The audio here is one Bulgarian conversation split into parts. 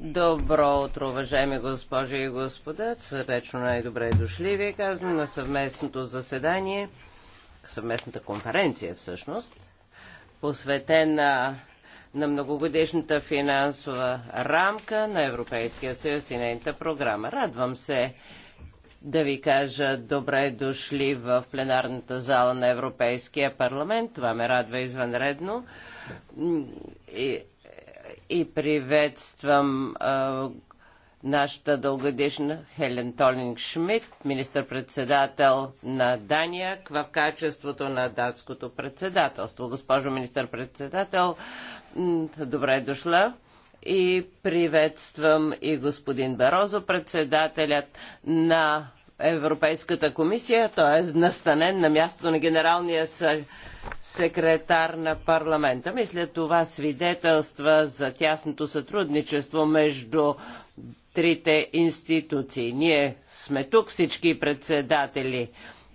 Добро утро, уважаеми госпожи и господа. Сърдечно най-добре дошли, ви казвам, на съвместното заседание, съвместната конференция всъщност, посветена на многогодишната финансова рамка на Европейския съюз и нейната програма. Радвам се, да ви кажа добре дошли в пленарната зала на Европейския парламент. Това ме радва извънредно. И и приветствам а, нашата дългодишна Хелен Толинг Шмидт, министър-председател на Дания, в качеството на датското председателство. Госпожо министър-председател, добре е дошла и приветствам и господин Барозо, председателят на Европейската комисия, т.е. настанен на мястото на генералния секретар на парламента. Мисля, това свидетелства за тясното сътрудничество между трите институции. Ние сме тук всички председатели.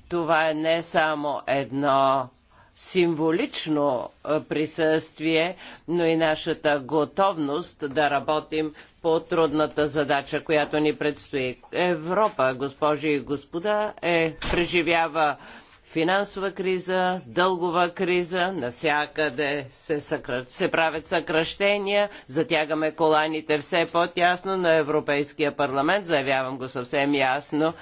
Това е не само едно символично присъствие, но и нашата готовност да работим по трудната задача, която ни предстои. Европа, госпожи и господа, е, преживява финансова криза, дългова криза, навсякъде се, съкра... се правят съкръщения, затягаме коланите все по-тясно на Европейския парламент, заявявам го съвсем ясно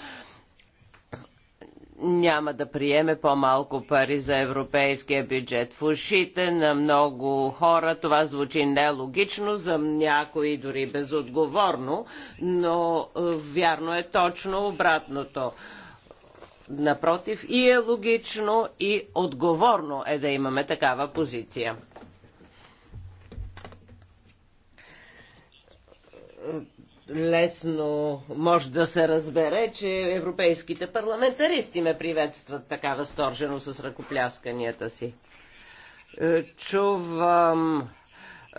няма да приеме по-малко пари за европейския бюджет. В ушите на много хора това звучи нелогично, за някои дори безотговорно, но е, вярно е точно обратното. Напротив, и е логично, и отговорно е да имаме такава позиция лесно може да се разбере, че европейските парламентаристи ме приветстват така възторжено с ръкоплясканията си. Е, чувам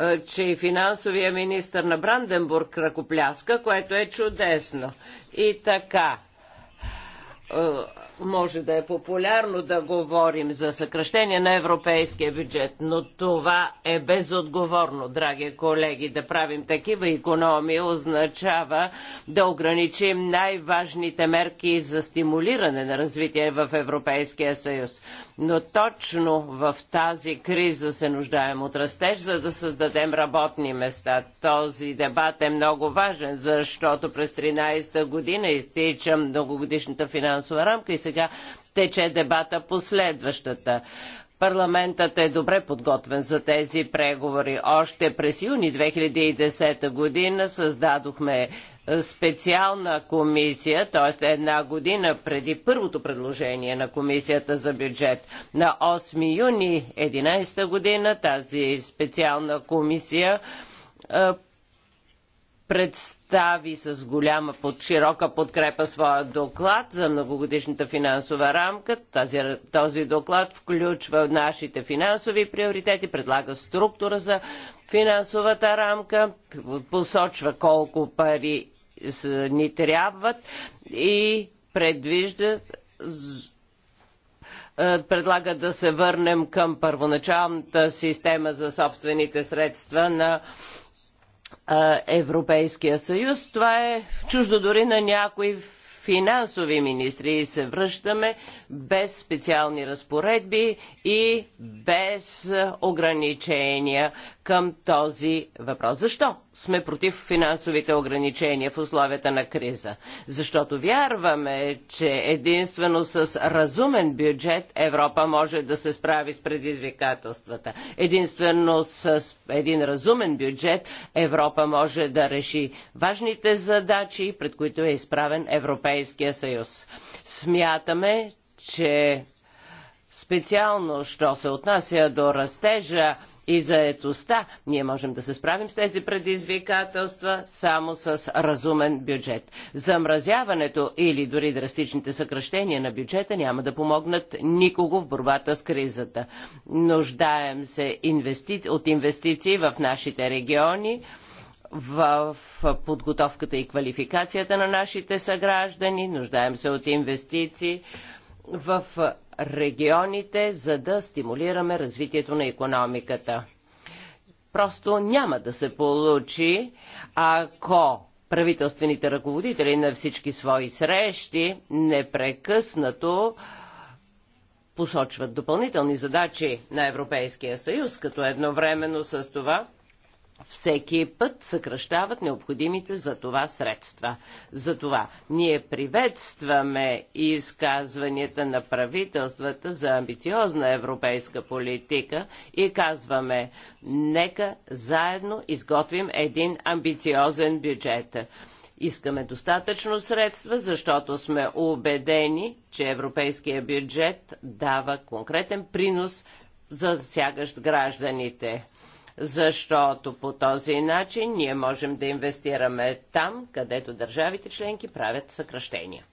е, че и финансовия министр на Бранденбург ръкопляска, което е чудесно. И така, е, може да е популярно да говорим за съкръщение на европейския бюджет, но това е безотговорно, драги колеги. Да правим такива економии означава да ограничим най-важните мерки за стимулиране на развитие в Европейския съюз. Но точно в тази криза се нуждаем от растеж, за да създадем работни места. Този дебат е много важен, защото през 13-та година изтича многогодишната финансова рамка и сега тече дебата последващата. Парламентът е добре подготвен за тези преговори. Още през юни 2010 година създадохме е, специална комисия, т.е. една година преди първото предложение на комисията за бюджет. На 8 юни 2011 година тази специална комисия е, представи с голяма под широка подкрепа своя доклад за многогодишната финансова рамка. Тази, този доклад включва нашите финансови приоритети, предлага структура за финансовата рамка, посочва колко пари ни трябват и предвижда е, предлага да се върнем към първоначалната система за собствените средства на Европейския съюз. Това е чуждо дори на някои финансови министри и се връщаме без специални разпоредби и без ограничения към този въпрос. Защо? сме против финансовите ограничения в условията на криза. Защото вярваме, че единствено с разумен бюджет Европа може да се справи с предизвикателствата. Единствено с един разумен бюджет Европа може да реши важните задачи, пред които е изправен Европейския съюз. Смятаме, че специално, що се отнася до растежа, и заетостта. Ние можем да се справим с тези предизвикателства само с разумен бюджет. Замразяването или дори драстичните съкръщения на бюджета няма да помогнат никого в борбата с кризата. Нуждаем се инвести... от инвестиции в нашите региони в подготовката и квалификацията на нашите съграждани, нуждаем се от инвестиции в регионите, за да стимулираме развитието на економиката. Просто няма да се получи, ако правителствените ръководители на всички свои срещи непрекъснато посочват допълнителни задачи на Европейския съюз, като едновременно с това всеки път съкръщават необходимите за това средства. Затова ние приветстваме изказванията на правителствата за амбициозна европейска политика и казваме, нека заедно изготвим един амбициозен бюджет. Искаме достатъчно средства, защото сме убедени, че европейския бюджет дава конкретен принос за сягащ гражданите защото по този начин ние можем да инвестираме там, където държавите членки правят съкръщения.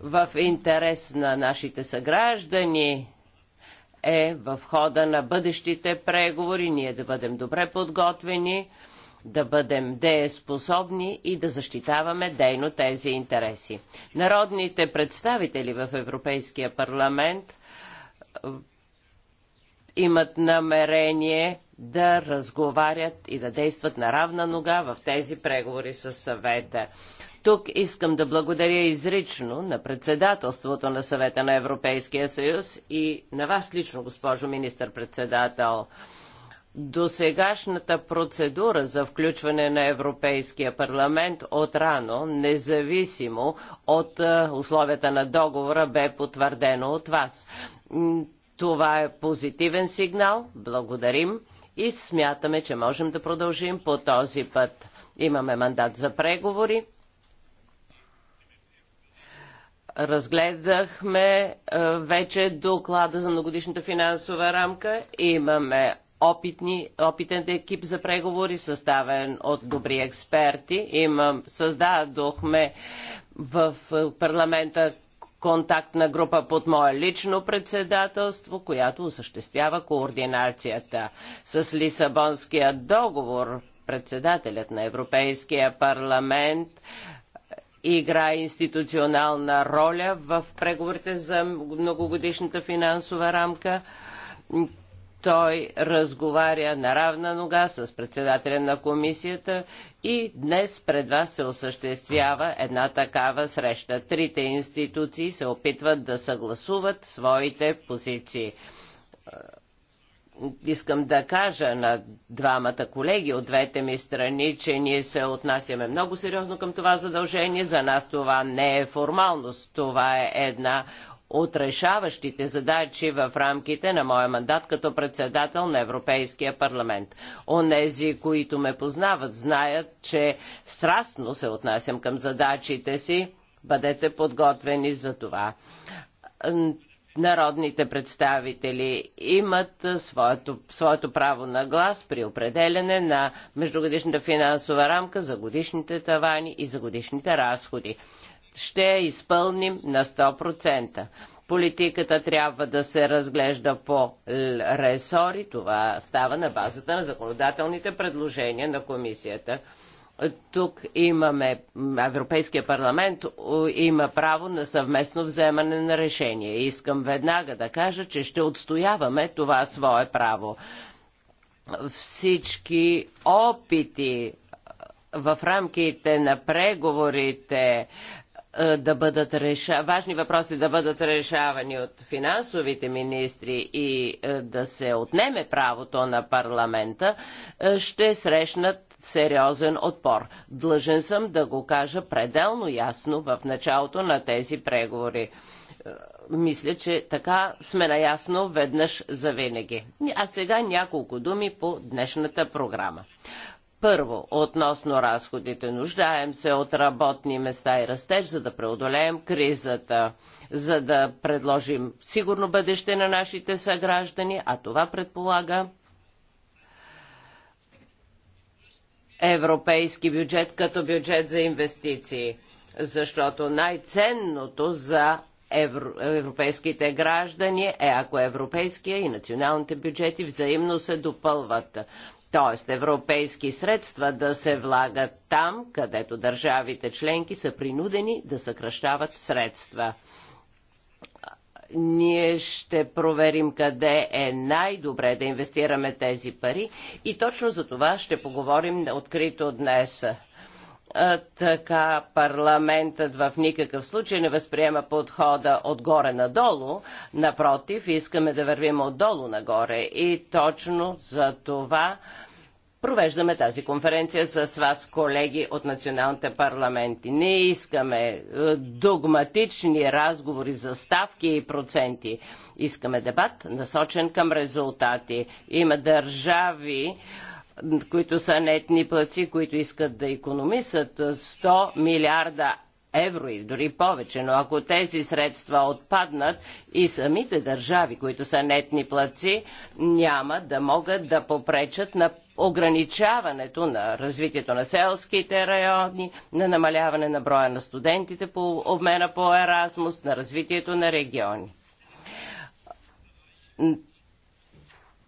В интерес на нашите съграждани е в хода на бъдещите преговори ние да бъдем добре подготвени, да бъдем дееспособни и да защитаваме дейно тези интереси. Народните представители в Европейския парламент имат намерение да разговарят и да действат на равна нога в тези преговори с съвета. Тук искам да благодаря изрично на председателството на съвета на Европейския съюз и на вас лично, госпожо министър-председател. До сегашната процедура за включване на Европейския парламент от рано, независимо от е, условията на договора, бе потвърдено от вас това е позитивен сигнал. Благодарим и смятаме, че можем да продължим по този път. Имаме мандат за преговори. Разгледахме е, вече доклада за многодишната финансова рамка. Имаме опитни, опитен екип за преговори, съставен от добри експерти. Имам, създадохме в е, парламента контактна група под мое лично председателство, която осъществява координацията. С Лисабонския договор председателят на Европейския парламент е, игра институционална роля в преговорите за многогодишната финансова рамка той разговаря на равна нога с председателя на комисията и днес пред вас се осъществява една такава среща. Трите институции се опитват да съгласуват своите позиции искам да кажа на двамата колеги от двете ми страни, че ние се отнасяме много сериозно към това задължение. За нас това не е формалност, това е една от решаващите задачи в рамките на моя мандат като председател на Европейския парламент. Онези, които ме познават, знаят, че страстно се отнасям към задачите си. Бъдете подготвени за това народните представители имат своето, своето право на глас при определене на междугодишната финансова рамка за годишните тавани и за годишните разходи ще я изпълним на 100%. Политиката трябва да се разглежда по ресори. Това става на базата на законодателните предложения на комисията. Тук имаме, Европейския парламент има право на съвместно вземане на решение. Искам веднага да кажа, че ще отстояваме това свое право. Всички опити в рамките на преговорите е, да бъдат реша... важни въпроси да бъдат решавани от финансовите министри и е, да се отнеме правото на парламента, е, ще срещнат сериозен отпор. Длъжен съм да го кажа пределно ясно в началото на тези преговори. Мисля, че така сме наясно веднъж за винаги. А сега няколко думи по днешната програма. Първо, относно разходите. Нуждаем се от работни места и растеж, за да преодолеем кризата, за да предложим сигурно бъдеще на нашите съграждани, а това предполага европейски бюджет като бюджет за инвестиции, защото най-ценното за европейските граждани е ако европейския и националните бюджети взаимно се допълват т.е. европейски средства да се влагат там, където държавите членки са принудени да съкръщават средства ние ще проверим къде е най-добре да инвестираме тези пари и точно за това ще поговорим открито днес така парламентът в никакъв случай не възприема подхода отгоре надолу. Напротив, искаме да вървим отдолу нагоре. И точно за това провеждаме тази конференция с вас, колеги от националните парламенти. Не искаме е, догматични разговори за ставки и проценти. Искаме дебат, насочен към резултати. Има държави, които са нетни плаци, които искат да економисат 100 милиарда евро и дори повече, но ако тези средства отпаднат и самите държави, които са нетни плаци, няма да могат да попречат на ограничаването на развитието на селските райони, на намаляване на броя на студентите по обмена по Еразмус, на развитието на региони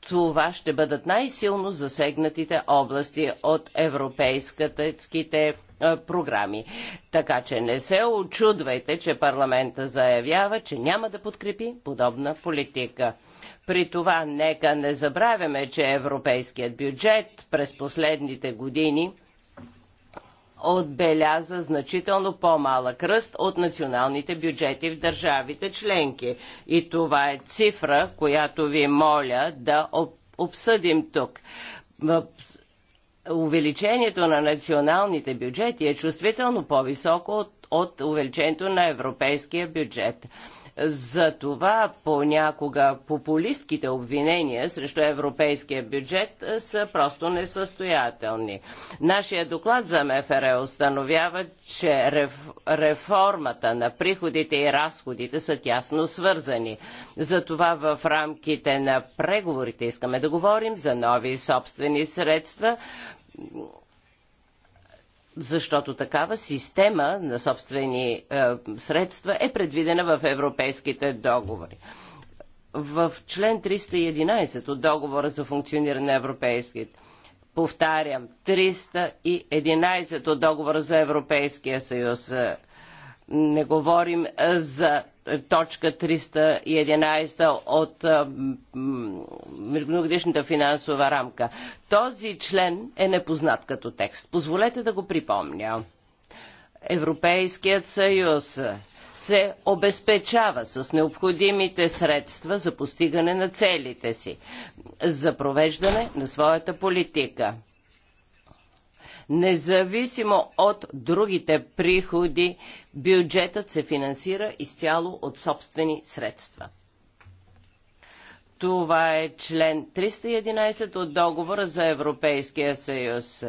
това ще бъдат най-силно засегнатите области от европейските програми. Така че не се очудвайте, че парламента заявява, че няма да подкрепи подобна политика. При това нека не забравяме, че европейският бюджет през последните години – отбеляза значително по-малък ръст от националните бюджети в държавите членки. И това е цифра, която ви моля да обсъдим тук увеличението на националните бюджети е чувствително по-високо от, от увеличението на европейския бюджет. Затова понякога популистките обвинения срещу европейския бюджет е, са просто несъстоятелни. Нашия доклад за МФР установява, че реформата на приходите и разходите са тясно свързани. Затова в рамките на преговорите искаме да говорим за нови собствени средства, защото такава система на собствени е, средства е предвидена в европейските договори. В член 311 от договора за функциониране на европейските повтарям, 311 от договора за Европейския съюз. Е, не говорим за точка 311 от международната финансова рамка. Този член е непознат като текст. Позволете да го припомня. Европейският съюз се обезпечава с необходимите средства за постигане на целите си, за провеждане на своята политика. Независимо от другите приходи, бюджетът се финансира изцяло от собствени средства. Това е член 311 от договора за Европейския съюз.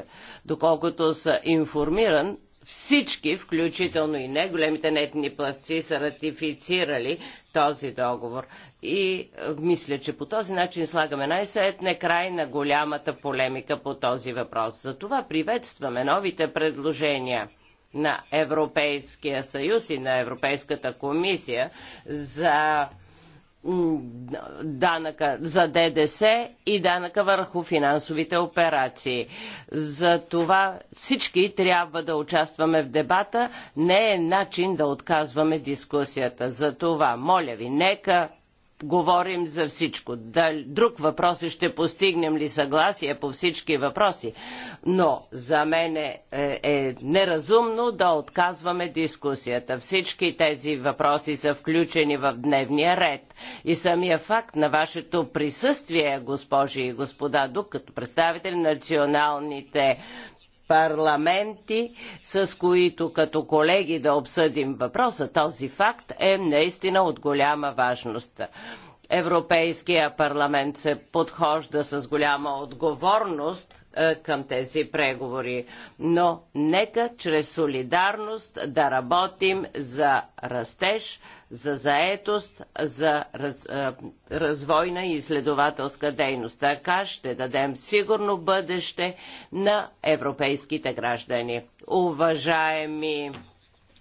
Доколкото са информиран, всички, включително и не, големите нетни платци са ратифицирали този договор. И е, мисля, че по този начин слагаме най-сетне край на голямата полемика по този въпрос. Затова приветстваме новите предложения на Европейския съюз и на Европейската комисия за данъка за ДДС и данъка върху финансовите операции. За това всички трябва да участваме в дебата. Не е начин да отказваме дискусията. За това, моля ви, нека говорим за всичко. Друг въпрос е ще постигнем ли съгласие по всички въпроси. Но за мен е, е, е неразумно да отказваме дискусията. Всички тези въпроси са включени в дневния ред. И самия факт на вашето присъствие, госпожи и господа, докато представители на националните парламенти, с които като колеги да обсъдим въпроса. Този факт е наистина от голяма важност. Европейския парламент се подхожда с голяма отговорност е, към тези преговори, но нека чрез солидарност да работим за растеж, за заетост, за раз, развойна и изследователска дейност. Така ще дадем сигурно бъдеще на европейските граждани. Уважаеми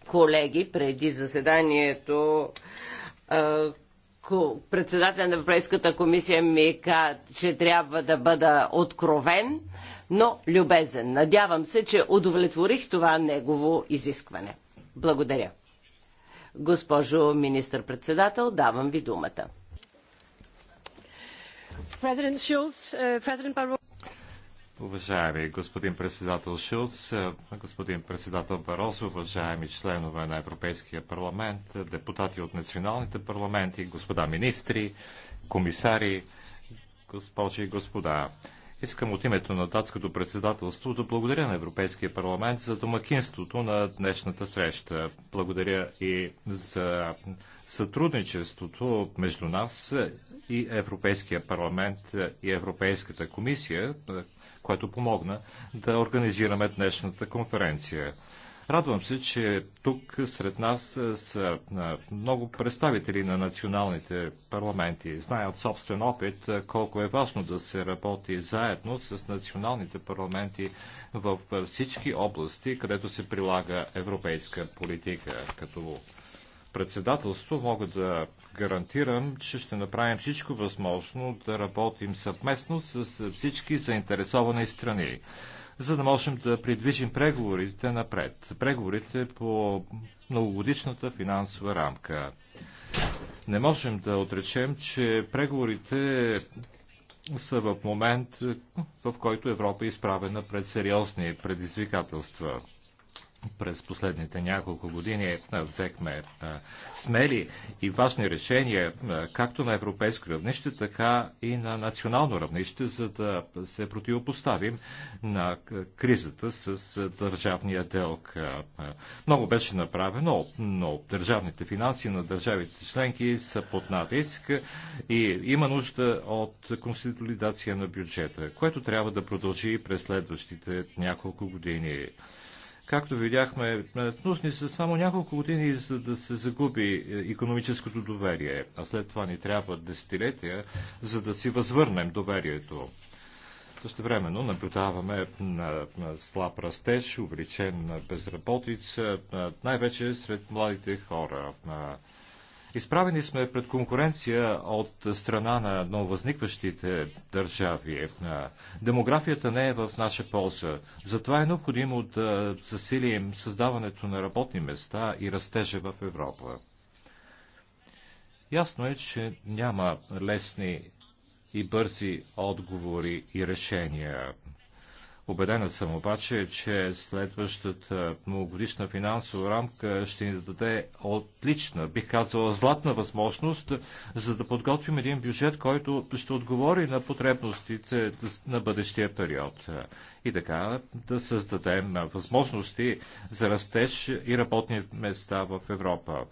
колеги, преди заседанието председател на Европейската комисия ми каза, че трябва да бъда откровен, но любезен. Надявам се, че удовлетворих това негово изискване. Благодаря. Госпожо министър-председател, давам ви думата. Е, уважаеми господин председател Шулц, е, господин председател Барозо, уважаеми членове на Европейския парламент, депутати от националните парламенти, господа министри, комисари, госпожи и господа. Искам от името на датското председателство да благодаря на Европейския парламент за домакинството на днешната среща. Благодаря и за сътрудничеството между нас и Европейския парламент и Европейската комисия, което помогна да организираме днешната конференция. Радвам се, че тук сред нас е, са е, много представители на националните парламенти. Знаят собствен опит е, колко е важно да се работи заедно с националните парламенти в всички области, където се прилага европейска политика. Като председателство мога да гарантирам, че ще направим всичко възможно да работим съвместно с всички заинтересовани страни за да можем да придвижим преговорите напред. Преговорите по многогодишната финансова рамка. Не можем да отречем, че преговорите са в момент, в който Европа е изправена пред сериозни предизвикателства през последните няколко години взехме смели и важни решения, както на европейско равнище, така и на национално равнище, за да се противопоставим на кризата с държавния дълг. Много беше направено, но държавните финанси на държавите членки са под натиск и има нужда от консолидация на бюджета, което трябва да продължи и през следващите няколко години. Както видяхме, е, нужни са само няколко години, за да се загуби економическото доверие, а след това ни трябва десетилетия, за да си възвърнем доверието. времено наблюдаваме на слаб растеж, увеличен безработица, най-вече сред младите хора. Изправени сме пред конкуренция от страна на нововъзникващите държави. Демографията не е в наша полза. Затова е необходимо да засилим създаването на работни места и растежа в Европа. Ясно е, че няма лесни и бързи отговори и решения. Обедена съм обаче, че следващата многогодишна финансова рамка ще ни даде отлична, бих казала, златна възможност, за да подготвим един бюджет, който ще отговори на потребностите на бъдещия период. И така да създадем възможности за растеж и работни места в Европа.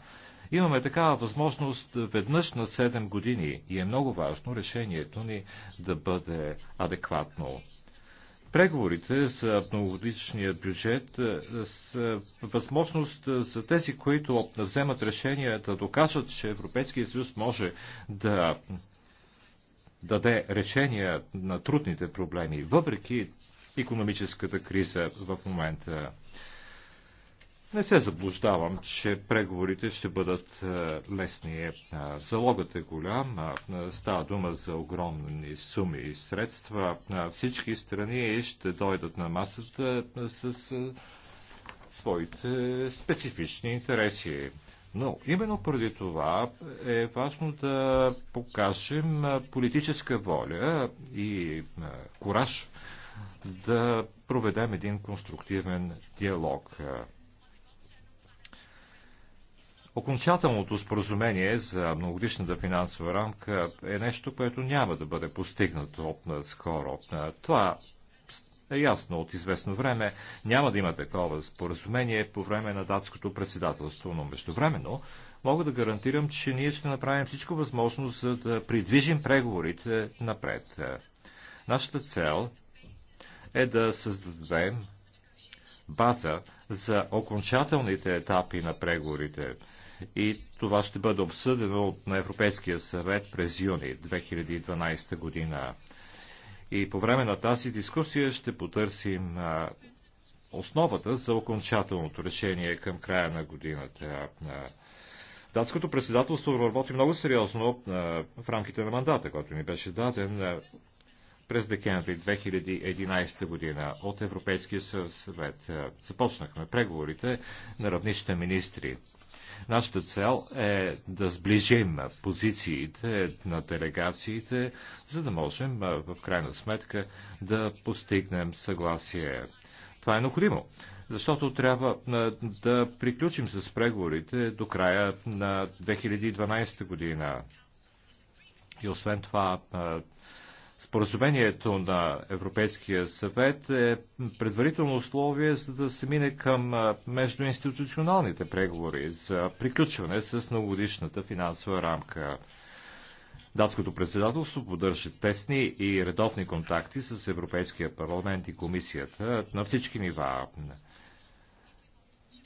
Имаме такава възможност веднъж на 7 години и е много важно решението ни да бъде адекватно. Преговорите за многогодишния бюджет е, с е, възможност за е, тези, които вземат решение да докажат, че Европейския съюз може да даде решение на трудните проблеми, въпреки економическата криза в момента. Не се заблуждавам, че преговорите ще бъдат е, лесни. Е, залогът е голям, става дума за огромни суми и средства. Всички страни ще дойдат на масата с своите специфични интереси. Но именно преди това е важно да покажем политическа воля и кураж да проведем един конструктивен диалог. Окончателното споразумение за многодишната финансова рамка е нещо, което няма да бъде постигнато скоро. Това е ясно от известно време. Няма да има такова споразумение по време на датското председателство, но междувременно мога да гарантирам, че ние ще направим всичко възможно, за да придвижим преговорите напред. Нашата цел е да създадем база за окончателните етапи на преговорите и това ще бъде обсъдено на Европейския съвет през юни 2012 година. И по време на тази дискусия ще потърсим основата за окончателното решение към края на годината. Датското председателство работи много сериозно в рамките на мандата, който ни беше даден през декември 2011 година от Европейския съвет. Започнахме преговорите на равнище министри. Нашата цел е да сближим позициите на делегациите, за да можем в крайна сметка да постигнем съгласие. Това е необходимо, защото трябва да приключим с преговорите до края на 2012 година. И освен това, Споразумението на Европейския съвет е предварително условие, за да се мине към междуинституционалните преговори за приключване с многогодишната финансова рамка. Датското председателство поддържа тесни и редовни контакти с Европейския парламент и комисията на всички нива.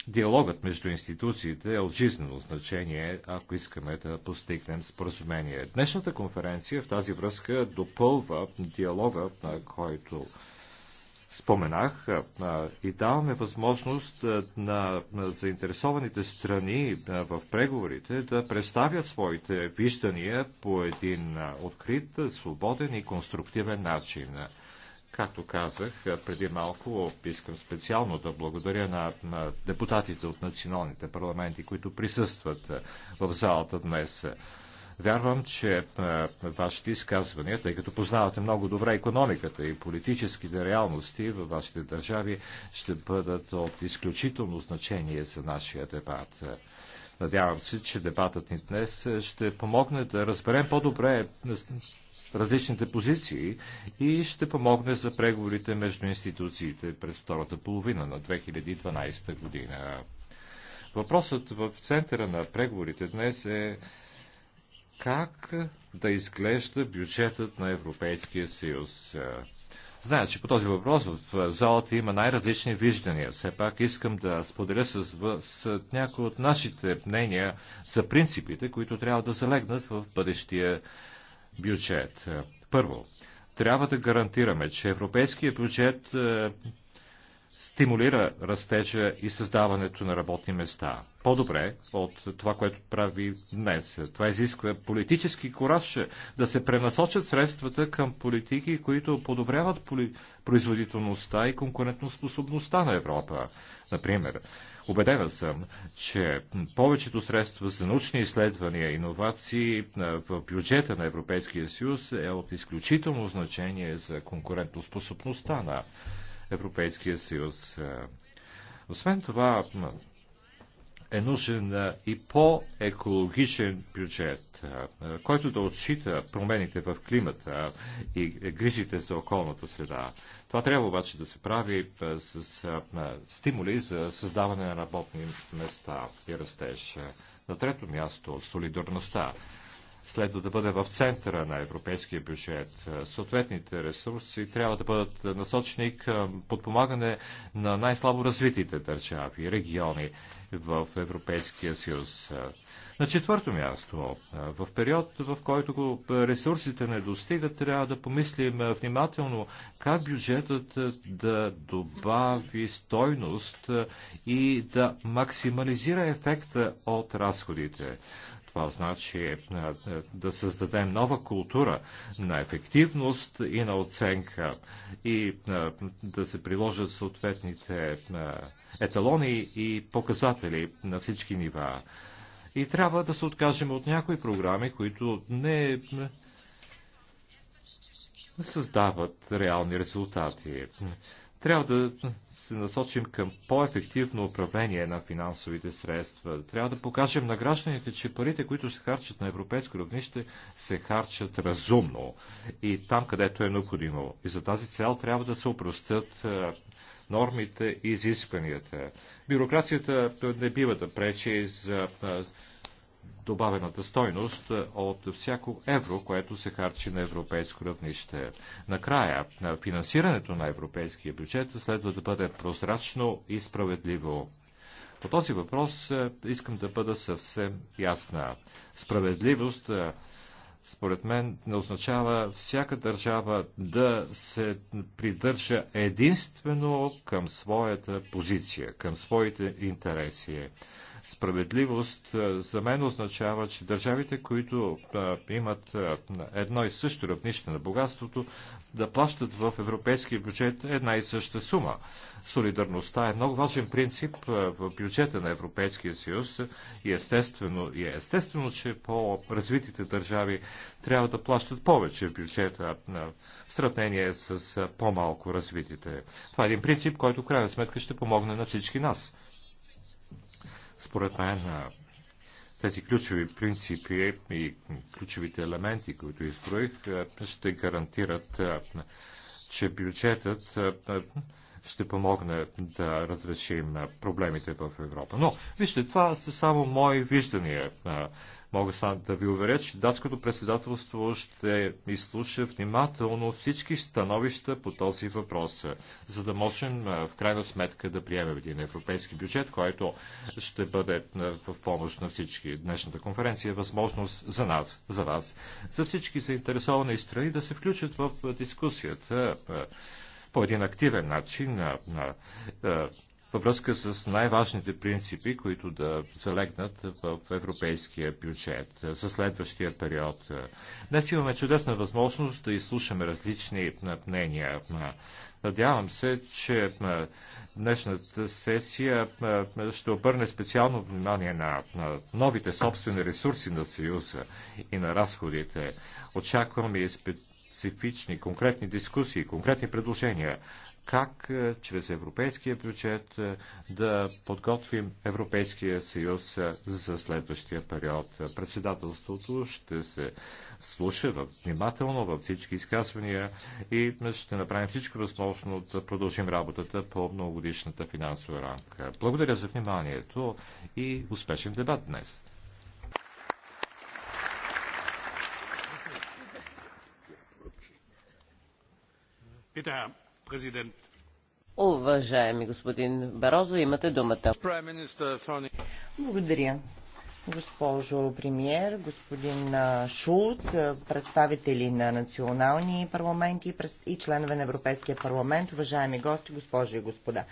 Диалогът между институциите е от жизнено значение, ако искаме да постигнем споразумение. Днешната конференция в тази връзка допълва диалога, на който споменах и даваме възможност на заинтересованите страни в преговорите да представят своите виждания по един открит, свободен и конструктивен начин. Както казах преди малко, искам специално да благодаря на, на депутатите от националните парламенти, които присъстват в залата днес. Вярвам, че вашите изказвания, тъй като познавате много добре економиката и политическите реалности във вашите държави, ще бъдат от изключително значение за нашия дебат. Надявам се, че дебатът ни днес ще помогне да разберем по-добре различните позиции и ще помогне за преговорите между институциите през втората половина на 2012 година. Въпросът в центъра на преговорите днес е как да изглежда бюджетът на Европейския съюз. Зная, че по този въпрос в залата има най-различни виждания. Все пак искам да споделя с с някои от нашите мнения за принципите, които трябва да залегнат в бъдещия бюджет. Първо, трябва да гарантираме, че европейският бюджет е, стимулира растежа и създаването на работни места. По-добре от това, което прави днес. Това изисква политически кораж да се пренасочат средствата към политики, които подобряват производителността и конкурентоспособността на Европа. Например, убедена съм, че повечето средства за научни изследвания и иновации в бюджета на Европейския съюз е от изключително значение за конкурентоспособността на Европейския съюз. Е, освен това, е нужен е, и по-екологичен бюджет, е, който да отчита промените в климата и грижите за околната среда. Това трябва обаче да се прави с стимули за създаване на работни места и растеж. На трето място солидарността следва да бъде в центъра на европейския бюджет. Е, съответните ресурси трябва да бъдат насочени към подпомагане на най-слабо развитите държави и региони в Европейския съюз. Е, на четвърто място, е, в период, в който ресурсите не достигат, трябва да помислим внимателно как бюджетът да добави стойност и да максимализира ефекта от разходите. Това значи е, е, да създадем нова култура на ефективност и на оценка и е, да се приложат съответните еталони и показатели на всички нива. И трябва да се откажем от някои програми, които не създават реални резултати. Трябва да се насочим към по-ефективно управление на финансовите средства. Трябва да покажем на гражданите, че парите, които се харчат на европейско равнище, се харчат разумно и там, където е необходимо. И за тази цел трябва да се упростят нормите и изискванията. Бюрокрацията не бива да пречи за добавената стойност е, от всяко евро, което се харчи на европейско равнище. Накрая, финансирането на европейския бюджет следва да бъде прозрачно и справедливо. По този въпрос е, искам да бъда съвсем ясна. Справедливост е, според мен не означава всяка държава да се придържа единствено към своята позиция, към своите интереси. Справедливост за мен означава, че държавите, които имат едно и също равнище на богатството, да плащат в европейския бюджет една и съща сума. Солидарността е много важен принцип в бюджета на Европейския съюз и естествено, и е естествено, че по-развитите държави трябва да плащат повече в бюджета в сравнение с по-малко развитите. Това е един принцип, който в крайна сметка ще помогне на всички нас. Според мен тези ключови принципи и ключовите елементи, които изброих, ще гарантират, че бюджетът ще помогне да разрешим проблемите в Европа. Но, вижте, това са само мои виждания. Мога само да ви уверя, че датското председателство ще изслуша внимателно всички становища по този въпрос, за да можем в крайна сметка да приемем един европейски бюджет, който ще бъде в помощ на всички. Днешната конференция е възможност за нас, за вас, за всички заинтересовани страни да се включат в дискусията по един активен начин на, на, на във връзка с най-важните принципи, които да залегнат в европейския бюджет за следващия период. Днес имаме чудесна възможност да изслушаме различни мнения. Надявам се, че днешната сесия ще обърне специално внимание на, на новите собствени ресурси на Съюза и на разходите. Очакваме и специфични, конкретни дискусии, конкретни предложения как е, чрез европейския бюджет е, да подготвим Европейския съюз е, за следващия период. Председателството ще се слуша внимателно във всички изказвания и ще направим всичко възможно да продължим работата по многогодишната финансова рамка. Благодаря за вниманието и успешен дебат днес. Bitte, Президент. Уважаеми господин Барозо, имате думата. Благодаря госпожо премьер, господин Шулц, представители на национални парламенти и членове на Европейския парламент, уважаеми гости, госпожи и господа.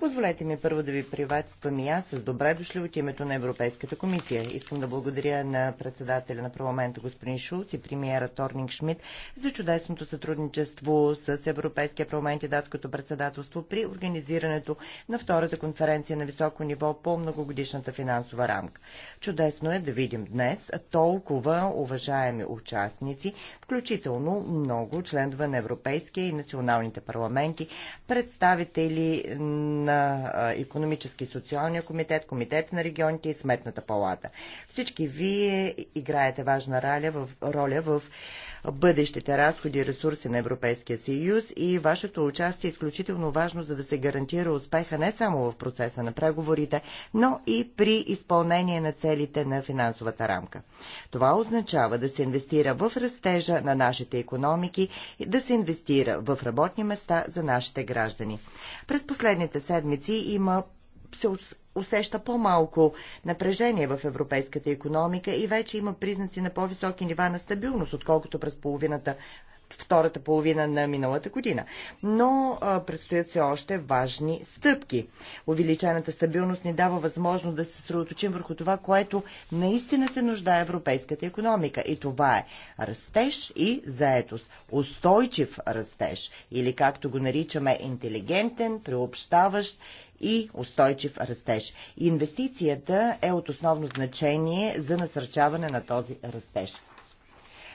Позволете ми първо да ви приветствам и аз с добре дошли от името на Европейската комисия. Искам да благодаря на председателя на парламента господин Шулц и премиера Торнинг Шмидт за чудесното сътрудничество с Европейския парламент и датското председателство при организирането на втората конференция на високо ниво по многогодишната финансова рамка. Чудо Чудесно е да видим днес толкова уважаеми участници, включително много членове на Европейския и националните парламенти, представители на Економически и социалния комитет, Комитет на регионите и Сметната палата. Всички вие играете важна роля в, роля в бъдещите разходи и ресурси на Европейския съюз и вашето участие е изключително важно, за да се гарантира успеха не само в процеса на преговорите, но и при изпълнение на целите на финансовата рамка. Това означава да се инвестира в растежа на нашите економики и да се инвестира в работни места за нашите граждани. През последните седмици има се усеща по-малко напрежение в европейската економика и вече има признаци на по-високи нива на стабилност, отколкото през половината втората половина на миналата година. Но а, предстоят все още важни стъпки. Увеличената стабилност ни дава възможност да се съсредоточим върху това, което наистина се нуждае европейската економика. И това е растеж и заетост. Устойчив растеж или както го наричаме интелигентен, приобщаващ и устойчив растеж. Инвестицията е от основно значение за насърчаване на този растеж.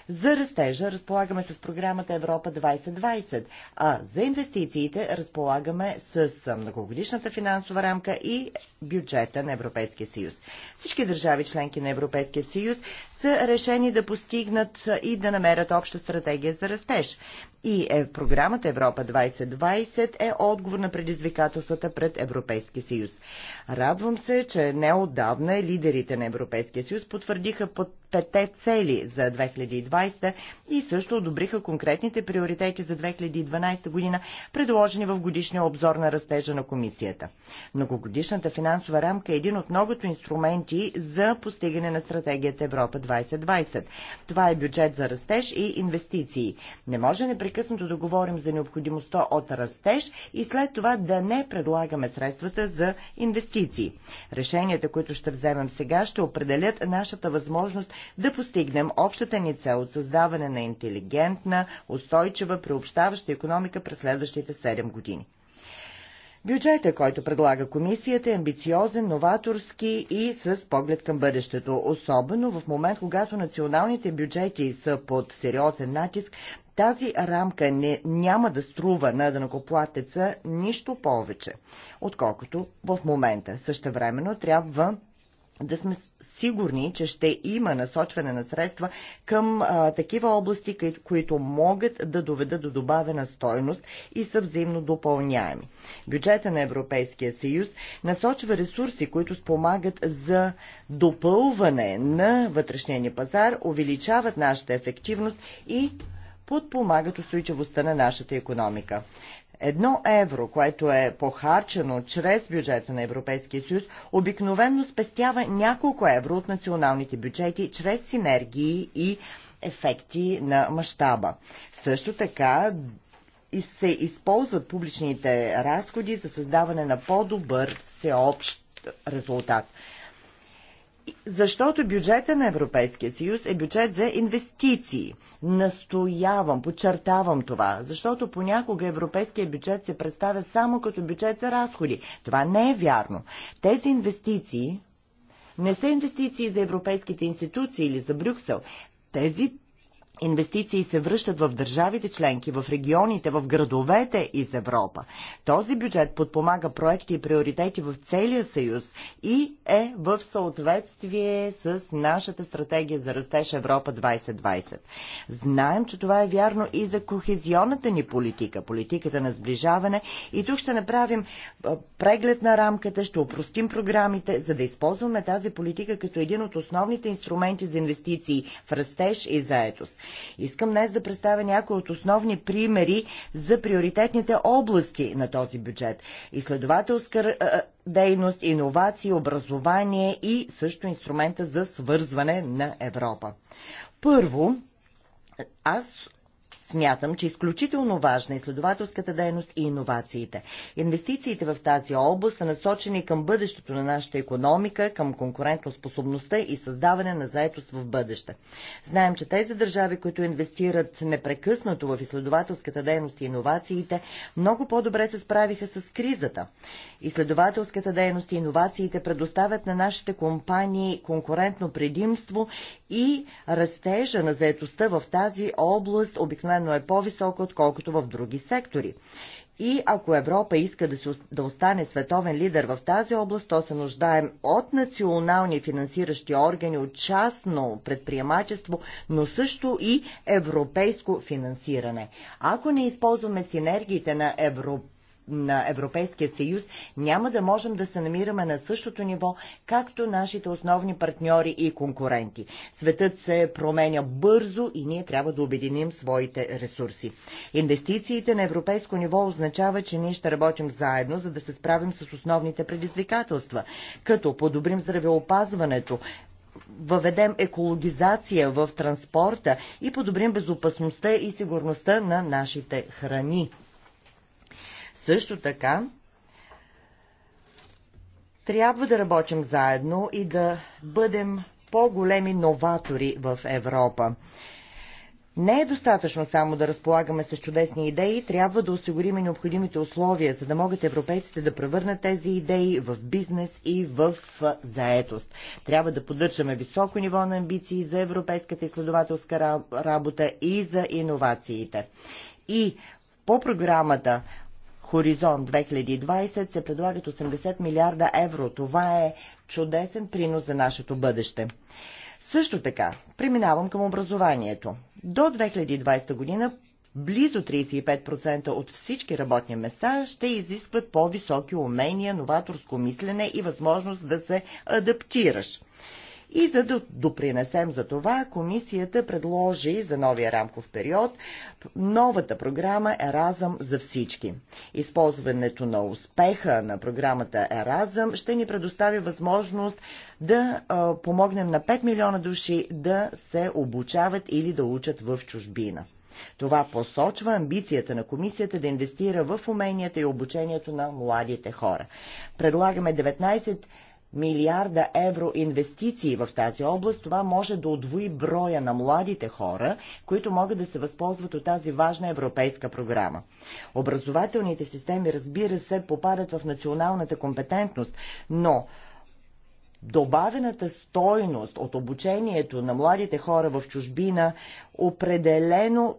За растежа разполагаме с програмата Европа 2020, а за инвестициите разполагаме с многогодишната финансова рамка и бюджета на Европейския съюз. Всички държави членки на Европейския съюз са решени да постигнат и да намерят обща стратегия за растеж. И е, програмата Европа 2020 е отговор на предизвикателствата пред Европейския съюз. Радвам се, че неодавна лидерите на Европейския съюз потвърдиха под пете цели за 2020 и също одобриха конкретните приоритети за 2012 година, предложени в годишния обзор на растежа на комисията. Многогодишната финансова рамка е един от многото инструменти за постигане на стратегията Европа 2020. 2020. Това е бюджет за растеж и инвестиции. Не може непрекъснато да говорим за необходимостта от растеж и след това да не предлагаме средствата за инвестиции. Решенията, които ще вземем сега, ще определят нашата възможност да постигнем общата ни цел от създаване на интелигентна, устойчива, приобщаваща економика през следващите 7 години. Бюджета, който предлага комисията е амбициозен, новаторски и с поглед към бъдещето. Особено в момент, когато националните бюджети са под сериозен натиск, тази рамка не, няма да струва на дънакоплатеца нищо повече, отколкото в момента. Същевременно трябва да сме сигурни, че ще има насочване на средства към а, такива области, кои, които могат да доведат до добавена стойност и са взаимно допълняеми. Бюджета на Европейския съюз насочва ресурси, които спомагат за допълване на вътрешния ни пазар, увеличават нашата ефективност и подпомагат устойчивостта на нашата економика. Едно евро, което е похарчено чрез бюджета на Европейския съюз, обикновенно спестява няколко евро от националните бюджети чрез синергии и ефекти на мащаба. Също така се използват публичните разходи за създаване на по-добър всеобщ резултат. Защото бюджета на Европейския съюз е бюджет за инвестиции. Настоявам, подчертавам това, защото понякога европейския бюджет се представя само като бюджет за разходи. Това не е вярно. Тези инвестиции не са инвестиции за европейските институции или за Брюксел. Тези инвестиции се връщат в държавите членки, в регионите, в градовете из Европа. Този бюджет подпомага проекти и приоритети в целия съюз и е в съответствие с нашата стратегия за растеж Европа 2020. Знаем, че това е вярно и за кохезионната ни политика, политиката на сближаване и тук ще направим преглед на рамката, ще упростим програмите, за да използваме тази политика като един от основните инструменти за инвестиции в растеж и заетост. Искам днес да представя някои от основни примери за приоритетните области на този бюджет. Изследователска дейност, иновации, образование и също инструмента за свързване на Европа. Първо, аз Смятам, че е изключително важна е изследователската дейност и иновациите. Инвестициите в тази област са насочени към бъдещето на нашата економика, към конкурентоспособността и създаване на заетост в бъдеще. Знаем, че тези държави, които инвестират непрекъснато в изследователската дейност и иновациите, много по-добре се справиха с кризата. Изследователската дейност и иновациите предоставят на нашите компании конкурентно предимство и растежа на заетостта в тази област обикновено но е по-висока, отколкото в други сектори. И ако Европа иска да, се, да остане световен лидер в тази област, то се нуждаем от национални финансиращи органи, от частно предприемачество, но също и европейско финансиране. Ако не използваме синергиите на Европа, на Европейския съюз, няма да можем да се намираме на същото ниво, както нашите основни партньори и конкуренти. Светът се променя бързо и ние трябва да обединим своите ресурси. Инвестициите на европейско ниво означава, че ние ще работим заедно, за да се справим с основните предизвикателства, като подобрим здравеопазването, въведем екологизация в транспорта и подобрим безопасността и сигурността на нашите храни. Също така, трябва да работим заедно и да бъдем по-големи новатори в Европа. Не е достатъчно само да разполагаме с чудесни идеи, трябва да осигурим необходимите условия, за да могат европейците да превърнат тези идеи в бизнес и в заетост. Трябва да поддържаме високо ниво на амбиции за европейската изследователска работа и за иновациите. И по програмата Хоризонт 2020 се предлагат 80 милиарда евро. Това е чудесен принос за нашето бъдеще. Също така, преминавам към образованието. До 2020 година близо 35% от всички работни места ще изискват по-високи умения, новаторско мислене и възможност да се адаптираш. И за да допринесем за това, комисията предложи за новия рамков период новата програма Еразъм за всички. Използването на успеха на програмата Еразъм ще ни предостави възможност да а, помогнем на 5 милиона души да се обучават или да учат в чужбина. Това посочва амбицията на комисията да инвестира в уменията и обучението на младите хора. Предлагаме 19 милиарда евро инвестиции в тази област, това може да отвои броя на младите хора, които могат да се възползват от тази важна европейска програма. Образователните системи, разбира се, попадат в националната компетентност, но добавената стойност от обучението на младите хора в чужбина определено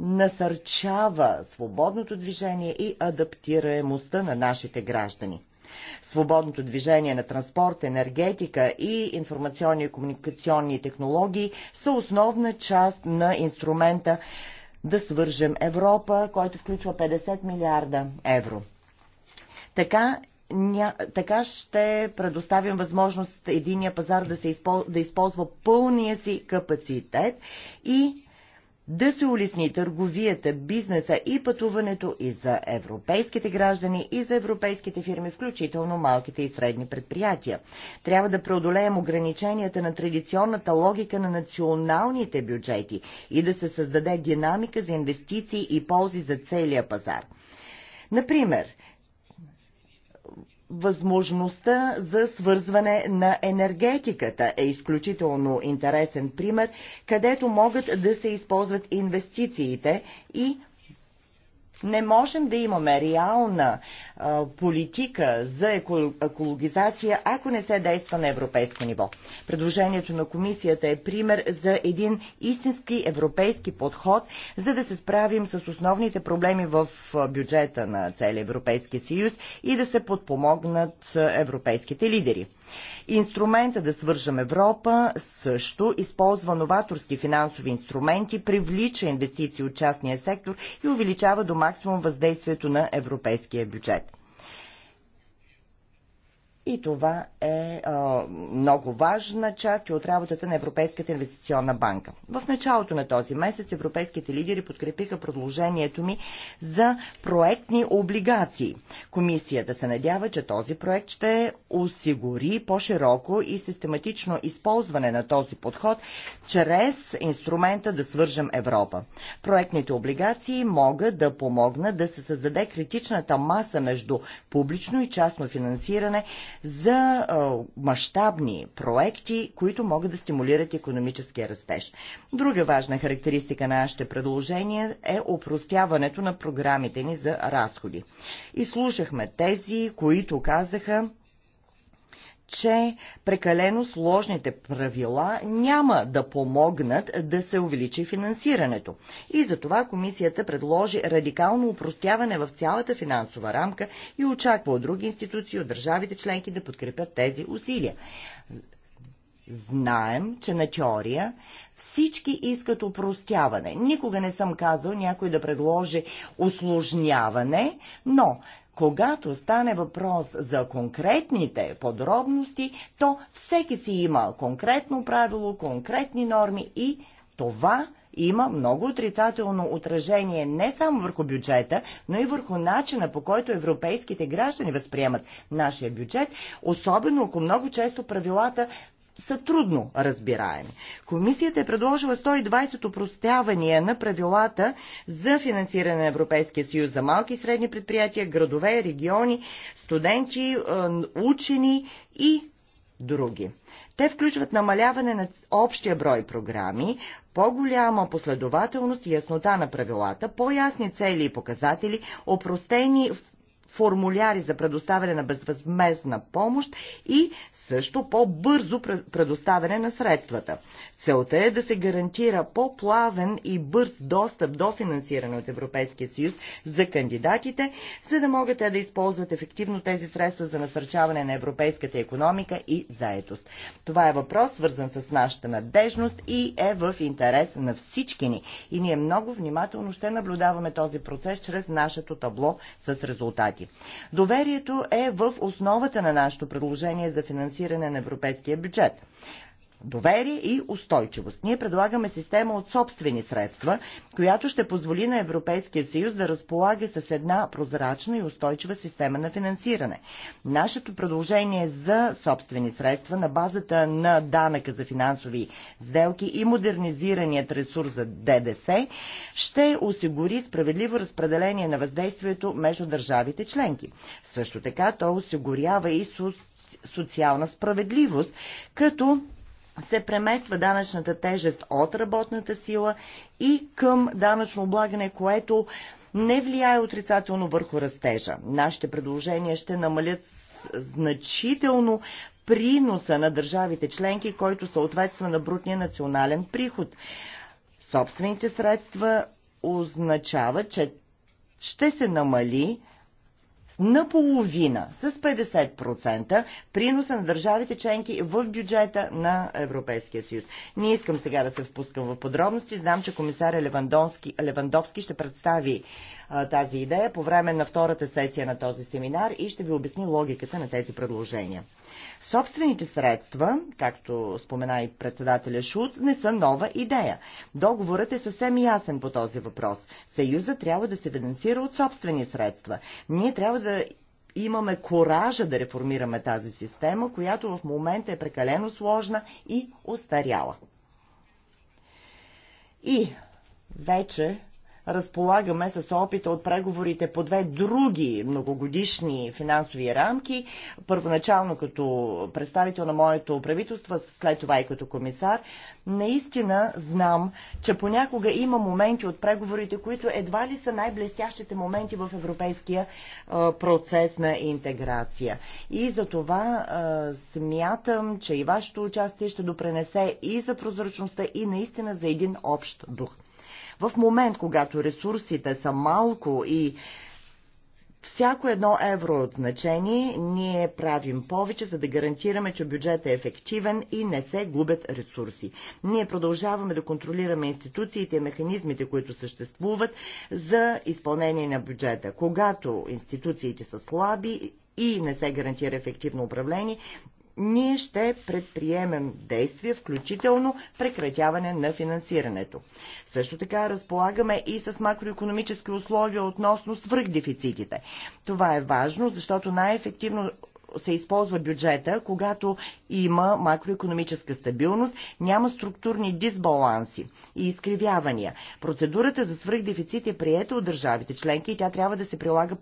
насърчава свободното движение и адаптираемостта на нашите граждани свободното движение на транспорт, енергетика и информационни и комуникационни технологии са основна част на инструмента да свържем Европа, който включва 50 милиарда евро. Така ня... така ще предоставим възможност единия пазар да, се изпол... да използва пълния си капацитет и да се улесни търговията, бизнеса и пътуването и за европейските граждани, и за европейските фирми, включително малките и средни предприятия. Трябва да преодолеем ограниченията на традиционната логика на националните бюджети и да се създаде динамика за инвестиции и ползи за целия пазар. Например, Възможността за свързване на енергетиката е изключително интересен пример, където могат да се използват инвестициите и не можем да имаме реална а, политика за еко, екологизация, ако не се действа на европейско ниво. Предложението на комисията е пример за един истински европейски подход, за да се справим с основните проблеми в бюджета на целия Европейски съюз и да се подпомогнат европейските лидери. Инструмента да свържем Европа също използва новаторски финансови инструменти, привлича инвестиции от частния сектор и увеличава до максимум въздействието на европейския бюджет. И това е а, много важна част от работата на Европейската инвестиционна банка. В началото на този месец европейските лидери подкрепиха предложението ми за проектни облигации. Комисията се надява, че този проект ще осигури по-широко и систематично използване на този подход чрез инструмента да свържем Европа. Проектните облигации могат да помогнат да се създаде критичната маса между публично и частно финансиране за мащабни проекти, които могат да стимулират економическия растеж. Друга важна характеристика на нашите предложения е опростяването на програмите ни за разходи. И слушахме тези, които казаха, че прекалено сложните правила няма да помогнат да се увеличи финансирането. И затова комисията предложи радикално упростяване в цялата финансова рамка и очаква от други институции, от държавите членки да подкрепят тези усилия. Знаем, че на теория всички искат упростяване. Никога не съм казал някой да предложи осложняване, но когато стане въпрос за конкретните подробности, то всеки си има конкретно правило, конкретни норми и това има много отрицателно отражение не само върху бюджета, но и върху начина по който европейските граждани възприемат нашия бюджет, особено ако много често правилата са трудно разбираеми. Комисията е предложила 120 упростявания на правилата за финансиране на Европейския съюз за малки и средни предприятия, градове, региони, студенти, е, учени и други. Те включват намаляване на общия брой програми, по-голяма последователност и яснота на правилата, по-ясни цели и показатели, опростени формуляри за предоставяне на безвъзмезна помощ и също по-бързо предоставяне на средствата. Целта е да се гарантира по-плавен и бърз достъп до финансиране от Европейския съюз за кандидатите, за да могат те да използват ефективно тези средства за насърчаване на европейската економика и заетост. Това е въпрос, свързан с нашата надежност и е в интерес на всички ни. И ние много внимателно ще наблюдаваме този процес чрез нашето табло с резултати. Доверието е в основата на нашето предложение за финансиране финансиране на европейския бюджет. Доверие и устойчивост. Ние предлагаме система от собствени средства, която ще позволи на Европейския съюз да разполага с една прозрачна и устойчива система на финансиране. Нашето предложение за собствени средства на базата на данъка за финансови сделки и модернизираният ресурс за ДДС ще осигури справедливо разпределение на въздействието между държавите членки. Също така то осигурява и социална справедливост, като се премества данъчната тежест от работната сила и към данъчно облагане, което не влияе отрицателно върху растежа. Нашите предложения ще намалят значително приноса на държавите членки, който съответства на брутния национален приход. Собствените средства означава, че ще се намали наполовина, с 50% приноса на държавите членки в бюджета на Европейския съюз. Не искам сега да се впускам в подробности. Знам, че комисар Левандовски, Левандовски ще представи тази идея по време на втората сесия на този семинар и ще ви обясни логиката на тези предложения. Собствените средства, както спомена и председателя Шуц, не са нова идея. Договорът е съвсем ясен по този въпрос. Съюза трябва да се финансира от собствени средства. Ние трябва да имаме коража да реформираме тази система, която в момента е прекалено сложна и остаряла. И вече разполагаме с опита от преговорите по две други многогодишни финансови рамки, първоначално като представител на моето правителство, след това и като комисар, наистина знам, че понякога има моменти от преговорите, които едва ли са най-блестящите моменти в европейския процес на интеграция. И за това смятам, че и вашето участие ще допренесе и за прозрачността, и наистина за един общ дух. В момент, когато ресурсите са малко и всяко едно евро е от значение, ние правим повече, за да гарантираме, че бюджетът е ефективен и не се губят ресурси. Ние продължаваме да контролираме институциите и механизмите, които съществуват за изпълнение на бюджета. Когато институциите са слаби и не се гарантира ефективно управление, ние ще предприемем действия, включително прекратяване на финансирането. Също така разполагаме и с макроекономически условия относно свръхдефицитите. Това е важно, защото най-ефективно се използва бюджета, когато има макроекономическа стабилност, няма структурни дисбаланси и изкривявания. Процедурата за свръхдефицит е приета от държавите членки и тя трябва да се прилага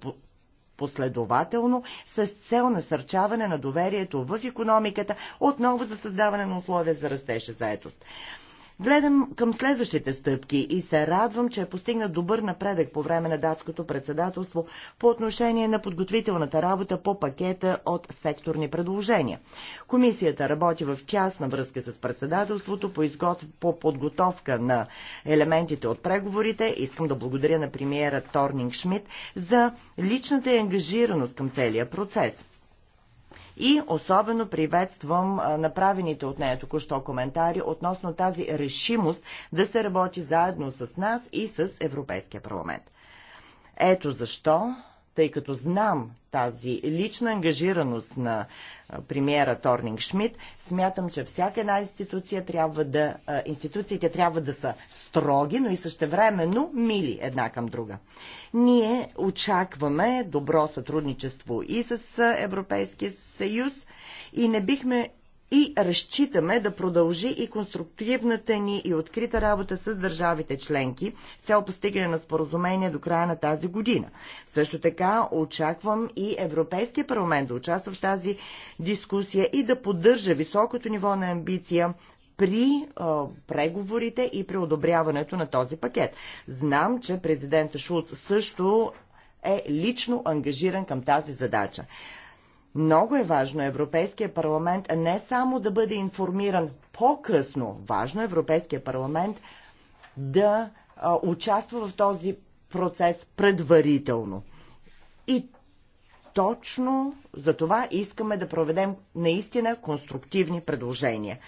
последователно с цел насърчаване на доверието в економиката, отново за създаване на условия за растеж и заетост. Гледам към следващите стъпки и се радвам, че е постигна добър напредък по време на датското председателство по отношение на подготвителната работа по пакета от секторни предложения. Комисията работи в тясна връзка с председателството по, изготв... по подготовка на елементите от преговорите. Искам да благодаря на премиера Торнинг Шмидт за личната ангажираност към целия процес. И особено приветствам направените от нея току-що коментари относно тази решимост да се работи заедно с нас и с Европейския парламент. Ето защо тъй като знам тази лична ангажираност на премиера Торнинг Шмидт, смятам, че всяка една институция трябва да, институциите трябва да са строги, но и същевременно мили една към друга. Ние очакваме добро сътрудничество и с Европейския съюз и не бихме и разчитаме да продължи и конструктивната ни и открита работа с държавите членки с цел постигане на споразумение до края на тази година. Също така очаквам и Европейския парламент да участва в тази дискусия и да поддържа високото ниво на амбиция при а, преговорите и при одобряването на този пакет. Знам, че президента Шулц също е лично ангажиран към тази задача. Много е важно Европейския парламент не само да бъде информиран по-късно, важно е Европейския парламент да а, участва в този процес предварително. И точно за това искаме да проведем наистина конструктивни предложения.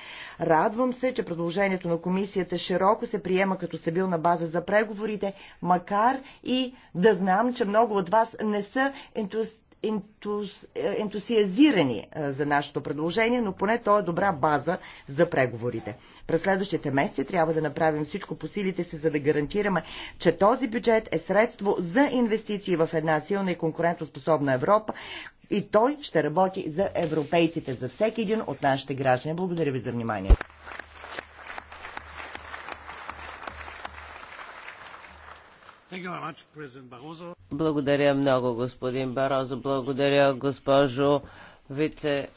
Радвам се, че предложението на комисията широко се приема като стабилна база за преговорите, макар и да знам, че много от вас не са ентусиастични е, ентусиазирани е, за нашето предложение, но поне то е добра база за преговорите. През следващите месеци трябва да направим всичко по силите си, за да гарантираме, че този бюджет е средство за инвестиции в една силна и конкурентоспособна Европа и той ще работи за европейците, за всеки един от нашите граждани. Благодаря ви за вниманието. Благодаря много, господин Барозо. Благодаря, госпожо вице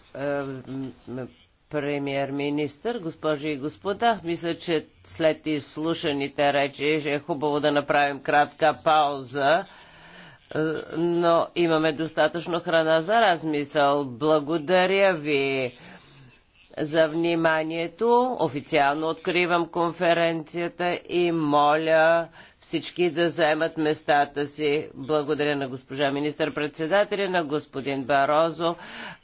премьер-министр, госпожи и господа. Мисля, че след изслушаните речи е хубаво да направим кратка пауза е, но имаме достатъчно храна за размисъл. Благодаря ви за вниманието. Официално откривам конференцията и моля всички да заемат местата си. Благодаря на госпожа министър-председателя, на господин Барозо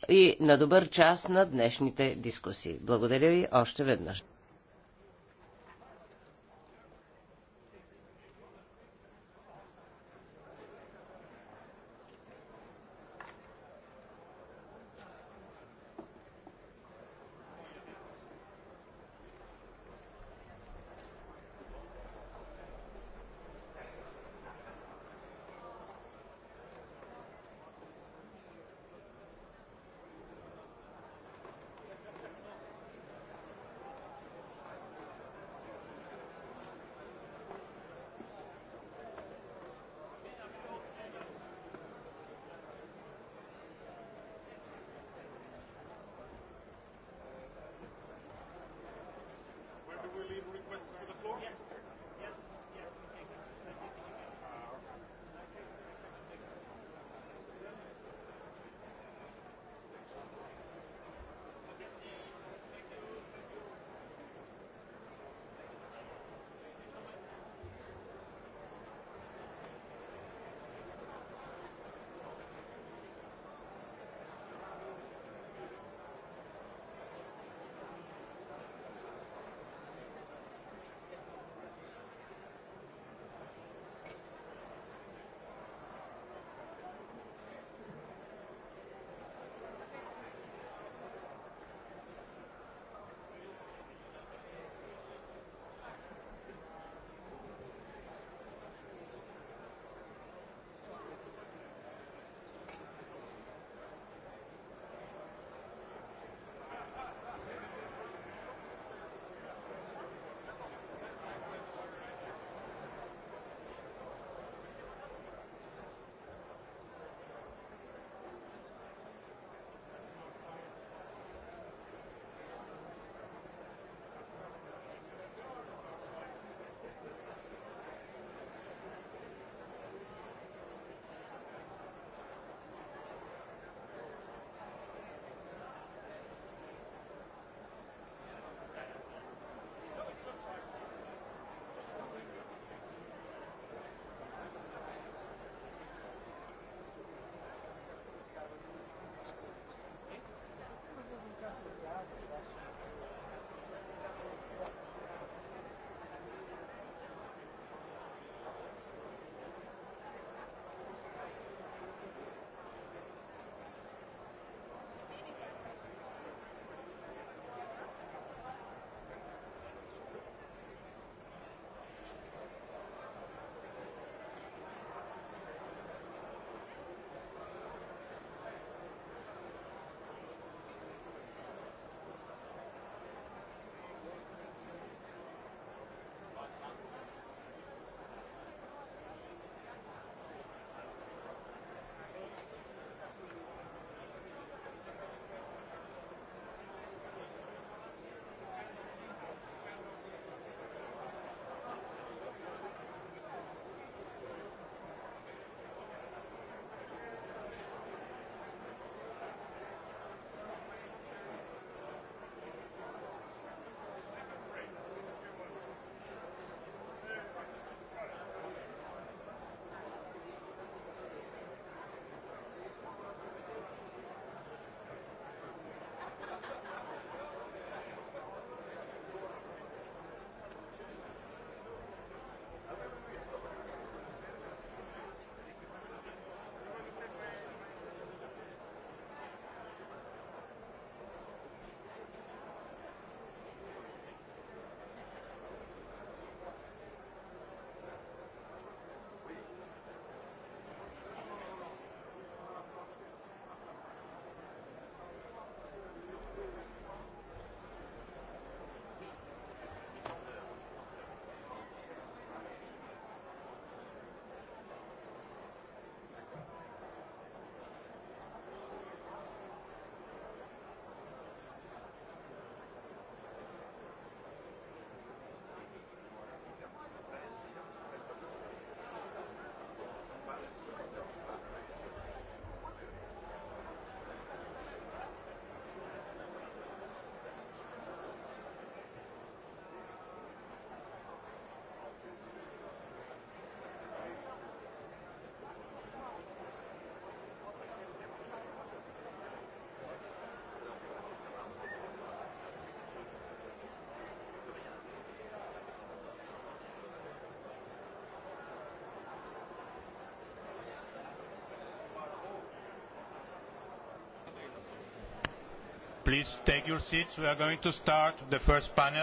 и на добър час на днешните дискусии. Благодаря ви още веднъж.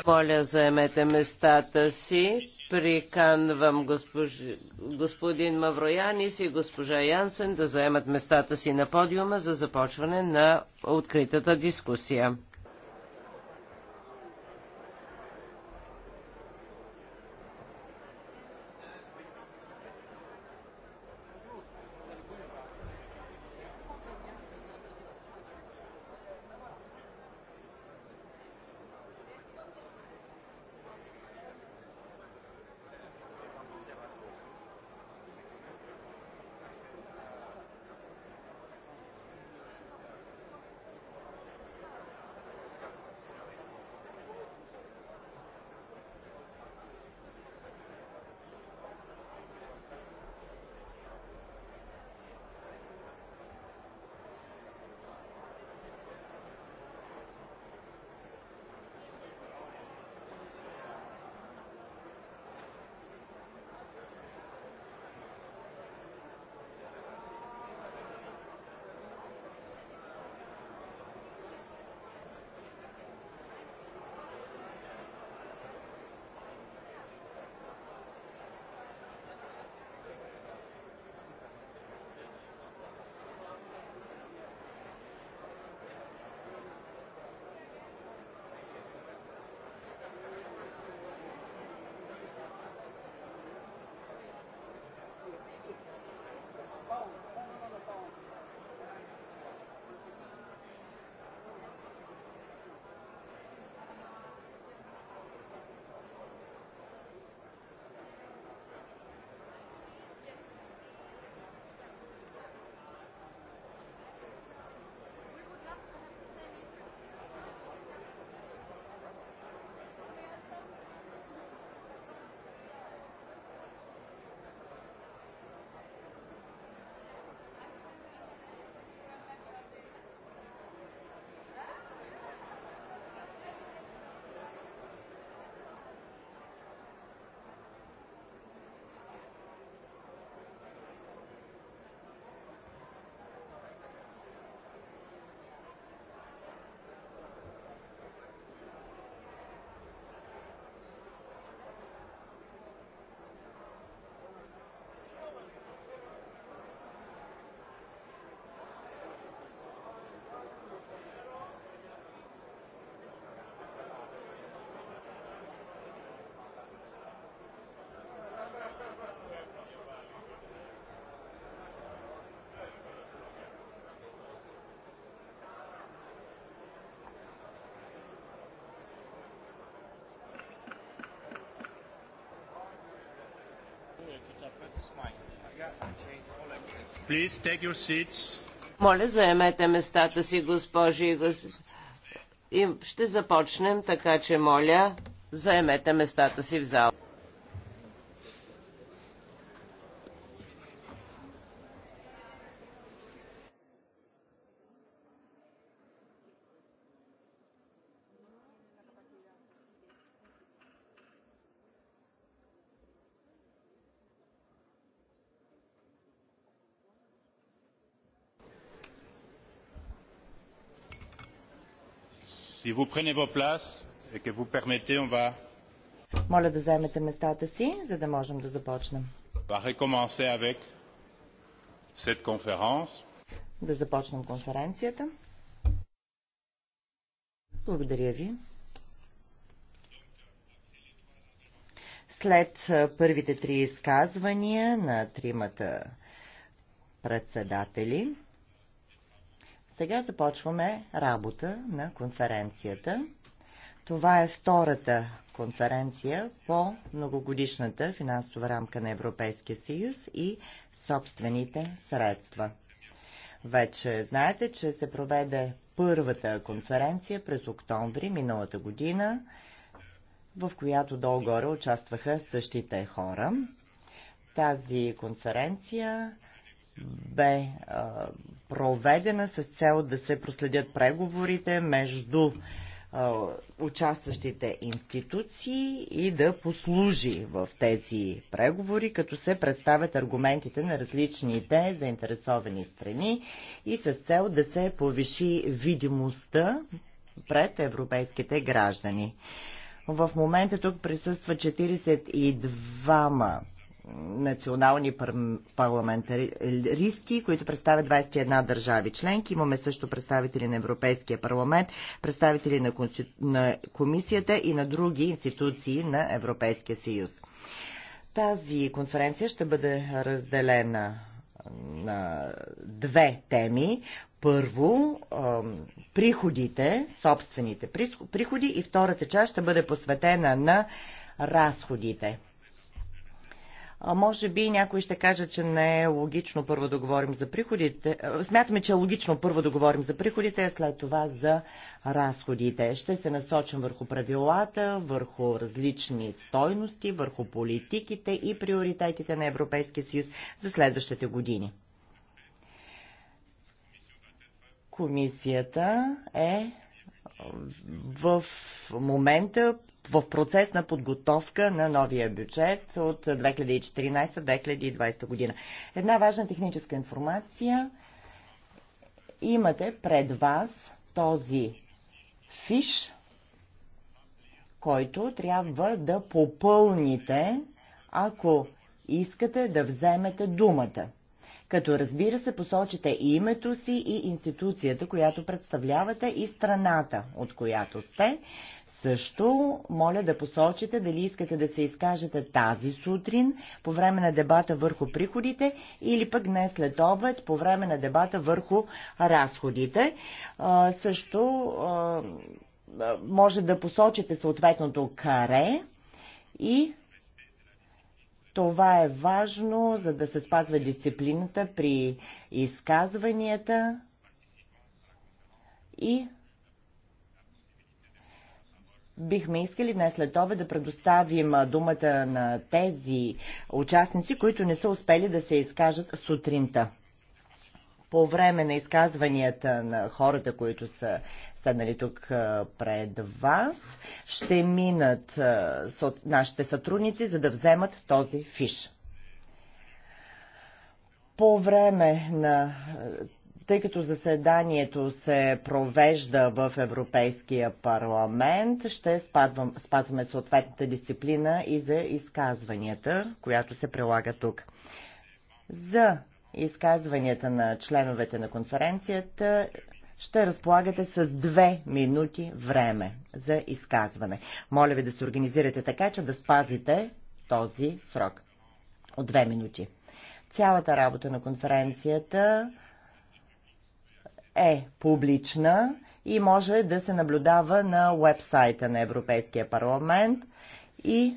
Моля, заемете местата си. Приканвам госпож... господин Мавроянис и госпожа Янсен да заемат местата си на подиума за започване на откритата дискусия. Моля, заемете местата си, госпожи и господи. И ще започнем, така че моля, заемете местата си в зала. Моля да заемете местата си, за да можем да започнем. Да започнем конференцията. Благодаря ви. След първите три изказвания на тримата председатели, сега започваме работа на конференцията. Това е втората конференция по многогодишната финансова рамка на Европейския съюз и собствените средства. Вече знаете, че се проведе първата конференция през октомври миналата година, в която долу-горе участваха същите хора. Тази конференция бе проведена с цел да се проследят преговорите между участващите институции и да послужи в тези преговори, като се представят аргументите на различните заинтересовани страни и с цел да се повиши видимостта пред европейските граждани. В момента тук присъства 42 национални парламентаристи, които представят 21 държави членки. Имаме също представители на Европейския парламент, представители на, конститу... на комисията и на други институции на Европейския съюз. Тази конференция ще бъде разделена на две теми. Първо, приходите, собствените приходи и втората част ще бъде посветена на разходите. А може би някой ще каже, че не е логично първо да говорим за приходите. Смятаме, че е логично първо да говорим за приходите, а след това за разходите. Ще се насочим върху правилата, върху различни стойности, върху политиките и приоритетите на Европейския съюз за следващите години. Комисията е в момента в процес на подготовка на новия бюджет от 2014-2020 година. Една важна техническа информация. Имате пред вас този фиш, който трябва да попълните, ако искате да вземете думата като разбира се посочите и името си и институцията, която представлявате и страната, от която сте. Също моля да посочите дали искате да се изкажете тази сутрин по време на дебата върху приходите или пък днес след обед по време на дебата върху разходите. А, също а, може да посочите съответното каре и това е важно, за да се спазва дисциплината при изказванията и бихме искали днес след това да предоставим думата на тези участници, които не са успели да се изкажат сутринта по време на изказванията на хората, които са седнали тук пред вас, ще минат нашите сътрудници, за да вземат този фиш. По време на тъй като заседанието се провежда в Европейския парламент, ще спазвам, спазваме съответната дисциплина и за изказванията, която се прилага тук. За изказванията на членовете на конференцията ще разполагате с две минути време за изказване. Моля ви да се организирате така, че да спазите този срок от две минути. Цялата работа на конференцията е публична и може да се наблюдава на уебсайта на Европейския парламент и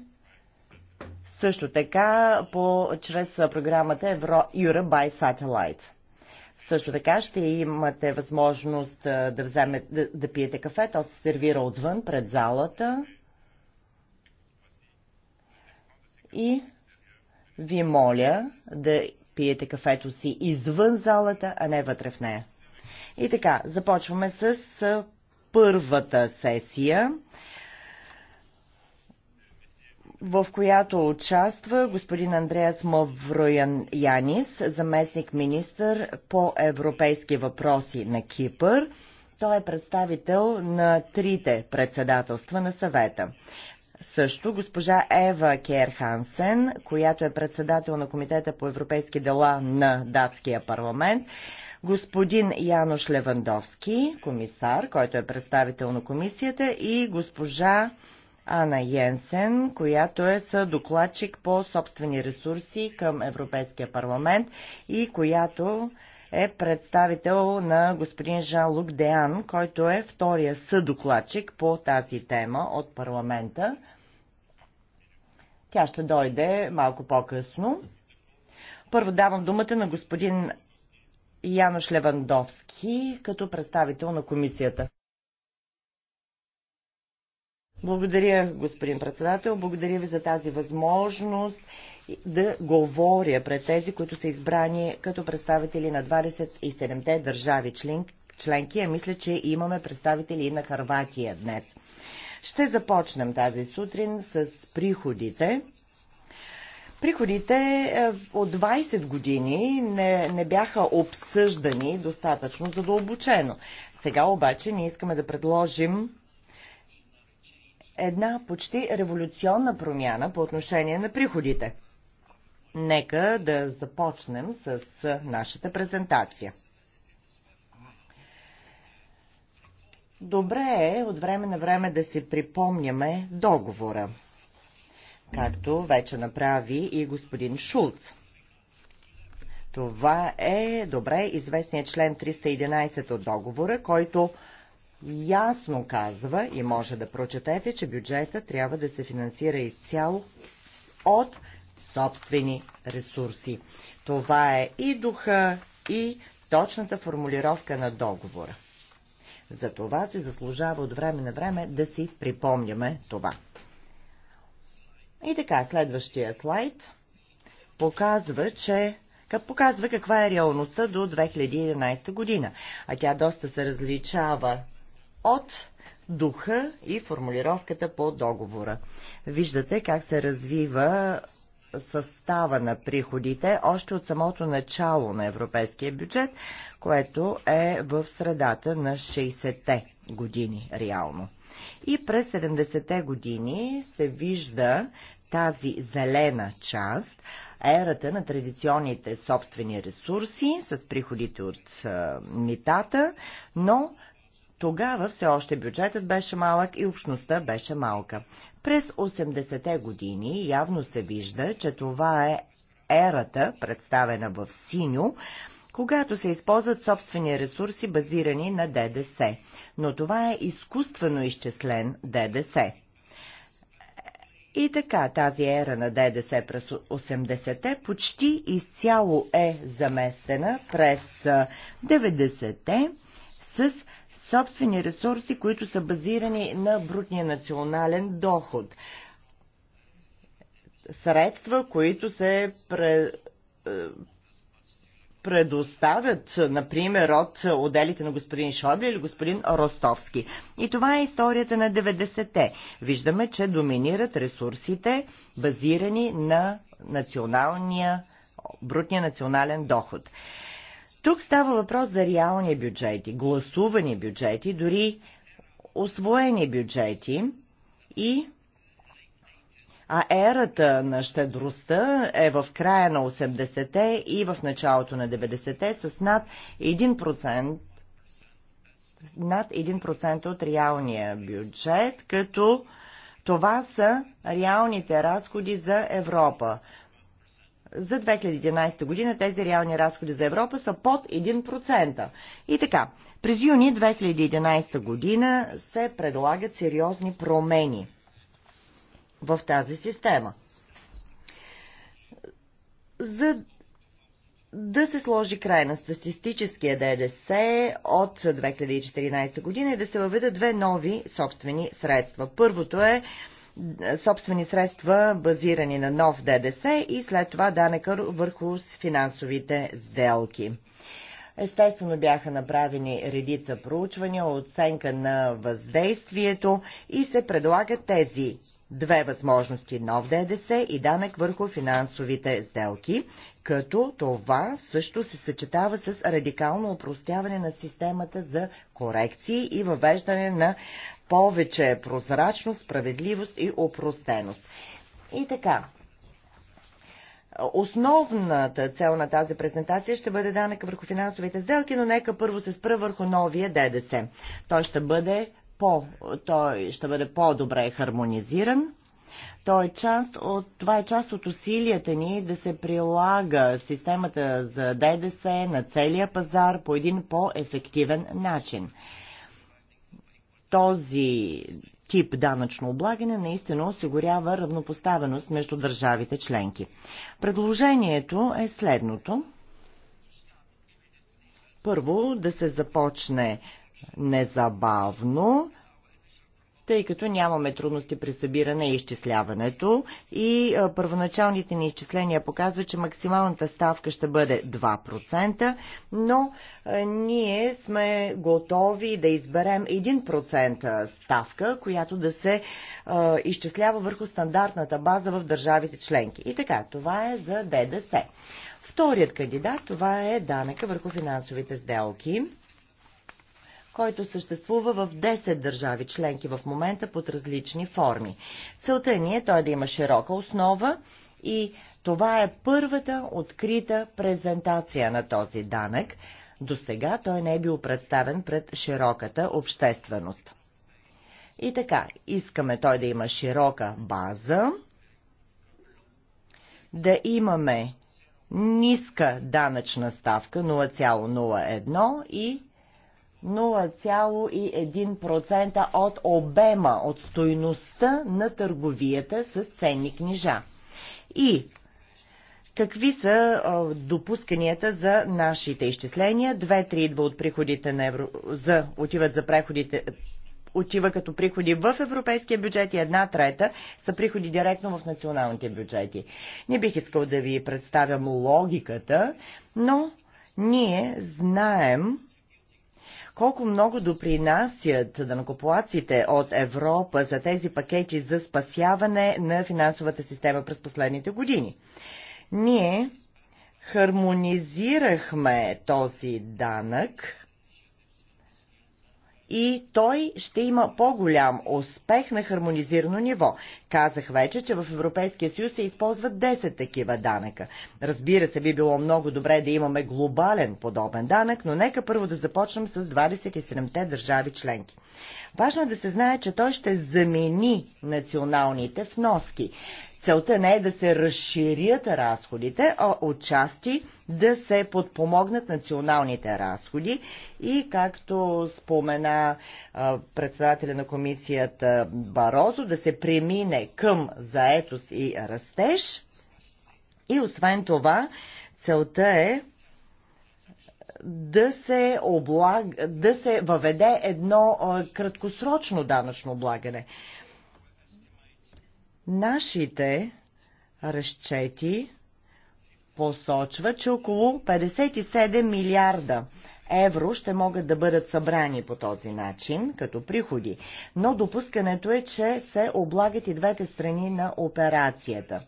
също така по, чрез програмата Евро Юра by Satellite. Също така ще имате възможност да, вземе, да, да пиете кафе. То се сервира отвън, пред залата. И ви моля да пиете кафето си извън залата, а не вътре в нея. И така, започваме с първата сесия в която участва господин Андреас Мавроян Янис, заместник министър по европейски въпроси на Кипър. Той е представител на трите председателства на съвета. Също госпожа Ева Керхансен, която е председател на Комитета по европейски дела на датския парламент, господин Янош Левандовски, комисар, който е представител на комисията и госпожа Ана Йенсен, която е съдокладчик по собствени ресурси към Европейския парламент и която е представител на господин Жан-Лук Деан, който е втория съдокладчик по тази тема от парламента. Тя ще дойде малко по-късно. Първо давам думата на господин Янош Левандовски като представител на комисията. Благодаря, господин председател. Благодаря ви за тази възможност да говоря пред тези, които са избрани като представители на 27-те държави член, членки, а мисля, че имаме представители и на Харватия днес. Ще започнем тази сутрин с приходите. Приходите е, от 20 години не, не бяха обсъждани достатъчно задълбочено. Сега обаче ние искаме да предложим една почти революционна промяна по отношение на приходите. Нека да започнем с нашата презентация. Добре е от време на време да си припомняме договора, както вече направи и господин Шулц. Това е добре известният член 311 от договора, който ясно казва и може да прочетете, че бюджета трябва да се финансира изцяло от собствени ресурси. Това е и духа, и точната формулировка на договора. За това се заслужава от време на време да си припомняме това. И така, следващия слайд показва, че показва каква е реалността до 2011 година. А тя доста се различава от духа и формулировката по договора. Виждате как се развива състава на приходите още от самото начало на европейския бюджет, което е в средата на 60-те години реално. И през 70-те години се вижда тази зелена част, ерата на традиционните собствени ресурси с приходите от митата, но тогава все още бюджетът беше малък и общността беше малка. През 80-те години явно се вижда, че това е ерата, представена в синьо, когато се използват собствени ресурси, базирани на ДДС. Но това е изкуствено изчислен ДДС. И така, тази ера на ДДС през 80-те почти изцяло е заместена през 90-те с собствени ресурси, които са базирани на брутния национален доход. Средства, които се е, предоставят, например, от отделите на господин Шобли или господин Ростовски. И това е историята на 90-те. Виждаме, че доминират ресурсите, базирани на националния, брутния национален доход. Тук става въпрос за реални бюджети, гласувани бюджети, дори освоени бюджети и а ерата на щедростта е в края на 80-те и в началото на 90-те с над 1% над 1% от реалния бюджет, като това са реалните разходи за Европа за 2011 година тези реални разходи за Европа са под 1%. И така, през юни 2011 година се предлагат сериозни промени в тази система. За да се сложи край на статистическия ДДС от 2014 година и да се въведат две нови собствени средства. Първото е собствени средства, базирани на нов ДДС и след това данъка върху финансовите сделки. Естествено бяха направени редица проучвания, оценка на въздействието и се предлагат тези две възможности – нов ДДС и данък върху финансовите сделки, като това също се съчетава с радикално упростяване на системата за корекции и въвеждане на повече е прозрачност, справедливост и опростеност. И така, Основната цел на тази презентация ще бъде данък върху финансовите сделки, но нека първо се спра върху новия ДДС. Той ще бъде по, той ще бъде по-добре хармонизиран. Той е част от, това е част от усилията ни да се прилага системата за ДДС на целия пазар по един по-ефективен начин този тип данъчно облагане наистина осигурява равнопоставеност между държавите членки. Предложението е следното. Първо да се започне незабавно тъй като нямаме трудности при събиране и изчисляването и първоначалните ни изчисления показват, че максималната ставка ще бъде 2%, но ние сме готови да изберем 1% ставка, която да се изчислява върху стандартната база в държавите членки. И така, това е за ДДС. Вторият кандидат, това е данъка върху финансовите сделки който съществува в 10 държави членки в момента под различни форми. Целта ни е той да има широка основа и това е първата открита презентация на този данък. До сега той не е бил представен пред широката общественост. И така, искаме той да има широка база, да имаме ниска данъчна ставка 0,01 и 0,1% от обема, от стойността на търговията с ценни книжа. И Какви са допусканията за нашите изчисления? Две три идва от приходите на евро... за, отиват за преходите отива като приходи в европейския бюджет и една трета са приходи директно в националните бюджети. Не бих искал да ви представям логиката, но ние знаем колко много допринасят данакоплаците от Европа за тези пакети за спасяване на финансовата система през последните години. Ние хармонизирахме този данък и той ще има по-голям успех на хармонизирано ниво. Казах вече, че в Европейския съюз се използват 10 такива данъка. Разбира се, би било много добре да имаме глобален подобен данък, но нека първо да започнем с 27-те държави членки. Важно е да се знае, че той ще замени националните вноски. Целта не е да се разширят разходите, а отчасти да се подпомогнат националните разходи и както спомена председателя на комисията Барозо, да се премине към заетост и растеж. И освен това, целта е да се, облаг... да се въведе едно краткосрочно данъчно облагане. Нашите разчети посочва, че около 57 милиарда евро ще могат да бъдат събрани по този начин, като приходи. Но допускането е, че се облагат и двете страни на операцията.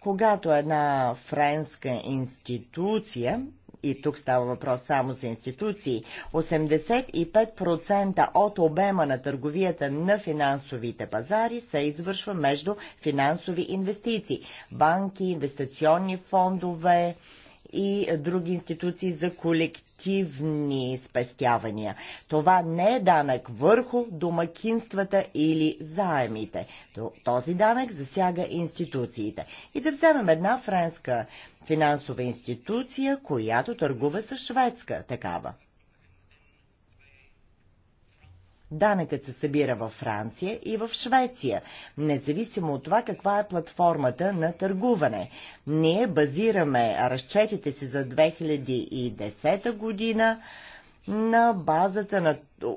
Когато една френска институция и тук става въпрос само за институции, 85% от обема на търговията на финансовите пазари се извършва между финансови инвестиции, банки, инвестиционни фондове, и други институции за колективни спестявания. Това не е данък върху домакинствата или заемите. Този данък засяга институциите. И да вземем една френска финансова институция, която търгува с шведска такава. Данъкът се събира във Франция и в Швеция, независимо от това каква е платформата на търгуване. Ние базираме разчетите си за 2010 година на базата на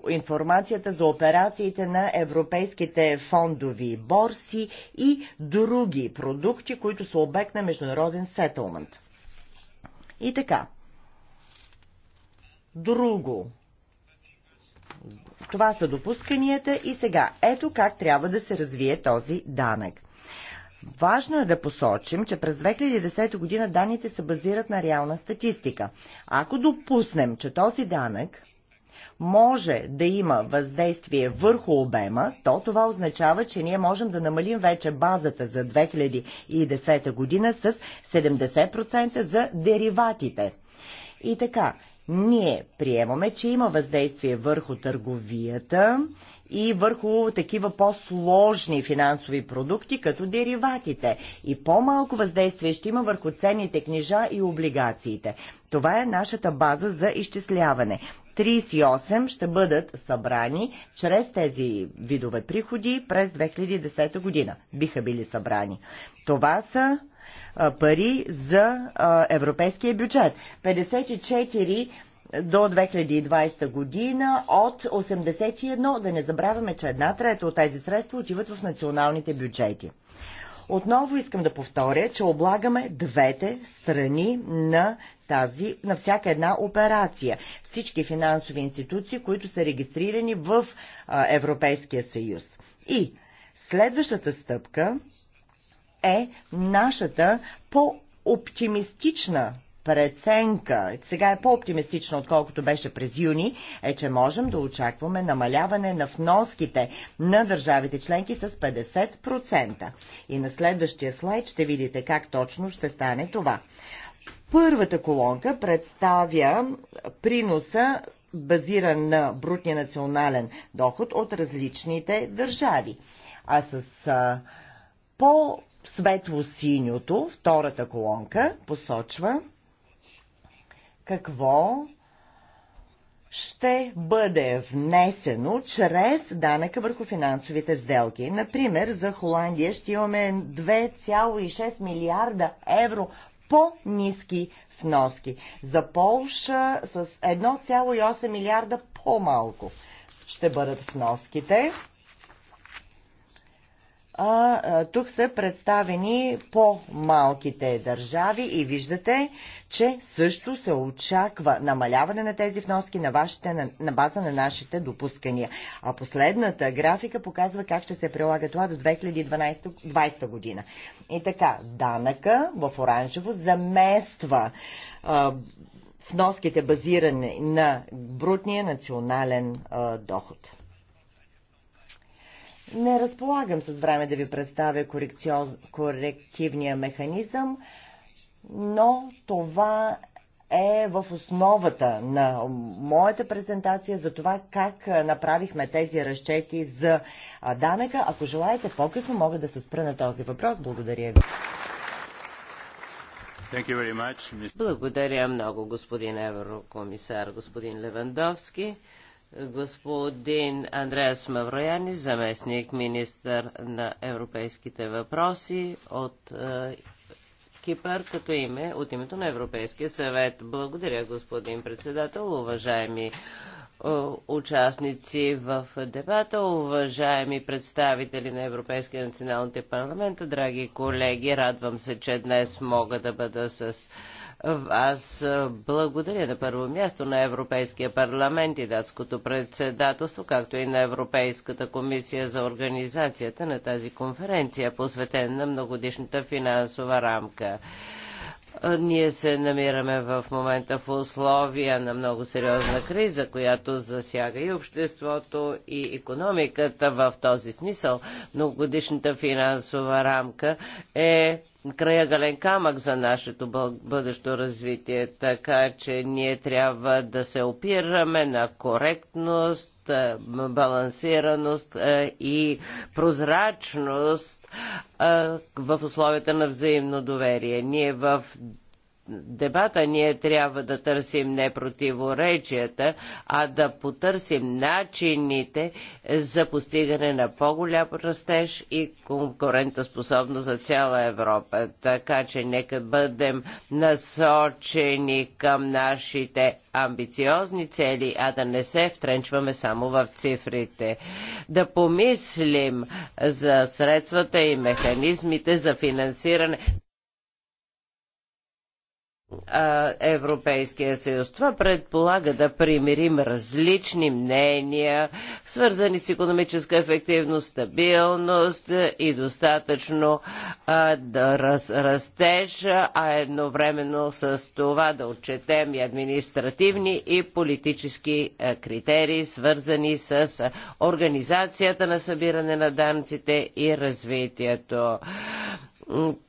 информацията за операциите на европейските фондови борси и други продукти, които са обект на международен сетълмент. И така. Друго това са допусканията и сега ето как трябва да се развие този данък. Важно е да посочим, че през 2010 година данните се базират на реална статистика. Ако допуснем, че този данък може да има въздействие върху обема, то това означава, че ние можем да намалим вече базата за 2010 година с 70% за дериватите. И така, ние приемаме, че има въздействие върху търговията и върху такива по-сложни финансови продукти, като дериватите. И по-малко въздействие ще има върху ценните книжа и облигациите. Това е нашата база за изчисляване. 38 ще бъдат събрани чрез тези видове приходи през 2010 година. Биха били събрани. Това са пари за европейския бюджет. 54 до 2020 година от 81, да не забравяме, че една трета от тези средства отиват в националните бюджети. Отново искам да повторя, че облагаме двете страни на тази, на всяка една операция. Всички финансови институции, които са регистрирани в Европейския съюз. И следващата стъпка е нашата по-оптимистична преценка, сега е по-оптимистична, отколкото беше през юни, е, че можем да очакваме намаляване на вноските на държавите членки с 50%. И на следващия слайд ще видите как точно ще стане това. Първата колонка представя приноса базиран на брутния национален доход от различните държави. А с по светло-синьото, втората колонка, посочва какво ще бъде внесено чрез данъка върху финансовите сделки. Например, за Холандия ще имаме 2,6 милиарда евро по-низки вноски. За Полша с 1,8 милиарда по-малко ще бъдат вноските а, а тук са представени по-малките държави и виждате, че също се очаква намаляване на тези вноски на, вашите, на, на база на нашите допускания. А последната графика показва как ще се прилага това до 2020 година. И така, данъка в оранжево замества а, вноските базирани на брутния национален а, доход. Не разполагам с време да ви представя корекциоз... корективния механизъм, но това е в основата на моята презентация за това как направихме тези разчети за данъка. Ако желаете, по-късно мога да се спра на този въпрос. Благодаря ви. Much, Благодаря много, господин Еврокомисар, господин Левандовски господин Андреас Маврояни, заместник министър на европейските въпроси от е, Кипър, като име от името на Европейския съвет. Благодаря, господин председател, уважаеми е, участници в дебата, уважаеми представители на Европейския националните парламента, драги колеги, радвам се, че днес мога да бъда с аз благодаря на първо място на Европейския парламент и датското председателство, както и на Европейската комисия за организацията на тази конференция, посветена на многодишната финансова рамка. Ние се намираме в момента в условия на много сериозна криза, която засяга и обществото, и економиката. В този смисъл многогодишната финансова рамка е краягален камък за нашето бъдещо развитие, така че ние трябва да се опираме на коректност, е, балансираност е, и прозрачност е, в условията на взаимно доверие. Ние в дебата ние трябва да търсим не противоречията, а да потърсим начините за постигане на по-голям растеж и конкурентоспособност за цяла Европа. Така че нека бъдем насочени към нашите амбициозни цели, а да не се втренчваме само в цифрите. Да помислим за средствата и механизмите за финансиране Европейския съюз. Това предполага да примирим различни мнения, свързани с економическа ефективност, стабилност и достатъчно а, да раз, растеж, а едновременно с това да отчетем и административни и политически а, критерии, свързани с а, организацията на събиране на данците и развитието.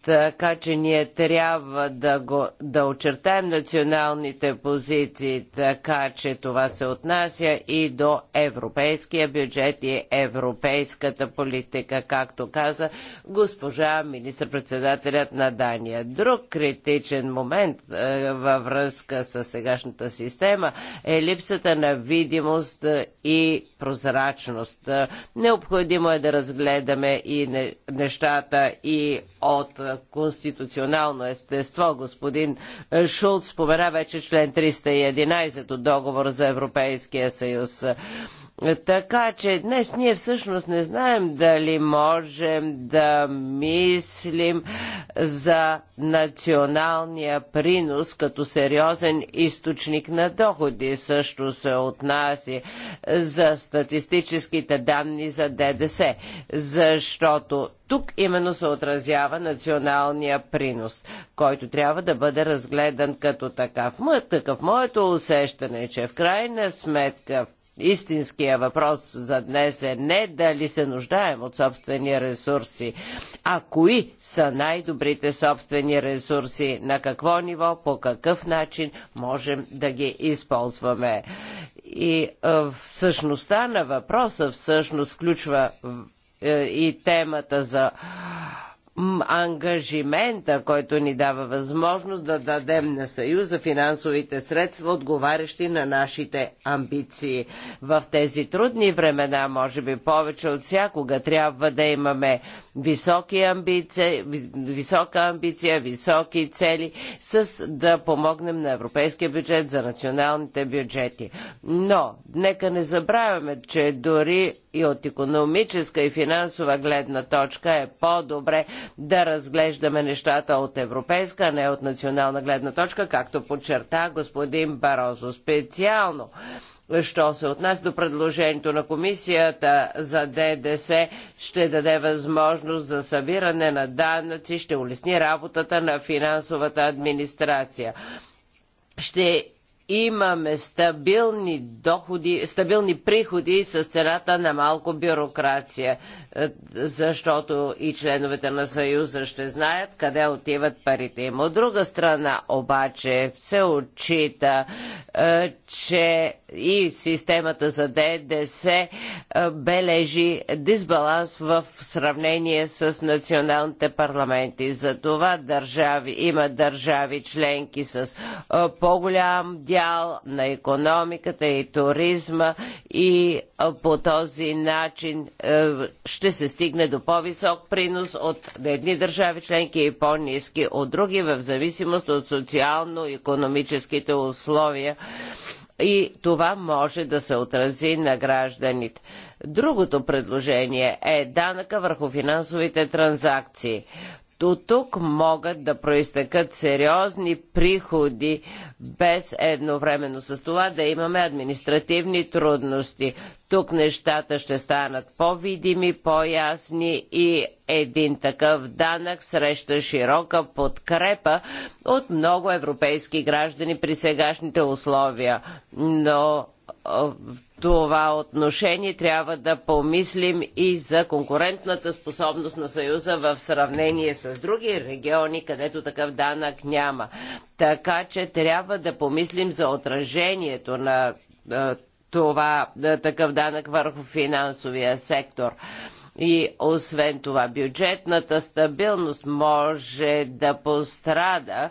Така че ние трябва да, го, да очертаем националните позиции, така че това се отнася и до европейския бюджет и европейската политика, както каза госпожа министр-председателят на Дания. Друг критичен момент е, във връзка с сегашната система е липсата на видимост и прозрачност. Е, необходимо е да разгледаме и нещата и от конституционално естество. Господин Шулц спомена вече член 311 от договора за Европейския съюз. Така че днес ние всъщност не знаем дали можем да мислим за националния принос като сериозен източник на доходи. Също се отнася за статистическите данни за ДДС, защото тук именно се отразява националния принос, който трябва да бъде разгледан като Такъв моето усещане е, че в крайна сметка Истинският въпрос за днес е не дали се нуждаем от собствени ресурси, а кои са най-добрите собствени ресурси, на какво ниво, по какъв начин можем да ги използваме. И е, същността на въпроса всъщност включва е, и темата за ангажимента, който ни дава възможност да дадем на Съюза финансовите средства, отговарящи на нашите амбиции. В тези трудни времена, може би повече от всякога, трябва да имаме високи амбиции, висока амбиция, високи цели, с да помогнем на европейския бюджет за националните бюджети. Но, нека не забравяме, че дори и от економическа и финансова гледна точка е по-добре да разглеждаме нещата от европейска, а не от национална гледна точка, както подчерта господин Барозо специално. Що се отнася до предложението на комисията за ДДС, ще даде възможност за събиране на данъци, ще улесни работата на финансовата администрация ще имаме стабилни доходи, стабилни приходи с цената на малко бюрокрация, е, защото и членовете на Съюза ще знаят къде отиват парите им. От друга страна обаче се отчита, е, че и системата за ДДС е, бележи дисбаланс в сравнение с националните парламенти. това държави, има държави членки с по-голям дял на економиката и туризма и по този начин е, ще се стигне до по-висок принос от едни държави членки и по-низки от други в зависимост от социално-економическите условия и това може да се отрази на гражданите. Другото предложение е данъка върху финансовите транзакции до тук могат да проистекат сериозни приходи, без едновременно с това да имаме административни трудности. Тук нещата ще станат по-видими, по-ясни и един такъв данък среща широка подкрепа от много европейски граждани при сегашните условия. Но в това отношение трябва да помислим и за конкурентната способност на Съюза в сравнение с други региони, където такъв данък няма. Така че трябва да помислим за отражението на това, такъв данък върху финансовия сектор. И освен това, бюджетната стабилност може да пострада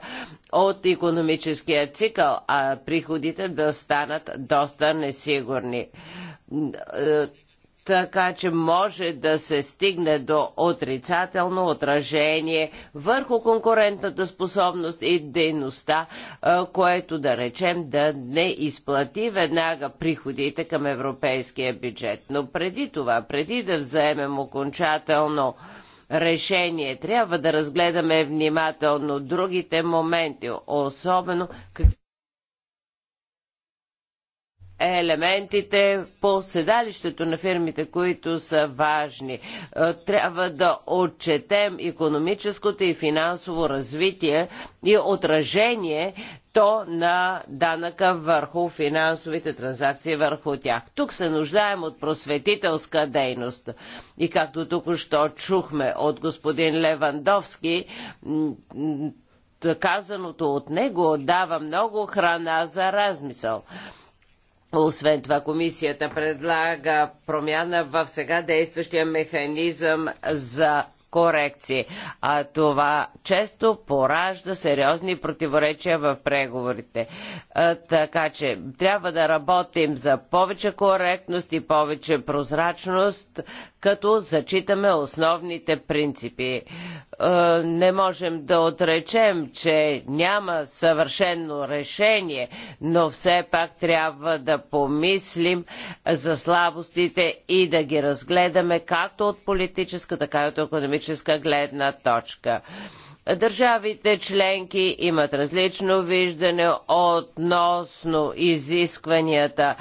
от економическия цикъл, а приходите да станат доста несигурни е, така че може да се стигне до отрицателно отражение върху конкурентната способност и дейността, което да речем да не изплати веднага приходите към европейския бюджет. Но преди това, преди да вземем окончателно решение, трябва да разгледаме внимателно другите моменти, особено какви елементите по седалището на фирмите, които са важни. Е, трябва да отчетем економическото и финансово развитие и отражение то на данъка върху финансовите транзакции върху тях. Тук се нуждаем от просветителска дейност. И както току-що чухме от господин Левандовски, казаното от него дава много храна за размисъл. Освен това, комисията предлага промяна в сега действащия механизъм за корекции. А това често поражда сериозни противоречия в преговорите. Така че трябва да работим за повече коректност и повече прозрачност, като зачитаме основните принципи. Не можем да отречем, че няма съвършено решение, но все пак трябва да помислим за слабостите и да ги разгледаме както от политическа, така и от економическа политическа гледна точка. Държавите членки имат различно виждане относно изискванията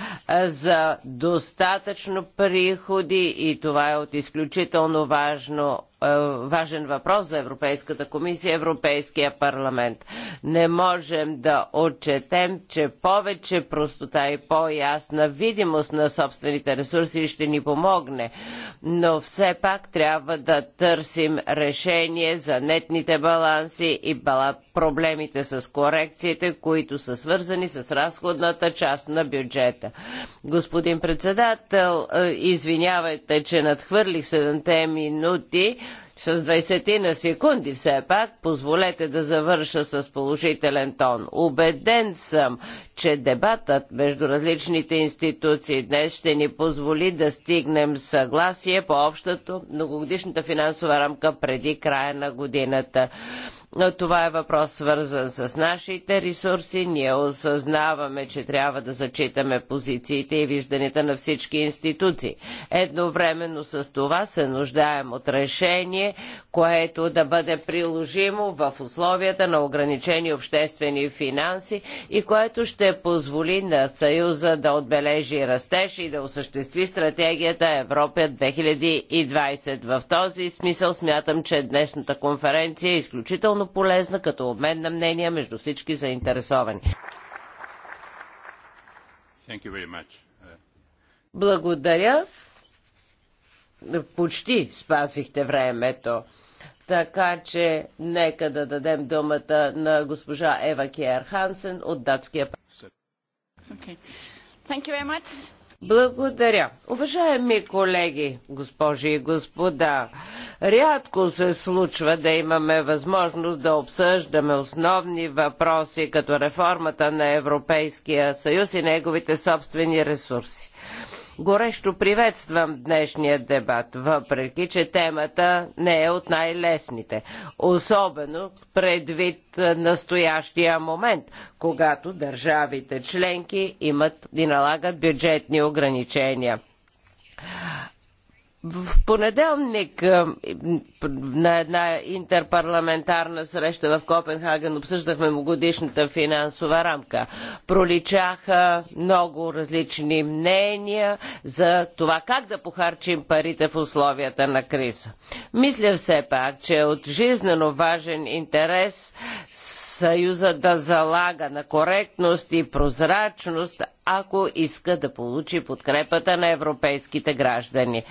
за достатъчно приходи и това е от изключително важно е, важен въпрос за Европейската комисия и Европейския парламент. Не можем да отчетем, че повече простота и по-ясна видимост на собствените ресурси ще ни помогне, но все пак трябва да търсим решение за нетните баланси и проблемите с корекциите, които са свързани с разходната част на бюджета. Господин председател, е, извинявайте, че надхвърлих 7 минути, с 20 на секунди все пак, позволете да завърша с положителен тон. Убеден съм, че дебатът между различните институции днес ще ни позволи да стигнем съгласие по общото многогодишната финансова рамка преди края на годината. Това е въпрос свързан с нашите ресурси. Ние осъзнаваме, че трябва да зачитаме позициите и вижданията на всички институции. Едновременно с това се нуждаем от решение, което да бъде приложимо в условията на ограничени обществени финанси и което ще позволи на Съюза да отбележи растеж и да осъществи стратегията Европа 2020. В този смисъл смятам, че днешната конференция е изключително изключително полезна като обмен на мнения между всички заинтересовани. Благодаря. Почти спасихте времето. Така че нека да дадем думата на госпожа Ева Киер Хансен от датския парламент. Благодаря. Уважаеми колеги, госпожи и господа, Рядко се случва да имаме възможност да обсъждаме основни въпроси, като реформата на Европейския съюз и неговите собствени ресурси. Горещо приветствам днешния дебат, въпреки че темата не е от най-лесните, особено предвид е, настоящия момент, когато държавите членки имат и налагат бюджетни ограничения. В понеделник е, на една интерпарламентарна среща в Копенхаген обсъждахме годишната финансова рамка. Проличаха много различни мнения за това как да похарчим парите в условията на криза. Мисля все пак, че е от жизнено важен интерес Съюза да залага на коректност и прозрачност, ако иска да получи подкрепата на европейските граждани.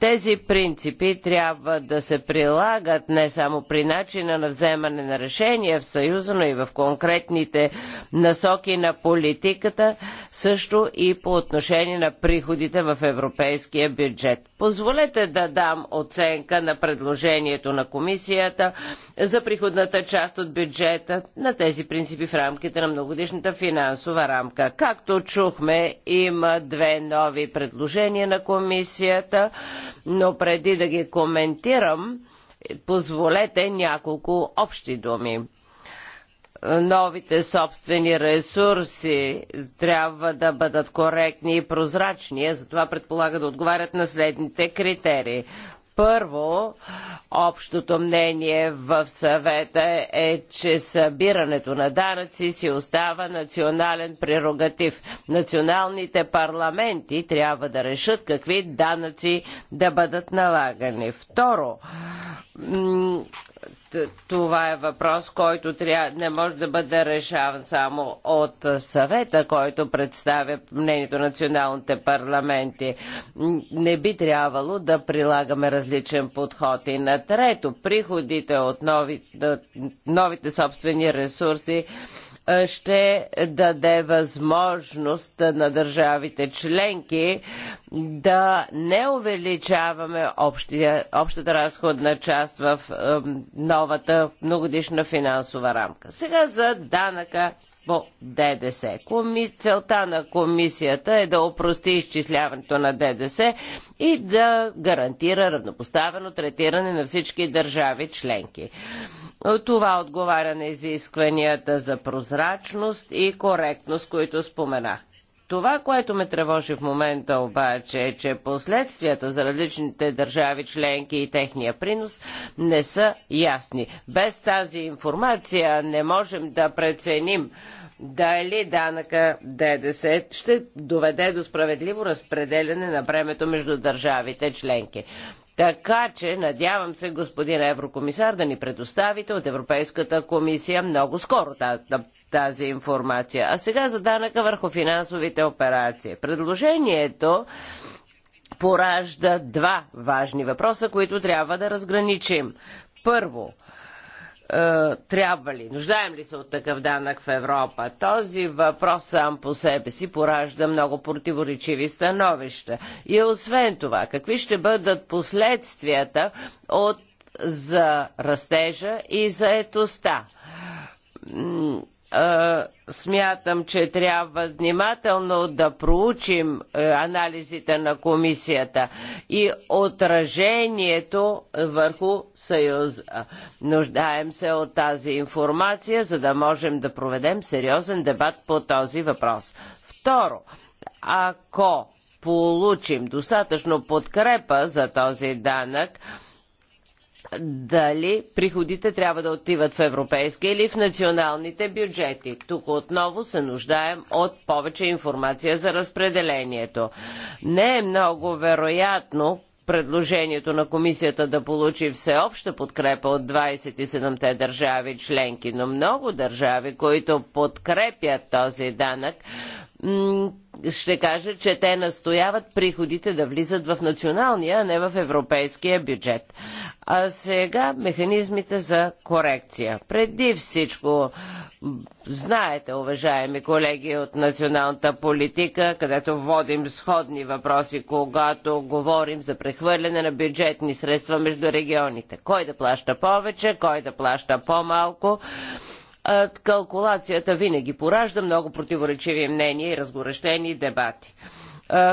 Тези принципи трябва да се прилагат не само при начина на вземане на решения в Съюза, но и в конкретните насоки на политиката, също и по отношение на приходите в европейския бюджет. Позволете да дам оценка на предложението на комисията за приходната част от бюджета на тези принципи в рамките на многодишната финансова рамка. Както чухме, има две нови предложения на комисията – но преди да ги коментирам, позволете няколко общи думи новите собствени ресурси трябва да бъдат коректни и прозрачни, затова предполага да отговарят на следните критерии. Първо, общото мнение в съвета е, че събирането на данъци си остава национален прерогатив. Националните парламенти трябва да решат какви данъци да бъдат налагани. Второ, това е въпрос, който трябва, не може да бъде решаван само от съвета, който представя мнението на националните парламенти. Не би трябвало да прилагаме различен подход. И на трето, приходите от нови, новите собствени ресурси ще даде възможност на държавите членки да не увеличаваме общия, общата разходна част в новата многодишна финансова рамка. Сега за данъка по ДДС. Коми... Целта на комисията е да опрости изчисляването на ДДС и да гарантира равнопоставено третиране на всички държави членки. Това отговаря на изискванията за прозрачност и коректност, които споменах. Това, което ме тревожи в момента обаче е, че последствията за различните държави членки и техния принос не са ясни. Без тази информация не можем да преценим дали данъка ДДС ще доведе до справедливо разпределяне на времето между държавите членки. Така че, надявам се, господин еврокомисар, да ни предоставите от Европейската комисия много скоро тази информация. А сега за данъка върху финансовите операции. Предложението поражда два важни въпроса, които трябва да разграничим. Първо, е, трябва ли, нуждаем ли се от такъв данък в Европа? Този въпрос сам по себе си поражда много противоречиви становища. И освен това, какви ще бъдат последствията от, за растежа и заетостта? смятам, че трябва внимателно да проучим е, анализите на комисията и отражението върху Съюза. Нуждаем се от тази информация, за да можем да проведем сериозен дебат по този въпрос. Второ, ако получим достатъчно подкрепа за този данък, дали приходите трябва да отиват в Европейски или в националните бюджети. Тук отново се нуждаем от повече информация за разпределението. Не е много вероятно предложението на комисията да получи всеобща подкрепа от 27-те държави членки, но много държави, които подкрепят този данък, ще кажа, че те настояват приходите да влизат в националния, а не в европейския бюджет. А сега механизмите за корекция. Преди всичко, знаете, уважаеми колеги от националната политика, където водим сходни въпроси, когато говорим за прехвърляне на бюджетни средства между регионите. Кой да плаща повече, кой да плаща по-малко калкулацията винаги поражда много противоречиви мнения и разгорещени дебати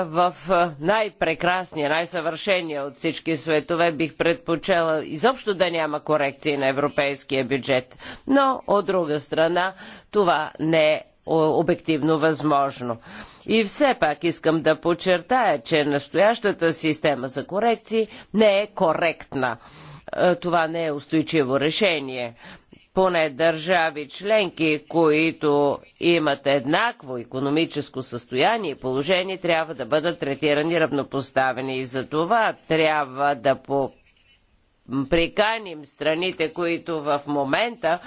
в най-прекрасния, най-съвършения от всички светове бих предпочела изобщо да няма корекции на европейския бюджет. Но, от друга страна, това не е обективно възможно. И все пак искам да подчертая, че настоящата система за корекции не е коректна. Това не е устойчиво решение поне държави членки, които имат еднакво економическо състояние и положение, трябва да бъдат третирани равнопоставени и за това трябва да по приканим страните, които в момента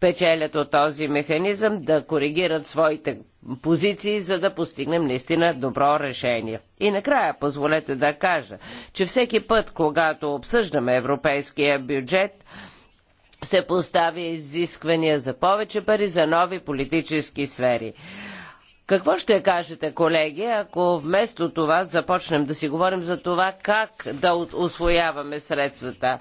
печелят от този механизъм, да коригират своите позиции, за да постигнем наистина добро решение. И накрая позволете да кажа, че всеки път, когато обсъждаме европейския бюджет, се поставя изисквания за повече пари за нови политически сфери. Какво ще кажете, колеги, ако вместо това започнем да си говорим за това как да освояваме средствата?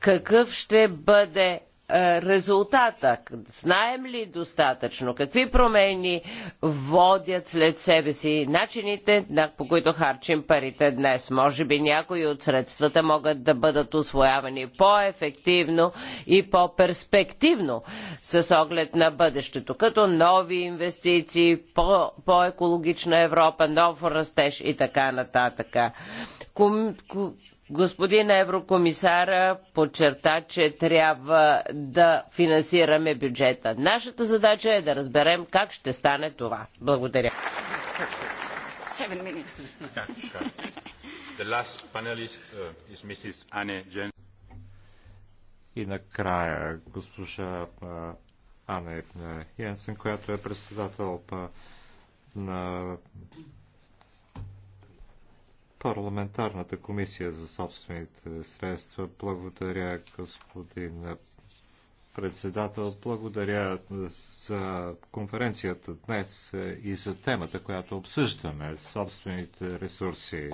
Какъв ще бъде е, резултата? Знаем ли достатъчно? Какви промени водят след себе си начините, по които харчим парите днес? Може би някои от средствата могат да бъдат освоявани по-ефективно и по-перспективно с оглед на бъдещето, като нови инвестиции, по-екологична Европа, нов растеж и така нататък. Господин еврокомисара подчерта, че трябва да финансираме бюджета. Нашата задача е да разберем как ще стане това. Благодаря. Uh, И накрая госпожа uh, Ане uh, Йенсен, която е председател на парламентарната комисия за собствените средства. Благодаря, господин председател. Благодаря за конференцията днес и за темата, която обсъждаме собствените ресурси.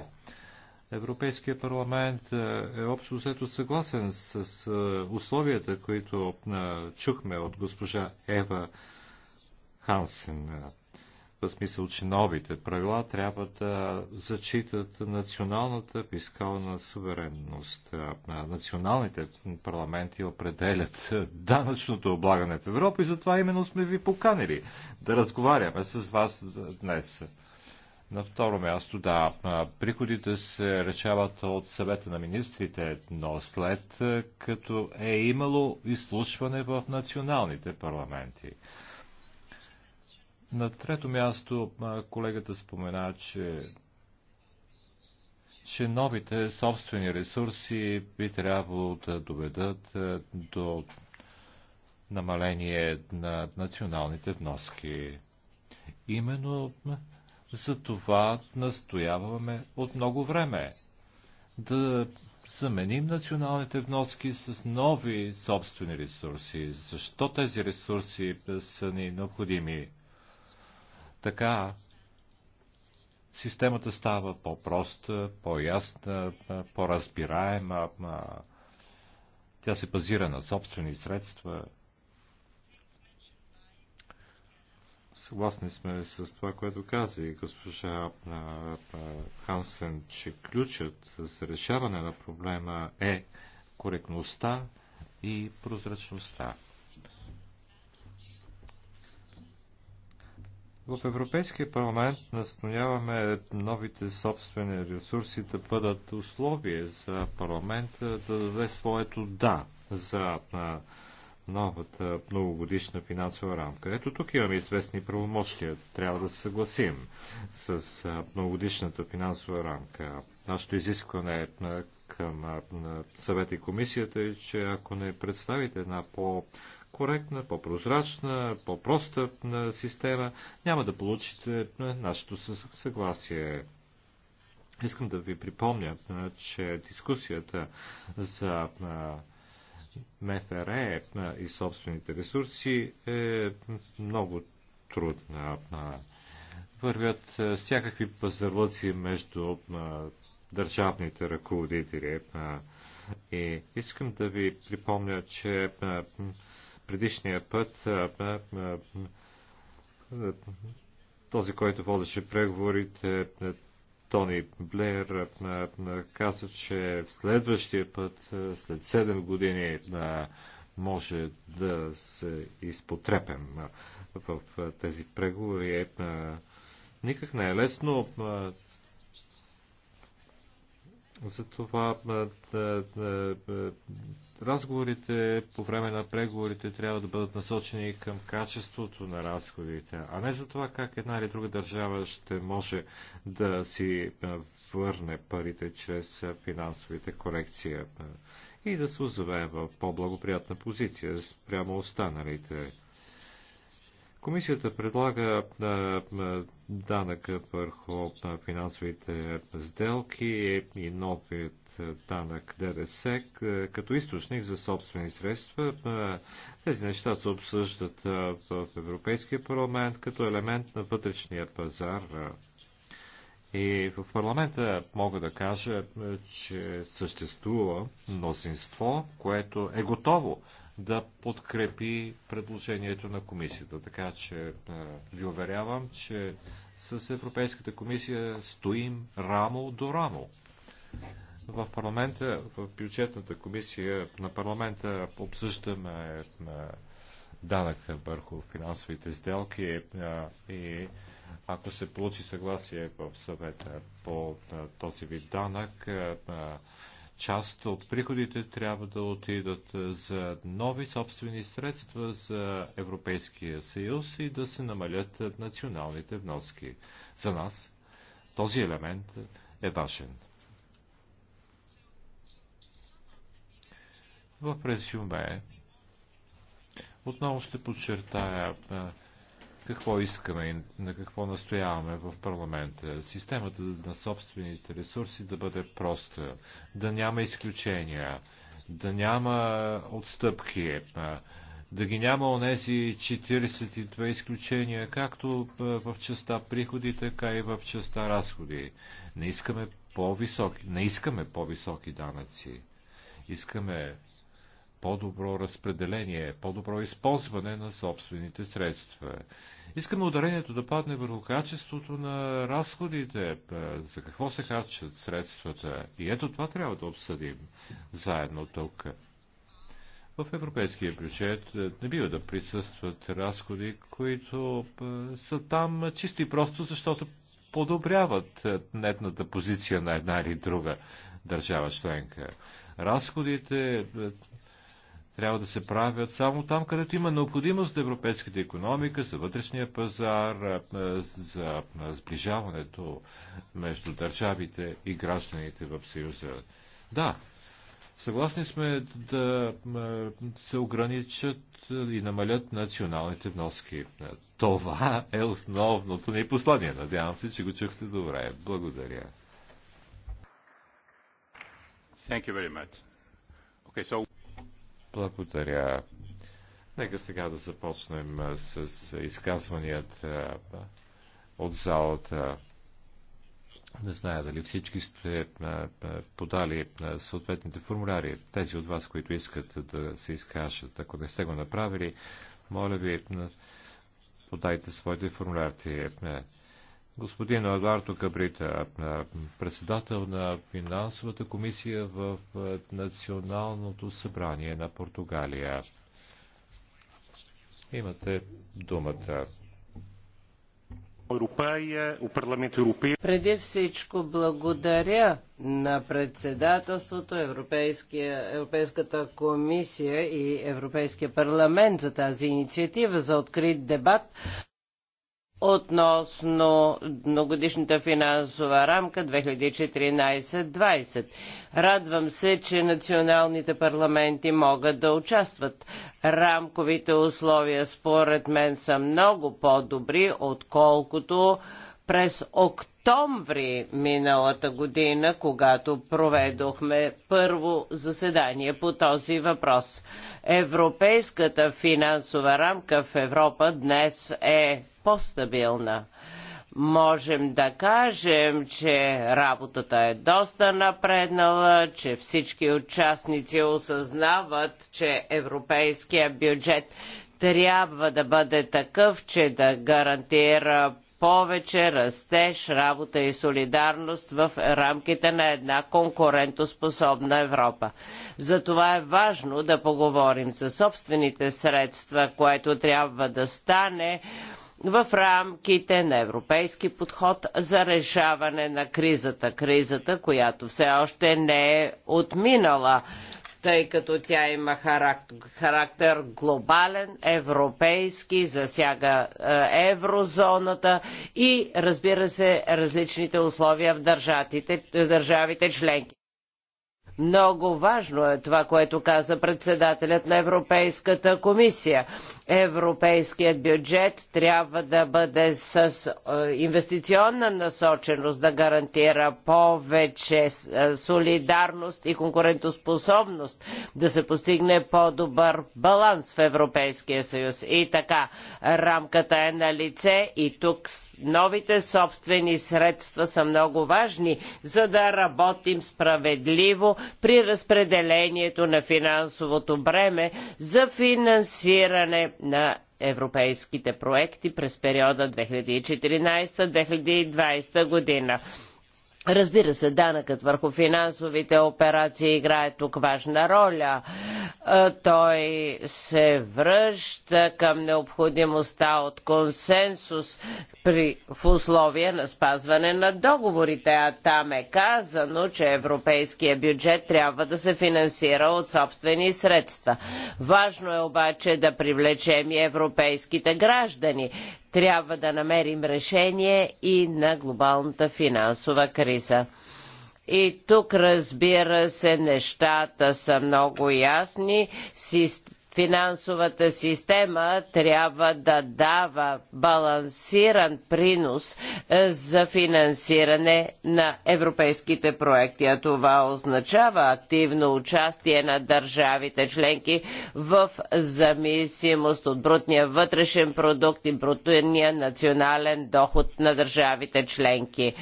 Европейския парламент е, е общо взето съгласен с е, условията, които е, чухме от госпожа Ева Хансен в смисъл, че новите правила трябва да зачитат националната фискална суверенност. Националните парламенти определят данъчното облагане в Европа и затова именно сме ви поканили да разговаряме с вас днес. На второ място, да, приходите се решават от съвета на министрите, но след като е имало изслушване в националните парламенти. На трето място колегата спомена, че че новите собствени ресурси би трябвало да доведат до намаление на националните вноски. Именно за това настояваме от много време да заменим националните вноски с нови собствени ресурси. Защо тези ресурси са ни необходими? Така системата става по-проста, по-ясна, по-разбираема. Тя се базира на собствени средства. Съгласни сме с това, което каза и госпожа Хансен, че ключът за решаване на проблема е коректността и прозрачността. В Европейския парламент настояваме новите собствени ресурси да бъдат условие за парламента да даде своето да за новата многогодишна финансова рамка. Ето тук имаме известни правомощия. Трябва да се съгласим с многогодишната финансова рамка. Нашето изискване е, към съвет и комисията е, че ако не представите една по коректна, по-прозрачна, по-проста система, няма да получите е, нашето съгласие. Искам да ви припомня, е, че дискусията за е, МФР и собствените ресурси е много трудна. Вървят всякакви пазарлъци между държавните ръководители. И искам да ви припомня, че предишния път този, който водеше преговорите, Тони Блеер каза, че в следващия път, след 7 години, може да се изпотрепем в тези преговори. Е, никак не е лесно. Затова разговорите по време на преговорите трябва да бъдат насочени към качеството на разходите, а не за това как една или друга държава ще може да си е, върне парите чрез е, финансовите корекции е, и да се озове в по-благоприятна позиция спрямо останалите. Комисията предлага данък върху финансовите сделки и новият данък ДДС като източник за собствени средства. Тези неща се обсъждат в Европейския парламент като елемент на вътрешния пазар. И в парламента мога да кажа, че съществува мнозинство, което е готово да подкрепи предложението на комисията. Така че е, ви уверявам, че с Европейската комисия стоим рамо до рамо. В парламента, в бюджетната комисия на парламента обсъждаме е, данъка върху финансовите сделки е, и ако се получи съгласие в съвета по този вид данък, Част от приходите трябва да отидат за нови собствени средства за Европейския съюз и да се намалят националните вноски. За нас този елемент е важен. В резюме отново ще подчертая какво искаме и на какво настояваме в парламента. Системата на собствените ресурси да бъде проста, да няма изключения, да няма отстъпки, да ги няма онези 42 изключения, както в частта приходи, така и в частта разходи. Не искаме по-високи, не искаме по-високи данъци. Искаме по-добро разпределение, по-добро използване на собствените средства. Искаме ударението да падне върху качеството на разходите, е, за какво се харчат средствата. И ето това трябва да обсъдим заедно тук. В европейския бюджет е, не бива да присъстват разходи, които е, са там чисто и просто, защото подобряват нетната позиция на една или друга държава членка. Разходите трябва да се правят само там, където има необходимост за европейската економика, за вътрешния пазар, за сближаването между държавите и гражданите в Съюза. Да, съгласни сме да се ограничат и намалят националните вноски. Това е основното ни послание. Надявам се, че го чухте добре. Благодаря. Thank you very much. Okay, so... Благодаря. Нека сега да започнем с изказванията от залата. Не зная дали всички сте подали съответните формуляри. Тези от вас, които искат да се изкажат, ако не сте го направили, моля ви, подайте своите формуляри господин Агуарто Кабрита, председател на финансовата комисия в Националното събрание на Португалия. Имате думата. Преди всичко благодаря на председателството, Европейската комисия и Европейския парламент за тази инициатива за открит дебат относно многодишната финансова рамка 2014-2020. Радвам се, че националните парламенти могат да участват. Рамковите условия, според мен, са много по-добри, отколкото през октомври миналата година, когато проведохме първо заседание по този въпрос, европейската финансова рамка в Европа днес е по-стабилна можем да кажем, че работата е доста напреднала, че всички участници осъзнават, че европейския бюджет трябва да бъде такъв, че да гарантира повече растеж, работа и солидарност в рамките на една конкурентоспособна Европа. Затова е важно да поговорим за собствените средства, което трябва да стане в рамките на европейски подход за решаване на кризата. Кризата, която все още не е отминала, тъй като тя има характер, характер глобален, европейски, засяга е, еврозоната и разбира се различните условия в държавите членки. Много важно е това, което каза председателят на Европейската комисия. Европейският бюджет трябва да бъде с е, инвестиционна насоченост, да гарантира повече е, солидарност и конкурентоспособност, да се постигне по-добър баланс в Европейския съюз. И така, рамката е на лице и тук новите собствени средства са много важни, за да работим справедливо при разпределението на финансовото бреме за финансиране на европейските проекти през периода 2014-2020 година. Разбира се, данъкът върху финансовите операции играе тук важна роля. Е, той се връща към необходимостта от консенсус при, в условия на спазване на договорите, а там е казано, че европейския бюджет трябва да се финансира от собствени средства. Важно е обаче да привлечем и европейските граждани трябва да намерим решение и на глобалната финансова криза. И тук, разбира се, нещата са много ясни финансовата система трябва да дава балансиран принос е, за финансиране на европейските проекти. А това означава активно участие на държавите членки в зависимост от брутния вътрешен продукт и брутния национален доход на държавите членки.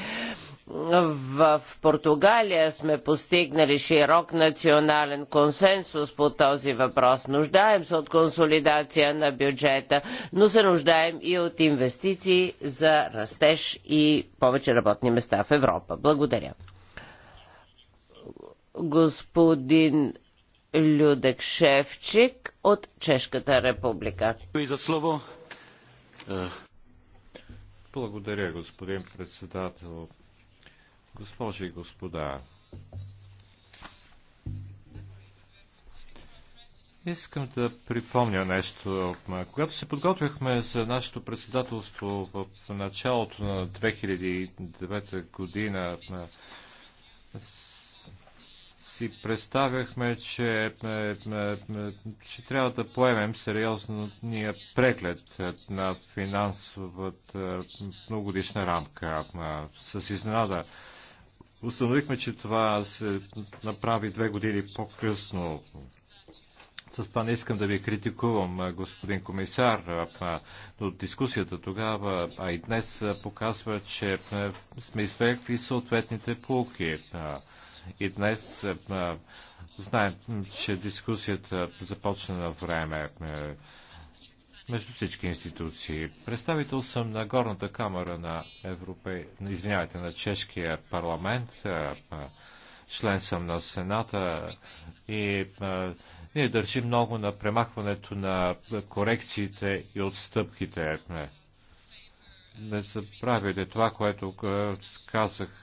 В Португалия сме постигнали широк национален консенсус по този въпрос. Нуждаем се от консолидация на бюджета, но се нуждаем и от инвестиции за растеж и повече работни места в Европа. Благодаря. Господин Людек Шевчик от Чешката република. И за слово. Е. Благодаря, господин председател. Госпожи и господа, искам да припомня нещо. Когато се подготвяхме за нашето председателство в началото на 2009 година, си представяхме, че, че трябва да поемем сериозния преглед на финансовата многогодишна рамка. С изненада Установихме, че това се направи две години по-късно. С това не искам да ви критикувам, господин комисар, но дискусията тогава, а и днес показва, че сме извлекли съответните полки. И днес знаем, че дискусията започна на време между всички институции. Представител съм на горната камера на, Европе... Извинявайте, на чешкия парламент, е, е, член съм на Сената и е, ние държим много на премахването на корекциите и отстъпките. Не забравяйте това, което казах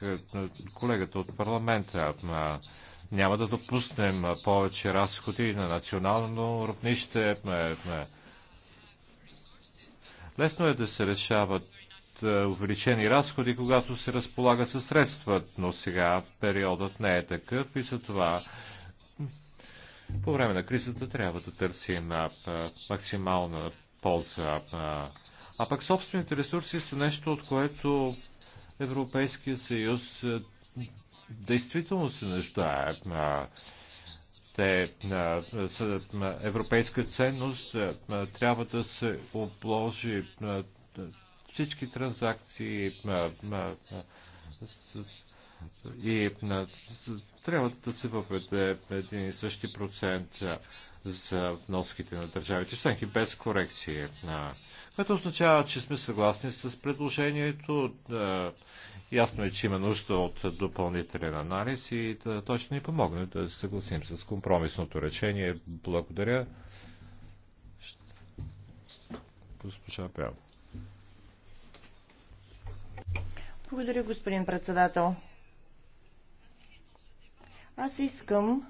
колегата от парламента. Няма да допуснем повече разходи на национално равнище Лесно е да се решават е, увеличени разходи, когато се разполага със средства, но сега периодът не е такъв и за това по време на кризата трябва да търсим е, е, максимална полза. А пък собствените ресурси са нещо, от което Европейския съюз действително се нуждае те европейска ценност, трябва да се обложи всички транзакции и трябва да се въведе един и същи процент за вноските на държавите членки без корекция. Което означава, че сме съгласни с предложението. Ясно е, че има нужда от допълнителен анализ и да, той ще ни помогне да се съгласим с компромисното решение. Благодаря. Госпожа Пяло. Благодаря, господин председател. Аз искам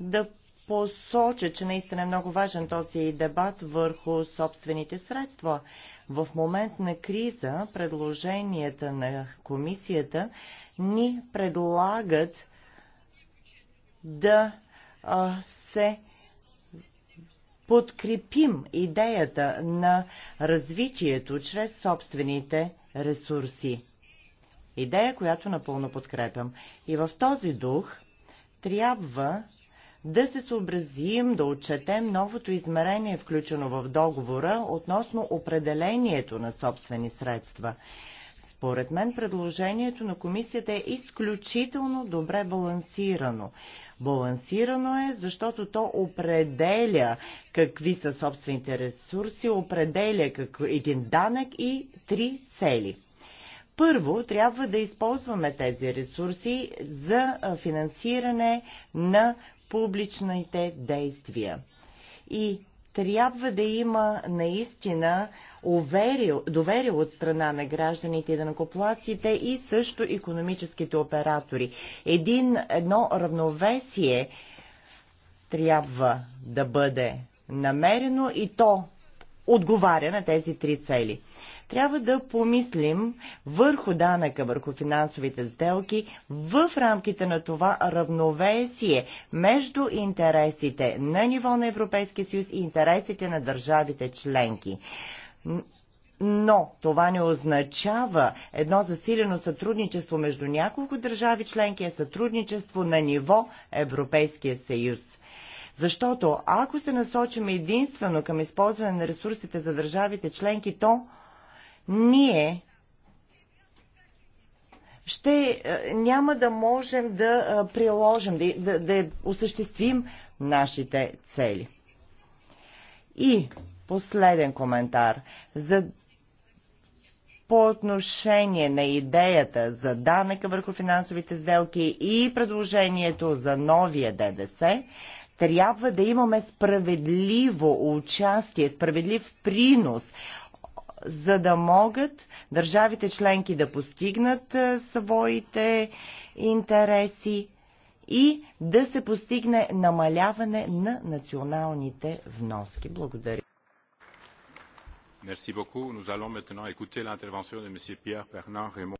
да посоча, че наистина е много важен този дебат върху собствените средства. В момент на криза предложенията на комисията ни предлагат да се подкрепим идеята на развитието чрез собствените ресурси. Идея, която напълно подкрепям. И в този дух трябва да се съобразим, да отчетем новото измерение, включено в договора, относно определението на собствени средства. Според мен предложението на комисията е изключително добре балансирано. Балансирано е, защото то определя какви са собствените ресурси, определя как... един данък и три цели. Първо, трябва да използваме тези ресурси за финансиране на публичните действия. И трябва да има наистина уверил, доверие от страна на гражданите и данакоплаците и също економическите оператори. Един, едно равновесие трябва да бъде намерено и то отговаря на тези три цели трябва да помислим върху данъка, върху финансовите сделки в рамките на това равновесие между интересите на ниво на Европейския съюз и интересите на държавите членки. Но това не означава едно засилено сътрудничество между няколко държави членки, а сътрудничество на ниво Европейския съюз. Защото ако се насочим единствено към използване на ресурсите за държавите членки, то ние ще е, няма да можем да е, приложим, да, да, да осъществим нашите цели. И последен коментар за по отношение на идеята за данъка върху финансовите сделки и предложението за новия ДДС, трябва да имаме справедливо участие, справедлив принос за да могат държавите членки да постигнат своите интереси и да се постигне намаляване на националните вноски. Благодаря. Merci beaucoup. Nous allons maintenant écouter l'intervention de M. Pierre Bernard Raymond.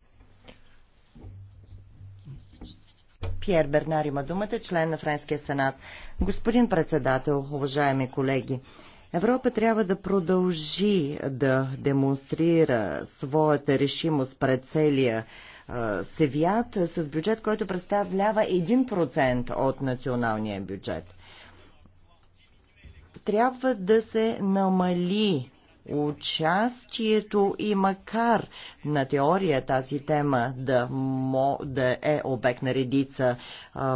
Пьер Бернар има думата, член на Френския сенат. Господин председател, уважаеми колеги, Европа трябва да продължи да демонстрира своята решимост пред целия Севият с бюджет, който представлява 1% от националния бюджет. Трябва да се намали участието и макар на теория тази тема да, да е обект на редица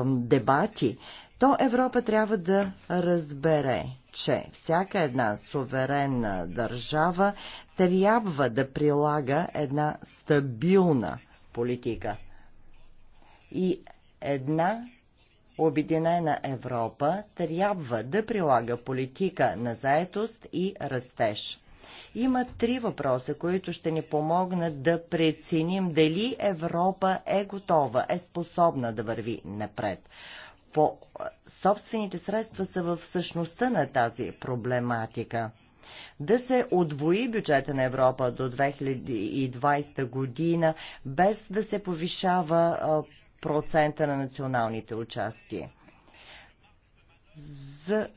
дебати, то Европа трябва да разбере, че всяка една суверенна държава трябва да прилага една стабилна политика. И една Обединена Европа трябва да прилага политика на заетост и растеж. Има три въпроса, които ще ни помогнат да преценим дали Европа е готова, е способна да върви напред по собствените средства са в същността на тази проблематика. Да се отвои бюджета на Европа до 2020 година, без да се повишава процента на националните участия. За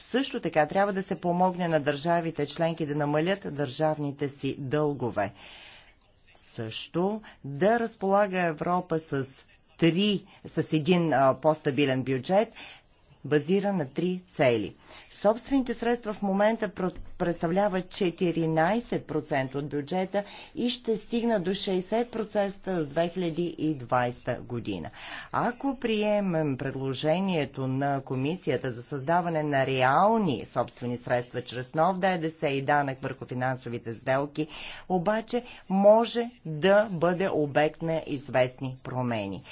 също така трябва да се помогне на държавите членки да намалят държавните си дългове. Също да разполага Европа с три, с един по-стабилен бюджет, базира на три цели. Собствените средства в момента представляват 14% от бюджета и ще стигна до 60% от 2020 година. Ако приемем предложението на комисията за създаване на реални собствени средства чрез нов ДДС и данък върху финансовите сделки, обаче може да бъде обект на известни промени.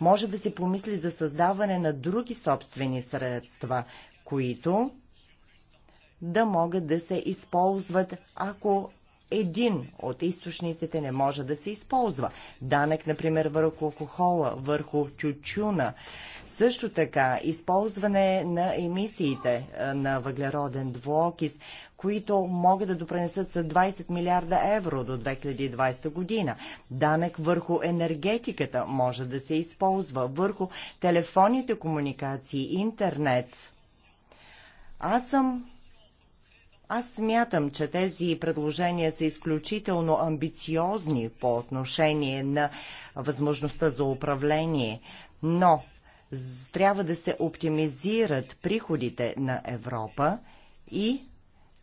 Може да се помисли за създаване на други собствени средства, които да могат да се използват, ако един от източниците не може да се използва. Данък, например, върху алкохола, върху чучуна, Също така, използване на емисиите на въглероден двуокис, които могат да допренесат с 20 милиарда евро до 2020 година. Данък върху енергетиката може да се използва, върху телефонните комуникации, интернет. Аз съм аз смятам, че тези предложения са изключително амбициозни по отношение на възможността за управление, но трябва да се оптимизират приходите на Европа и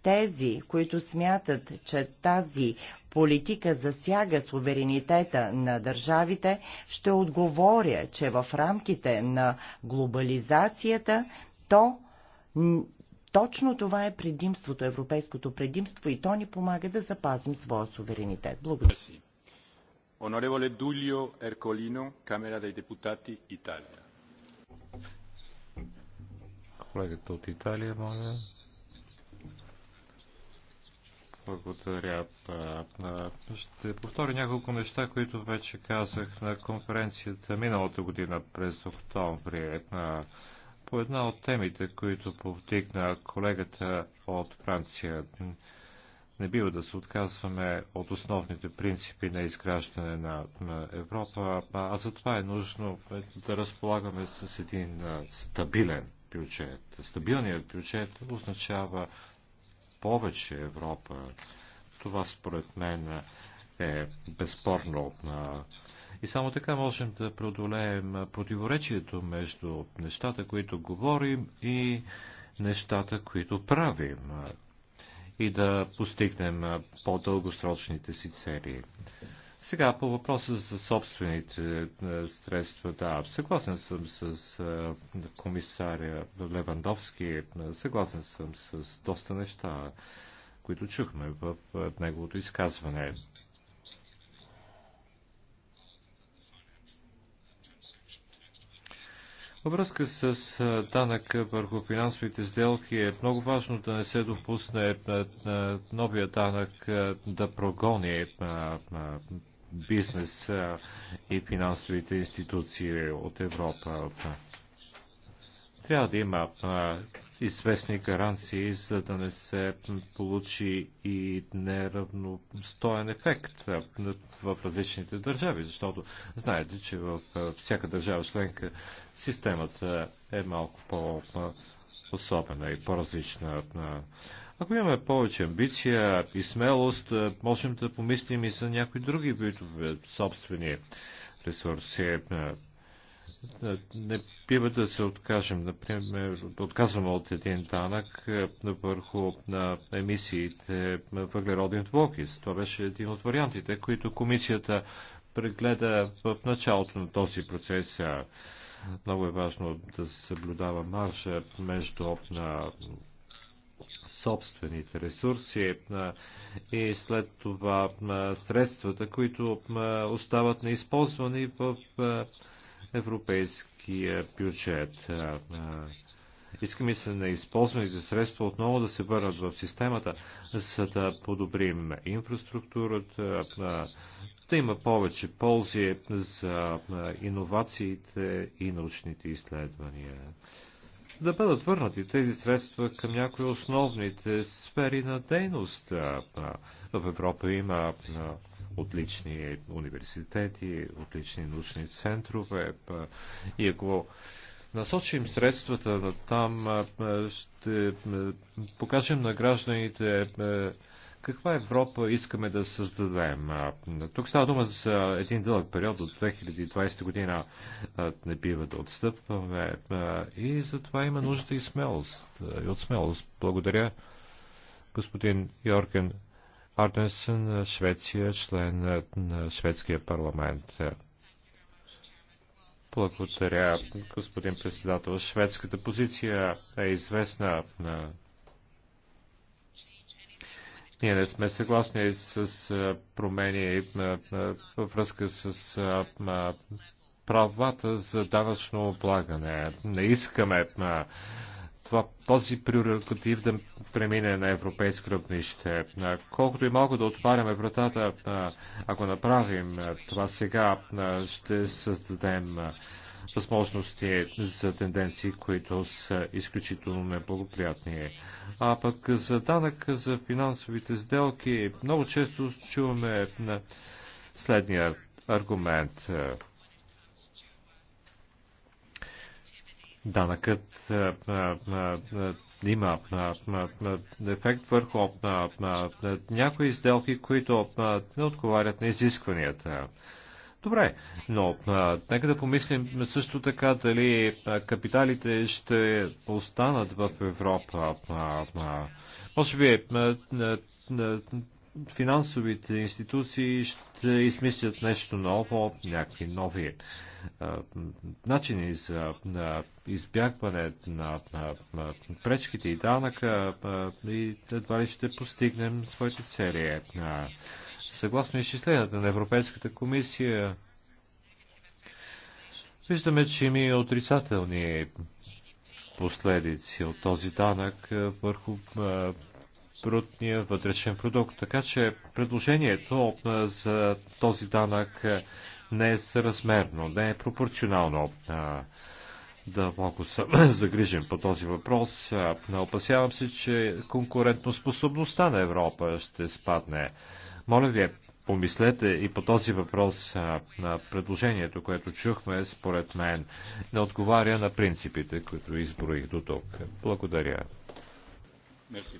тези, които смятат, че тази политика засяга суверенитета на държавите, ще отговоря, че в рамките на глобализацията то точно това е предимството, европейското предимство и то ни помага да запазим своя суверенитет. Благодаря. Колегата от Италия, моля. Благодаря. Ще повторя няколко неща, които вече казах на конференцията миналата година през октомври по една от темите, които повдигна колегата от Франция. Не бива да се отказваме от основните принципи на изграждане на, Европа, а, а за това е нужно да разполагаме с един стабилен бюджет. Стабилният бюджет означава повече Европа. Това според мен е безспорно. И само така можем да преодолеем противоречието между нещата, които говорим и нещата, които правим и да постигнем по-дългосрочните си цели. Сега по въпроса за собствените е, средства, да, съгласен съм с е, комисаря Левандовски, съгласен съм с доста неща, които чухме в е, неговото изказване. Във връзка с данък върху финансовите сделки е много важно да не се допусне новия данък да прогони бизнес и финансовите институции от Европа. Трябва да има известни гаранции, за да не се получи и неравностоен ефект в различните държави, защото знаете, че в всяка държава членка системата е малко по-особена и по-различна. Ако имаме повече амбиция и смелост, можем да помислим и за някои други видове собствени ресурси. Не бива да се откажем, например, отказваме от един данък е, върху на емисиите е, въглероден двокис. Това беше един от вариантите, които комисията прегледа в началото на този процес. Много е важно да се съблюдава маржа между на собствените ресурси и след това средствата, които остават неизползвани в европейския бюджет. Искаме се на използваните средства отново да се върнат в системата, за да подобрим инфраструктурата, да има повече ползи за иновациите и научните изследвания. Да бъдат върнати тези средства към някои основните сфери на дейност. В Европа има отлични университети, отлични научни центрове и ако насочим средствата на там, ще покажем на гражданите каква Европа искаме да създадем. Тук става дума за един дълъг период от 2020 година. Не бива да отстъпваме и затова има нужда и смелост. И от смелост. Благодаря господин Йоркен Арнесен, Швеция, член е на шведския парламент. Благодаря, господин председател. Шведската позиция е известна. на. Ние не сме съгласни с промени във връзка с правата за данъчно облагане. Не искаме това, този приоритет да премине на европейско равнище. Колкото и малко да отваряме вратата, ако направим това сега, ще създадем възможности за тенденции, които са изключително неблагоприятни. А пък за данък за финансовите сделки много често чуваме следния аргумент – Данъкът има ефект върху някои сделки, които не отговарят на изискванията. Добре, но нека да помислим също така дали капиталите ще останат в Европа. може би финансовите институции ще измислят нещо ново, някакви нови а, начини за а, избягване на, на, на пречките и данъка а, и едва ли ще постигнем своите цели. А, съгласно изчисленията на Европейската комисия, виждаме, че има и отрицателни последици от този данък върху брутния вътрешен продукт. Така че предложението е, за този данък не е съразмерно, не е пропорционално. Да, малко съм загрижен по този въпрос. Опасявам се, че конкурентоспособността на Европа ще спадне. Моля ви, помислете и по този въпрос на предложението, което чухме, според мен, не отговаря на принципите, които изброих до тук. Благодаря. Мерси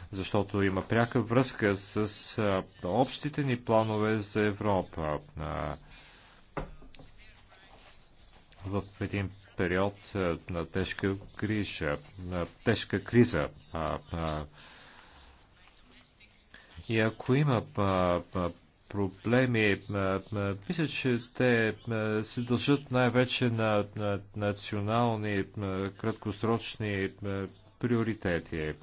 защото има пряка връзка с общите ни планове за Европа. В един период на тежка грижа, на тежка криза. И ако има проблеми, мисля, че те се дължат най-вече на национални краткосрочни приоритети.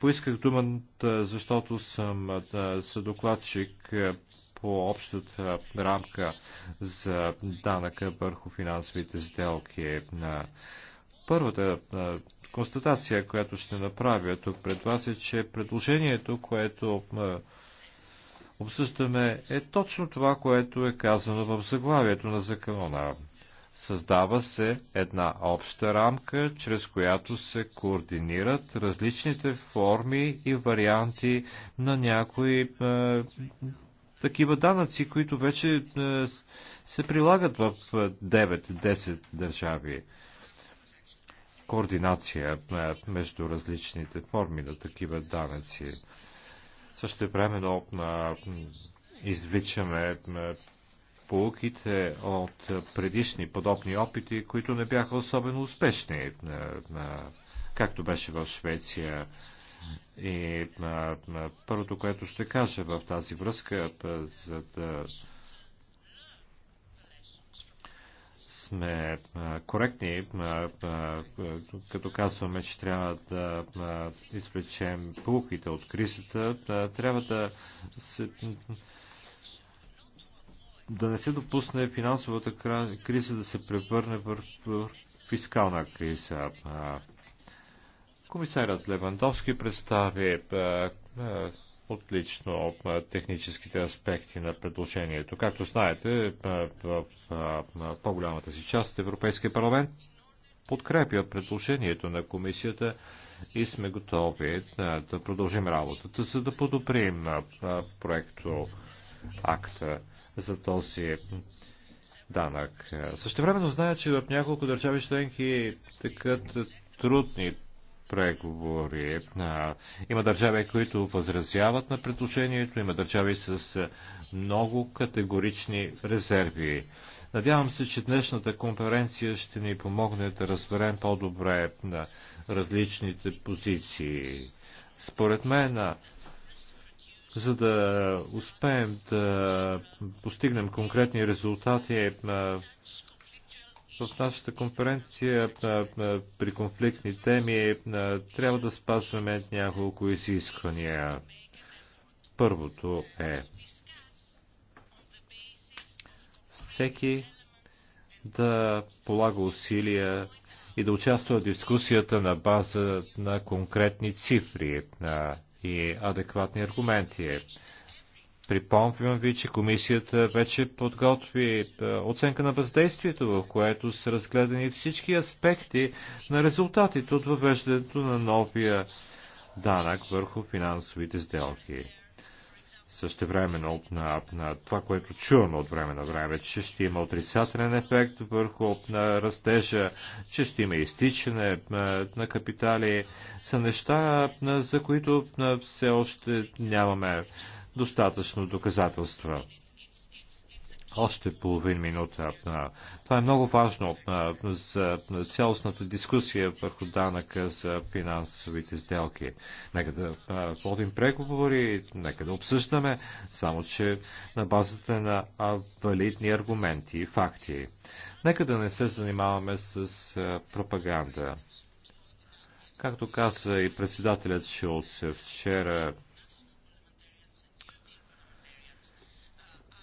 Поисках думата, защото съм съдокладчик по общата рамка за данъка върху финансовите сделки. Първата констатация, която ще направя тук пред вас е, че предложението, което обсъждаме е точно това, което е казано в заглавието на закона. Създава се една обща рамка, чрез която се координират различните форми и варианти на някои е, такива данъци, които вече е, се прилагат в 9-10 държави. Координация е, между различните форми на такива данъци. Също времено извичаме е, полуките от предишни подобни опити, които не бяха особено успешни, е, е, както беше в Швеция. И е, първото, което ще кажа в тази връзка, за да сме коректни, като казваме, че трябва да извлечем полуките от кризата, трябва да се да не се допусне финансовата криза да се превърне в фискална криза. Комисарят Левандовски представи отлично техническите аспекти на предложението. Както знаете, в по-голямата си част Европейския парламент подкрепя предложението на комисията и сме готови да, да продължим работата, за да подобрим проекто акта за този данък. времено зная, че в няколко държави членки такът трудни преговори. Има държави, които възразяват на предложението, има държави с много категорични резерви. Надявам се, че днешната конференция ще ни помогне да разберем по-добре на различните позиции. Според мен за да успеем да постигнем конкретни резултати е, в нашата конференция при конфликтни теми е, трябва да спазваме няколко изисквания. Първото е всеки да полага усилия и да участва в дискусията на база на конкретни цифри. На и адекватни аргументи. Припомням ви, че комисията вече подготви е, оценка на въздействието, в което са разгледани всички аспекти на резултатите от въвеждането на новия данък върху финансовите сделки. Същевременно на, на това, което чуваме от време на време, че ще има отрицателен ефект върху на растежа, че ще има изтичане е, на капитали, са неща, е, за които на е, все още нямаме достатъчно доказателства още половин минута. Това е много важно за цялостната дискусия върху данъка за финансовите сделки. Нека да водим преговори, нека да обсъждаме, само че на базата на валидни аргументи и факти. Нека да не се занимаваме с пропаганда. Както каза и председателят Шилц вчера,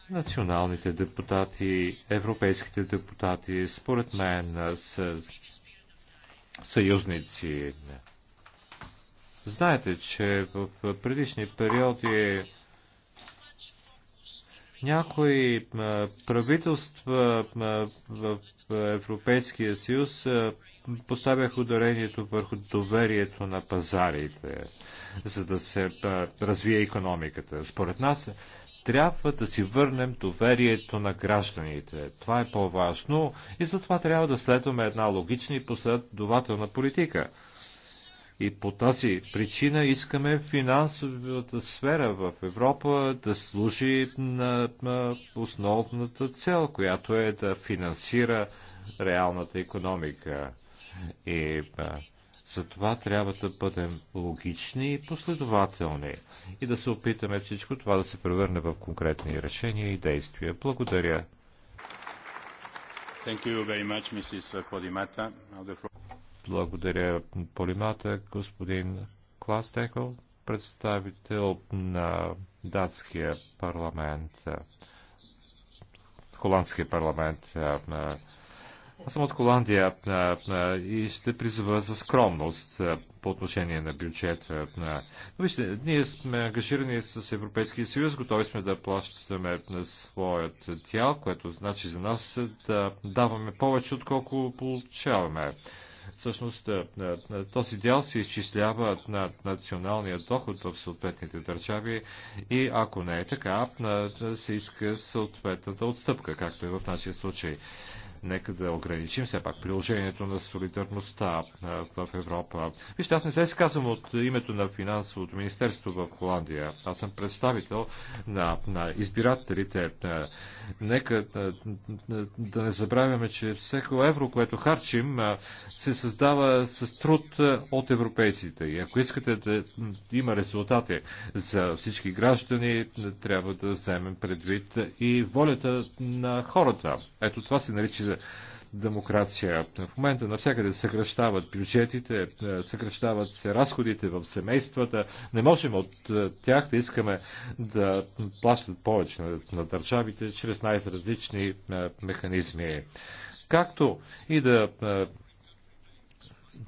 националните депутати, европейските депутати, според мен, с съюзници. Знаете, че в предишни периоди някои правителства в Европейския съюз поставях ударението върху доверието на пазарите, за да се развие економиката. Според нас трябва да си върнем доверието на гражданите. Това е по-важно и затова трябва да следваме една логична и последователна политика. И по тази причина искаме финансовата сфера в Европа да служи на, основната цел, която е да финансира реалната економика. И затова трябва да бъдем логични и последователни и да се опитаме всичко това да се превърне в конкретни решения и действия. Благодаря. Much, Благодаря, Полимата. Господин Кластехъл, представител на датския парламент, холандския парламент. Аз съм от Холандия и ще призова за скромност по отношение на бюджета. Но вижте, ние сме ангажирани с Европейския съюз, готови сме да плащаме на своят тял, което значи за нас да даваме повече, отколко получаваме. Всъщност този дял се изчислява на националния доход в съответните държави и ако не е така, се иска съответната отстъпка, както е в нашия случай. Нека да ограничим все пак приложението на солидарността в Европа. Вижте, аз не се изказвам от името на финансовото министерство в Холандия. Аз съм представител на, на избирателите. Нека да не забравяме, че всеко евро, което харчим, се създава с труд от европейците. И ако искате да има резултати за всички граждани, трябва да вземем предвид и волята на хората. Ето това се нарича демокрация. В момента навсякъде съкръщават бюджетите, е, съкръщават се разходите в семействата. Не можем от е, тях да искаме да плащат повече на, на държавите чрез най-различни е, механизми. Както и да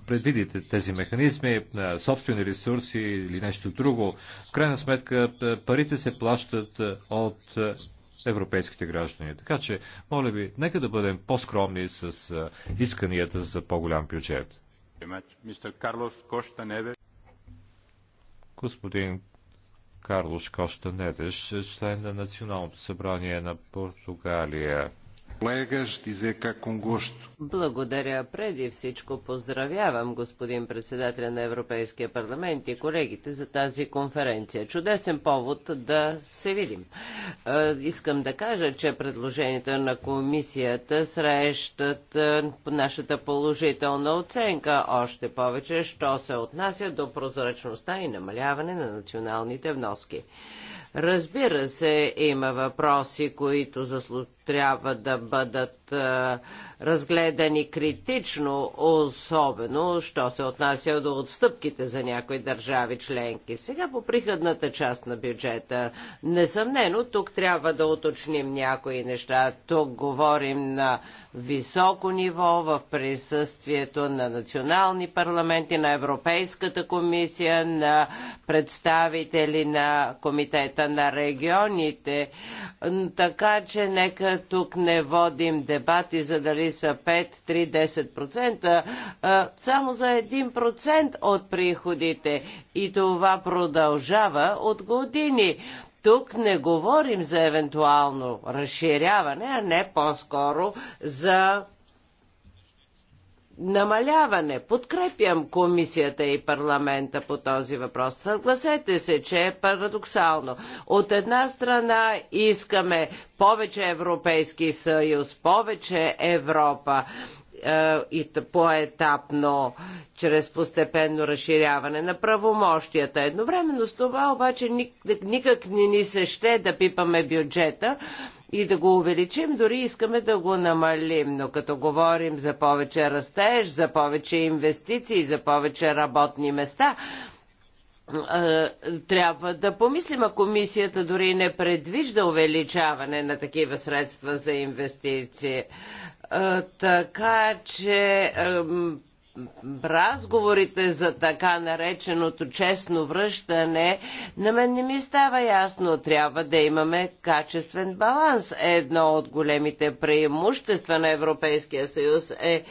предвидите тези механизми, собствени ресурси или нещо друго. В крайна сметка парите се плащат от европейските граждани. Така че, моля ви, нека да бъдем по-скромни с исканията за по-голям бюджет. Господин Карлош Коштанедеш, член на Националното събрание на Португалия. Благодаря. Преди всичко поздравявам господин председателя на Европейския парламент и колегите за тази конференция. Чудесен повод да се видим. Е, искам да кажа, че предложенията на комисията срещат е, нашата положителна оценка, още повече, що се отнася до прозрачността и намаляване на националните вноски. Разбира се, има въпроси, които трябва да бъдат разгледани критично, особено, що се отнася до отстъпките за някои държави членки. Сега по приходната част на бюджета. Несъмнено, тук трябва да уточним някои неща. Тук говорим на високо ниво в присъствието на национални парламенти, на Европейската комисия, на представители на Комитета на регионите. Така че нека тук не водим дебати за дали са 5, 3, 10%, само за 1% от приходите. И това продължава от години. Тук не говорим за евентуално разширяване, а не по-скоро за намаляване. Подкрепям комисията и парламента по този въпрос. Съгласете се, че е парадоксално. От една страна искаме повече Европейски съюз, повече Европа. Е, и поетапно, чрез постепенно разширяване на правомощията. Едновременно с това обаче никак не ни се ще да пипаме бюджета, и да го увеличим, дори искаме да го намалим. Но като говорим за повече растеж, за повече инвестиции, за повече работни места, е, трябва да помислим, а комисията дори не предвижда увеличаване на такива средства за инвестиции. Така че разговорите за така нареченото честно връщане, на мен не ми става ясно. Трябва да имаме качествен баланс. Едно от големите преимущества на Европейския съюз е,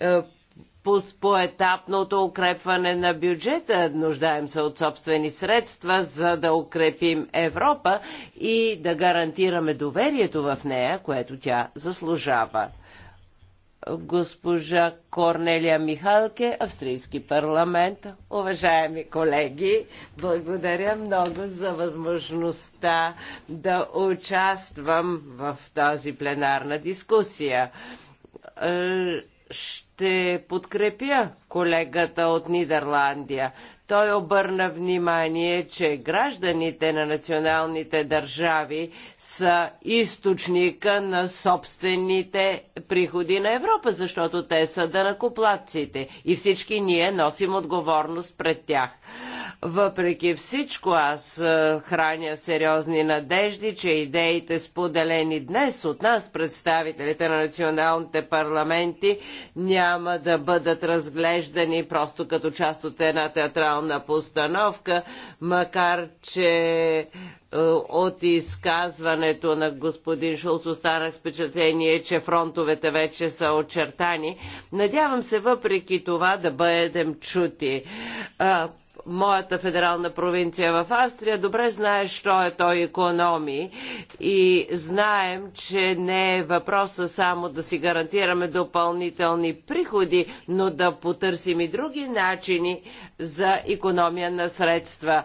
е по поетапното укрепване на бюджета. Нуждаем се от собствени средства, за да укрепим Европа и да гарантираме доверието в нея, което тя заслужава. Госпожа Корнелия Михалке, Австрийски парламент. Уважаеми колеги, благодаря много за възможността да участвам в тази пленарна дискусия. Е, ще ще подкрепя колегата от Нидерландия. Той обърна внимание, че гражданите на националните държави са източника на собствените приходи на Европа, защото те са дънакоплатците и всички ние носим отговорност пред тях. Въпреки всичко, аз е, храня сериозни надежди, че идеите споделени днес от нас, представителите на националните парламенти, няма да бъдат разглеждани просто като част от една театрална постановка, макар че е, от изказването на господин Шулц останах с впечатление, че фронтовете вече са очертани. Надявам се въпреки това да бъдем чути моята федерална провинция в Австрия, добре знае, що е той економи и знаем, че не е въпроса само да си гарантираме допълнителни приходи, но да потърсим и други начини за економия на средства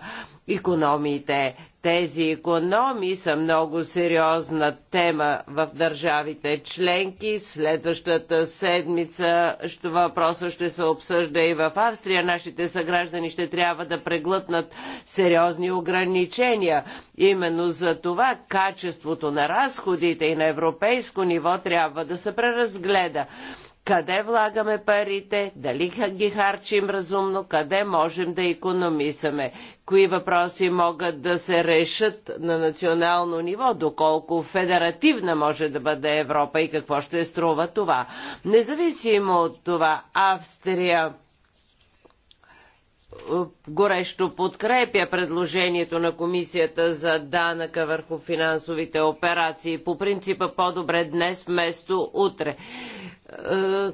економиите. Тези економии са много сериозна тема в държавите членки. Следващата седмица ще въпроса ще се обсъжда и в Австрия. Нашите съграждани ще трябва да преглътнат сериозни ограничения. Именно за това качеството на разходите и на европейско ниво трябва да се преразгледа къде влагаме парите, дали ги харчим разумно, къде можем да економисаме, кои въпроси могат да се решат на национално ниво, доколко федеративна може да бъде Европа и какво ще струва това. Независимо от това, Австрия е, горещо подкрепя предложението на комисията за данъка върху финансовите операции по принципа по-добре днес вместо утре. Е,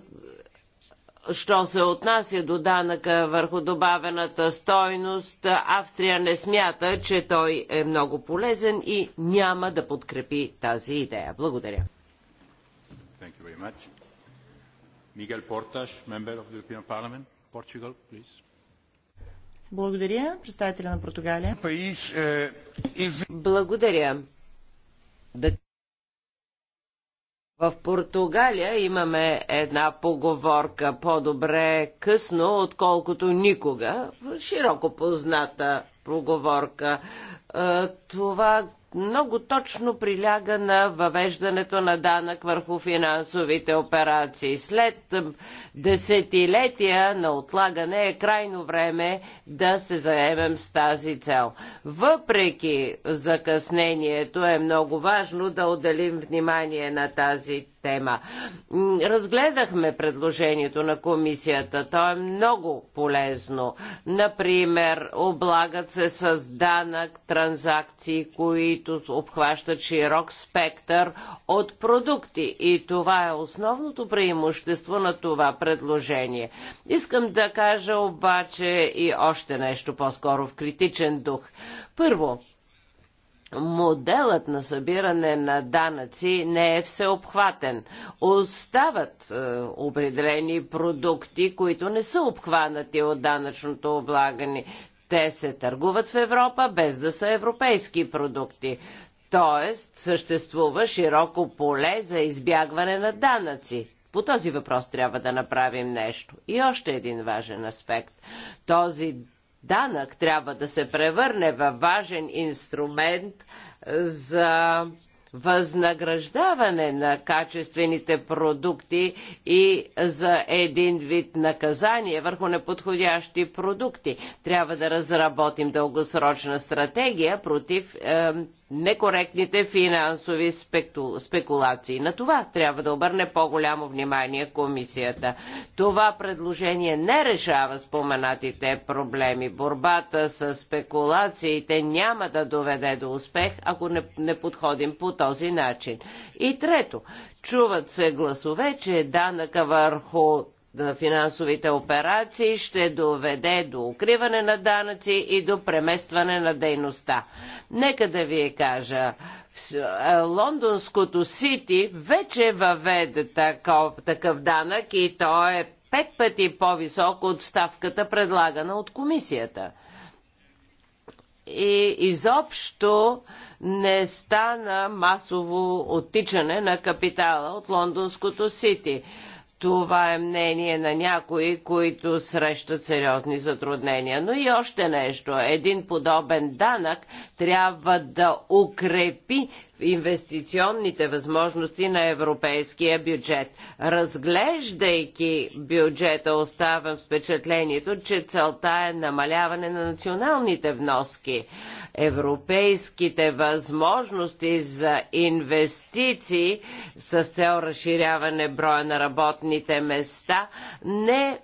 що се отнася до данъка върху добавената стойност, Австрия не смята, че той е много полезен и няма да подкрепи тази идея. Благодаря. Portas, Portugal, Благодаря. Представителя на Португалия. Е, Благодаря. В Португалия имаме една поговорка по-добре късно, отколкото никога. Широко позната поговорка. Е, това много точно приляга на въвеждането на данък върху финансовите операции. След десетилетия на отлагане е крайно време да се заемем с тази цел. Въпреки закъснението е много важно да отделим внимание на тази тема. Разгледахме предложението на комисията. То е много полезно. Например, облагат се с данък транзакции, които обхващат широк спектър от продукти. И това е основното преимущество на това предложение. Искам да кажа обаче и още нещо по-скоро в критичен дух. Първо, моделът на събиране на данъци не е всеобхватен. Остават е, определени продукти, които не са обхванати от данъчното облагане. Те се търгуват в Европа без да са европейски продукти. Тоест, съществува широко поле за избягване на данъци. По този въпрос трябва да направим нещо. И още един важен аспект. Този данък трябва да се превърне в важен инструмент за възнаграждаване на качествените продукти и за един вид наказание върху неподходящи продукти. Трябва да разработим дългосрочна стратегия против е, некоректните финансови спекулации. На това трябва да обърне по-голямо внимание комисията. Това предложение не решава споменатите проблеми. Борбата с спекулациите няма да доведе до успех, ако не, не подходим по този начин. И трето, чуват се гласове, че данъка върху финансовите операции ще доведе до укриване на данъци и до преместване на дейността. Нека да ви кажа, е, Лондонското Сити вече въведе таков, такъв данък и то е пет пъти по-висок от ставката предлагана от комисията и изобщо не стана масово оттичане на капитала от лондонското сити. Това е мнение на някои, които срещат сериозни затруднения. Но и още нещо. Един подобен данък трябва да укрепи инвестиционните възможности на европейския бюджет. Разглеждайки бюджета, оставам впечатлението, че целта е намаляване на националните вноски европейските възможности за инвестиции с цел разширяване броя на работните места не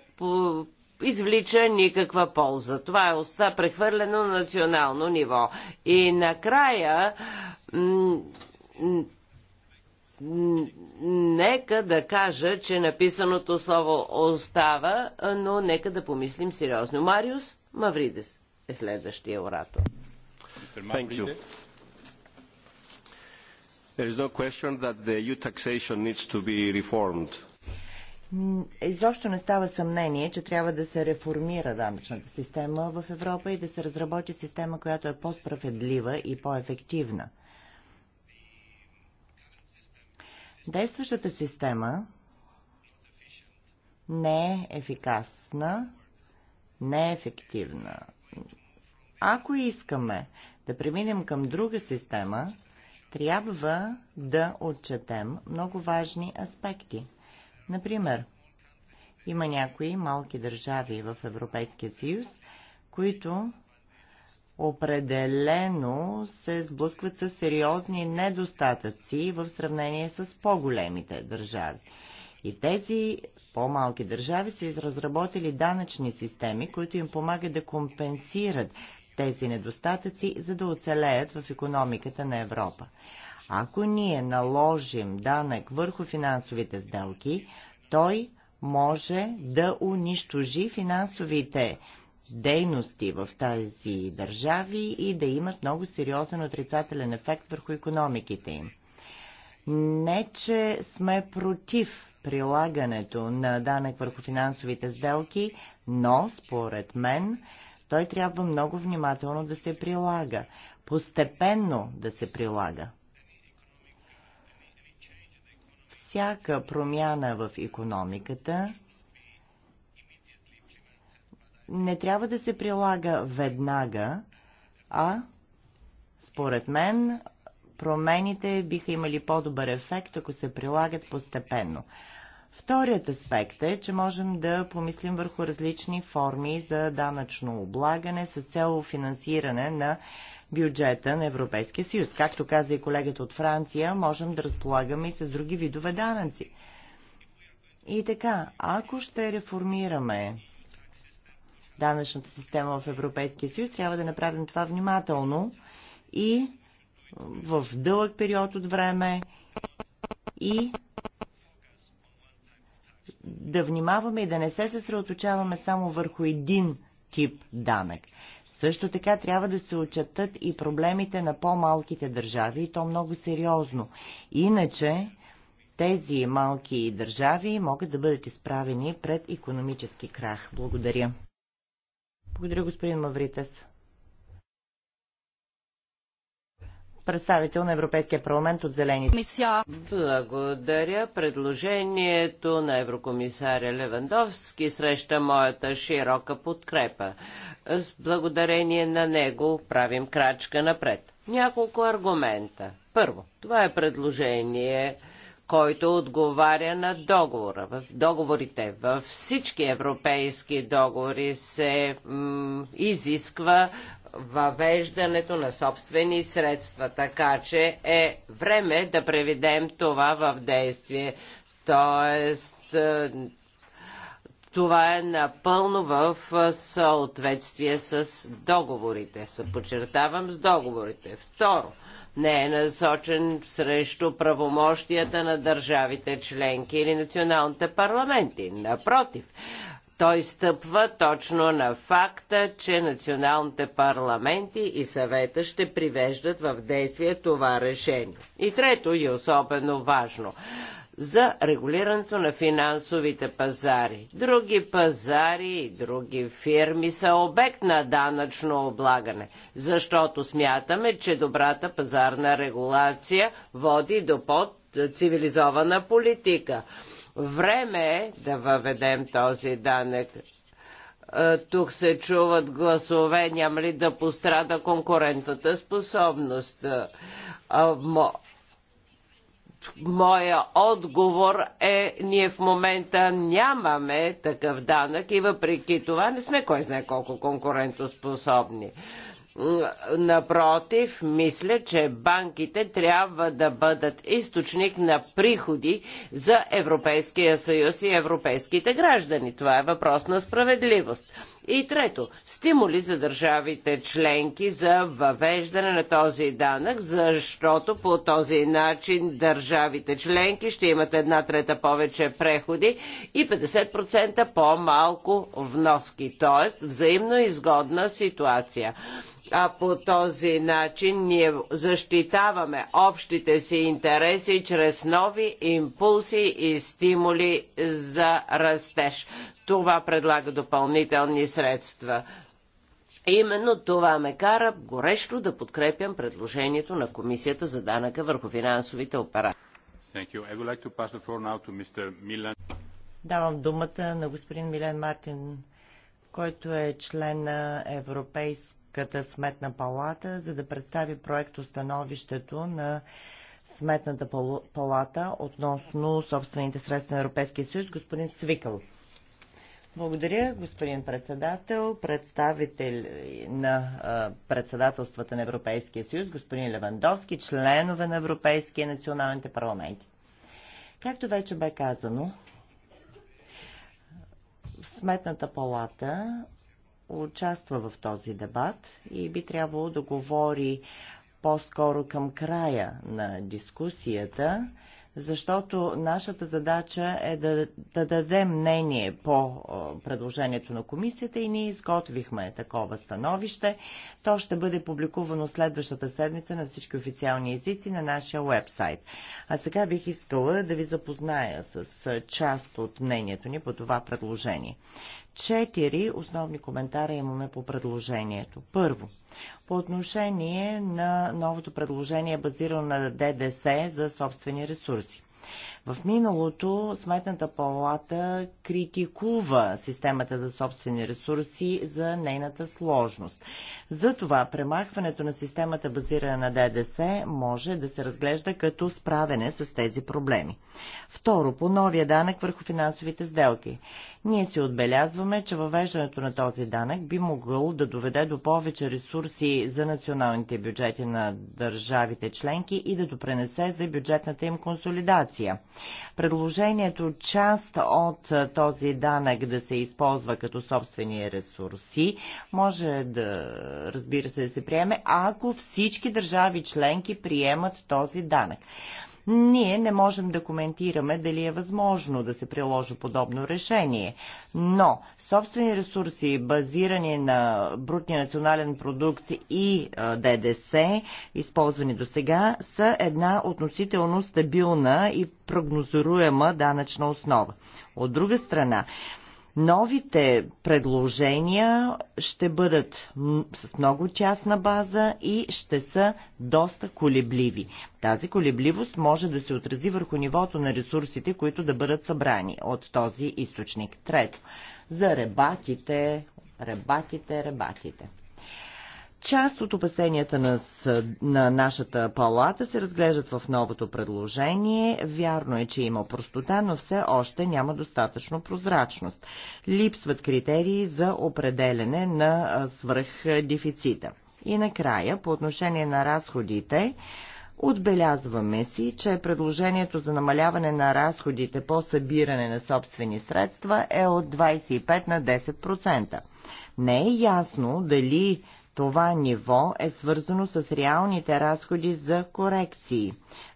извлича никаква полза. Това е оста прехвърлено на национално ниво. И накрая нека да кажа, че написаното слово остава, но нека да помислим сериозно. Мариус Мавридес е следващия оратор. Thank you. There is no question that the EU taxation needs to be reformed. Изобщо не става съмнение, че трябва да се реформира данъчната система в Европа и да се разработи система, която е по-справедлива и по-ефективна. Действащата система не е ефикасна, не е ефективна. Ако искаме да преминем към друга система, трябва да отчетем много важни аспекти. Например, има някои малки държави в Европейския съюз, които определено се сблъскват с сериозни недостатъци в сравнение с по-големите държави. И тези по-малки държави са разработили данъчни системи, които им помагат да компенсират тези недостатъци, за да оцелеят в економиката на Европа. Ако ние наложим данък върху финансовите сделки, той може да унищожи финансовите дейности в тази държави и да имат много сериозен отрицателен ефект върху економиките им. Не, че сме против прилагането на данък върху финансовите сделки, но според мен той трябва много внимателно да се прилага, постепенно да се прилага. Всяка промяна в економиката не трябва да се прилага веднага, а според мен промените биха имали по-добър ефект, ако се прилагат постепенно. Вторият аспект е, че можем да помислим върху различни форми за данъчно облагане с цел финансиране на бюджета на Европейския съюз. Както каза и колегата от Франция, можем да разполагаме и с други видове данъци. И така, ако ще реформираме данъчната система в Европейския съюз, трябва да направим това внимателно и в дълъг период от време и да внимаваме и да не се съсредоточаваме само върху един тип данък. Също така трябва да се отчетат и проблемите на по-малките държави, и то много сериозно. Иначе тези малки държави могат да бъдат изправени пред економически крах. Благодаря. Благодаря, господин Мавритес. представител на Европейския парламент от Зелените. Благодаря. Предложението на еврокомисаря Левандовски среща моята широка подкрепа. С благодарение на него правим крачка напред. Няколко аргумента. Първо, това е предложение който отговаря на договора. В договорите, във всички европейски договори се м, изисква въвеждането на собствени средства, така че е време да преведем това в действие. Тоест, е, това е напълно в е, съответствие с договорите. Съпочертавам с договорите. Второ, не е насочен срещу правомощията на държавите членки или националните парламенти. Напротив, той стъпва точно на факта, че националните парламенти и съвета ще привеждат в действие това решение. И трето и особено важно за регулирането на финансовите пазари. Други пазари и други фирми са обект на данъчно облагане, защото смятаме, че добрата пазарна регулация води до под цивилизована политика. Време е да въведем този данък. Тук се чуват гласове, няма ли да пострада конкурентната способност. Моя отговор е, ние в момента нямаме такъв данък и въпреки това не сме кой знае колко конкурентоспособни. Напротив, мисля, че банките трябва да бъдат източник на приходи за Европейския съюз и европейските граждани. Това е въпрос на справедливост. И трето, стимули за държавите членки за въвеждане на този данък, защото по този начин държавите членки ще имат една трета повече преходи и 50% по-малко вноски, т.е. взаимно изгодна ситуация а по този начин ние защитаваме общите си интереси чрез нови импулси и стимули за растеж. Това предлага допълнителни средства. Именно това ме кара горещо да подкрепям предложението на Комисията за данъка върху финансовите операции. Like Давам думата на господин Милен Мартин, който е член на Европейската сметна палата, за да представи проект установището на Сметната палата относно собствените средства на Европейския съюз. Господин Свикъл. Благодаря, господин председател, представител на председателствата на Европейския съюз, господин Левандовски, членове на Европейския и националните парламенти. Както вече бе казано, Сметната палата участва в този дебат и би трябвало да говори по-скоро към края на дискусията, защото нашата задача е да, да дадем мнение по предложението на комисията и ние изготвихме такова становище. То ще бъде публикувано следващата седмица на всички официални езици на нашия вебсайт. А сега бих искала да ви запозная с част от мнението ни по това предложение четири основни коментара имаме по предложението. Първо, по отношение на новото предложение, базирано на ДДС за собствени ресурси. В миналото Сметната палата критикува системата за собствени ресурси за нейната сложност. Затова премахването на системата базирана на ДДС може да се разглежда като справене с тези проблеми. Второ, по новия данък върху финансовите сделки. Ние си отбелязваме, че въвеждането на този данък би могъл да доведе до повече ресурси за националните бюджети на държавите членки и да допренесе за бюджетната им консолидация. Предложението част от този данък да се използва като собствени ресурси може да, разбира се, да се приеме, ако всички държави членки приемат този данък. Ние не можем да коментираме дали е възможно да се приложи подобно решение, но собствени ресурси, базирани на брутния национален продукт и ДДС, използвани до сега, са една относително стабилна и прогнозируема данъчна основа. От друга страна, Новите предложения ще бъдат с много частна база и ще са доста колебливи. Тази колебливост може да се отрази върху нивото на ресурсите, които да бъдат събрани от този източник. Трето, за ребатите, ребатите, ребатите. Част от опасенията на, на нашата палата се разглеждат в новото предложение. Вярно е, че има простота, но все още няма достатъчно прозрачност. Липсват критерии за определене на свръхдефицита. И накрая, по отношение на разходите, Отбелязваме си, че предложението за намаляване на разходите по събиране на собствени средства е от 25 на 10%. Не е ясно дали това ниво е свързано с реалните разходи за корекции,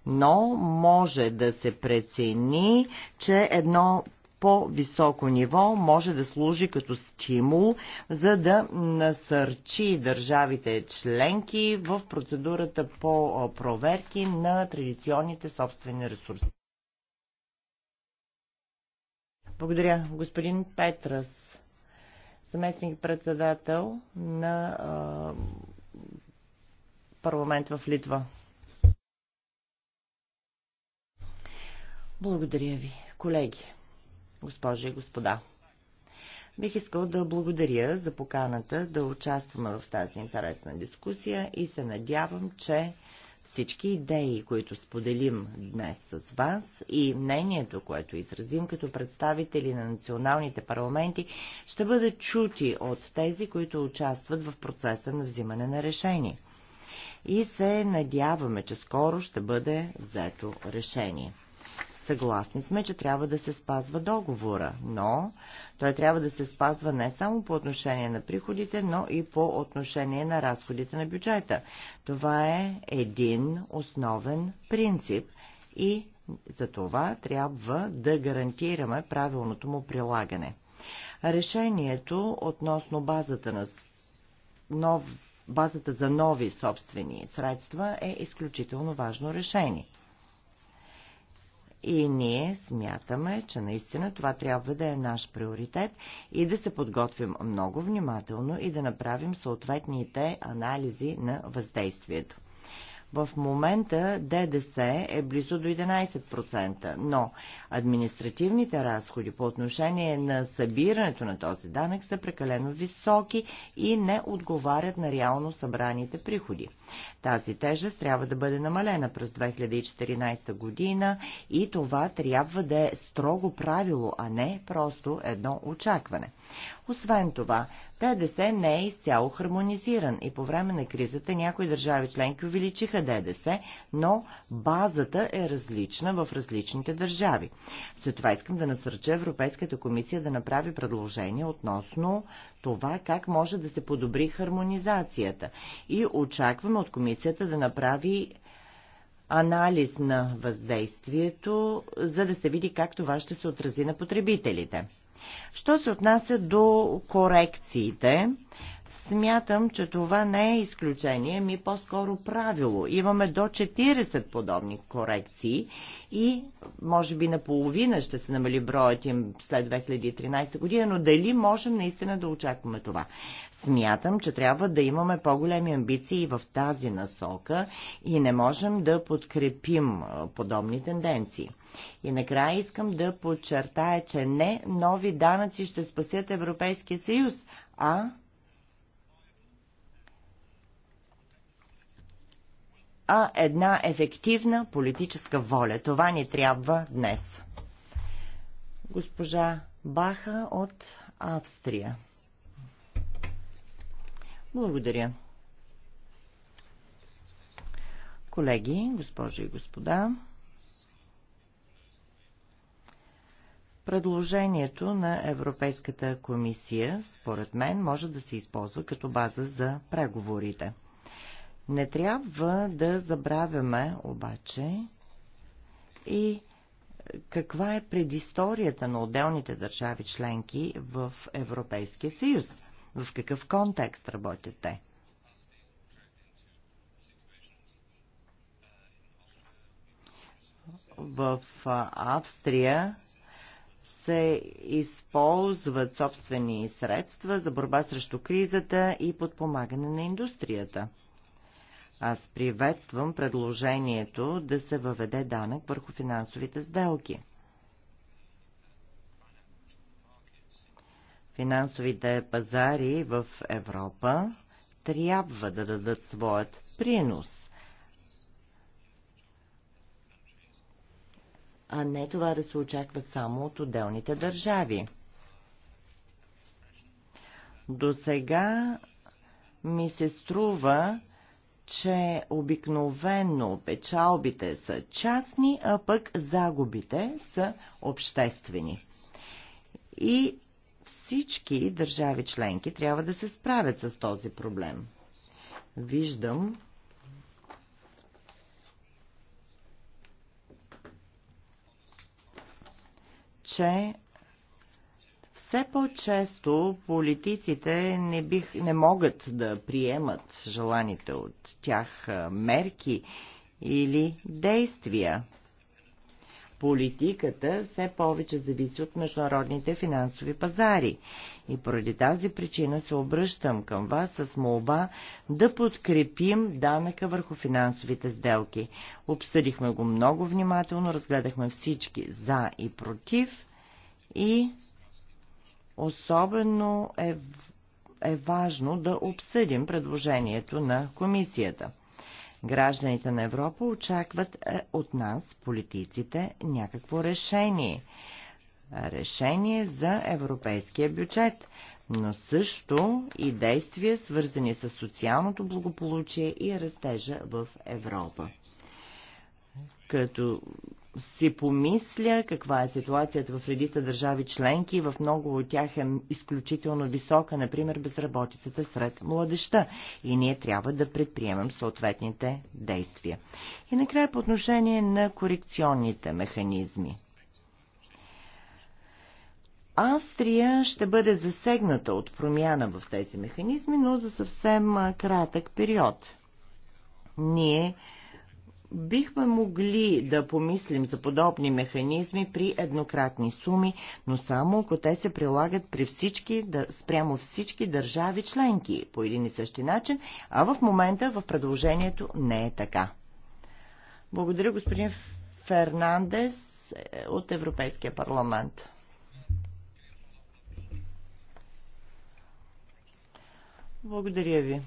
но може да се прецени, че едно по-високо ниво може да служи като стимул, за да насърчи държавите членки в процедурата по проверки на традиционните собствени ресурси. Благодаря. Господин Петрас заместник-председател на а, парламент в Литва. Благодаря ви, колеги, госпожи и господа. Бих искал да благодаря за поканата да участваме в тази интересна дискусия и се надявам, че всички идеи, които споделим днес с вас и мнението, което изразим като представители на националните парламенти, ще бъдат чути от тези, които участват в процеса на взимане на решение. И се надяваме, че скоро ще бъде взето решение. Съгласни сме, че трябва да се спазва договора, но той трябва да се спазва не само по отношение на приходите, но и по отношение на разходите на бюджета. Това е един основен принцип и за това трябва да гарантираме правилното му прилагане. Решението относно базата на нов базата за нови собствени средства е изключително важно решение. И ние смятаме, че наистина това трябва да е наш приоритет и да се подготвим много внимателно и да направим съответните анализи на въздействието. В момента ДДС е близо до 11%, но административните разходи по отношение на събирането на този данък са прекалено високи и не отговарят на реално събраните приходи. Тази тежест трябва да бъде намалена през 2014 година и това трябва да е строго правило, а не просто едно очакване. Освен това, ДДС не е изцяло хармонизиран и по време на кризата някои държави членки увеличиха ДДС, но базата е различна в различните държави. След това искам да насърча Европейската комисия да направи предложение относно това как може да се подобри хармонизацията и очакваме от комисията да направи анализ на въздействието, за да се види как това ще се отрази на потребителите. Що се отнася до корекциите, Смятам, че това не е изключение, ми по-скоро правило. Имаме до 40 подобни корекции и може би наполовина ще се намали броят им след 2013 година, но дали можем наистина да очакваме това? Смятам, че трябва да имаме по-големи амбиции в тази насока и не можем да подкрепим подобни тенденции. И накрая искам да подчертая, че не нови данъци ще спасят Европейския съюз, а а една ефективна политическа воля. Това ни трябва днес. Госпожа Баха от Австрия. Благодаря. Колеги, госпожи и господа, предложението на Европейската комисия, според мен, може да се използва като база за преговорите – не трябва да забравяме обаче и каква е предисторията на отделните държави членки в Европейския съюз. В какъв контекст работят те? В Австрия се използват собствени средства за борба срещу кризата и подпомагане на индустрията – аз приветствам предложението да се въведе данък върху финансовите сделки. Финансовите пазари в Европа трябва да дадат своят принос, а не това да се очаква само от отделните държави. До сега ми се струва, че обикновено печалбите са частни, а пък загубите са обществени. И всички държави членки трябва да се справят с този проблем. Виждам, че все по-често политиците не, бих, не могат да приемат желаните от тях мерки или действия. Политиката все повече зависи от международните финансови пазари и поради тази причина се обръщам към вас с молба да подкрепим данъка върху финансовите сделки. Обсъдихме го много внимателно, разгледахме всички за и против и Особено е, е важно да обсъдим предложението на комисията. Гражданите на Европа очакват е, от нас, политиците, някакво решение. Решение за европейския бюджет, но също и действия, свързани с социалното благополучие и растежа в Европа. Като си помисля каква е ситуацията в редица държави членки. В много от тях е изключително висока, например, безработицата сред младеща. И ние трябва да предприемем съответните действия. И накрая по отношение на корекционните механизми. Австрия ще бъде засегната от промяна в тези механизми, но за съвсем кратък период. Ние Бихме могли да помислим за подобни механизми при еднократни суми, но само ако те се прилагат при всички, спрямо всички държави членки по един и същи начин, а в момента в предложението не е така. Благодаря господин Фернандес е, от Европейския парламент. Благодаря ви.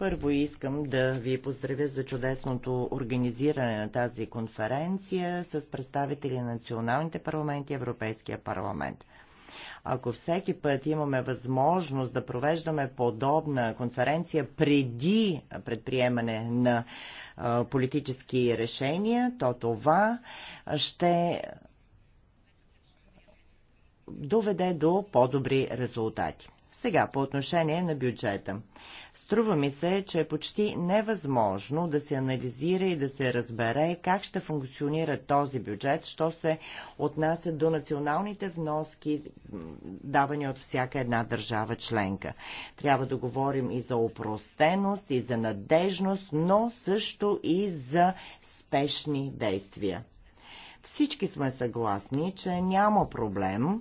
Първо искам да ви поздравя за чудесното организиране на тази конференция с представители на националните парламенти и Европейския парламент. Ако всеки път имаме възможност да провеждаме подобна конференция преди предприемане на политически решения, то това ще доведе до по-добри резултати. Сега, по отношение на бюджета. Струва ми се, че е почти невъзможно да се анализира и да се разбере как ще функционира този бюджет, що се отнася до националните вноски, давани от всяка една държава членка. Трябва да говорим и за опростеност, и за надежност, но също и за спешни действия. Всички сме съгласни, че няма проблем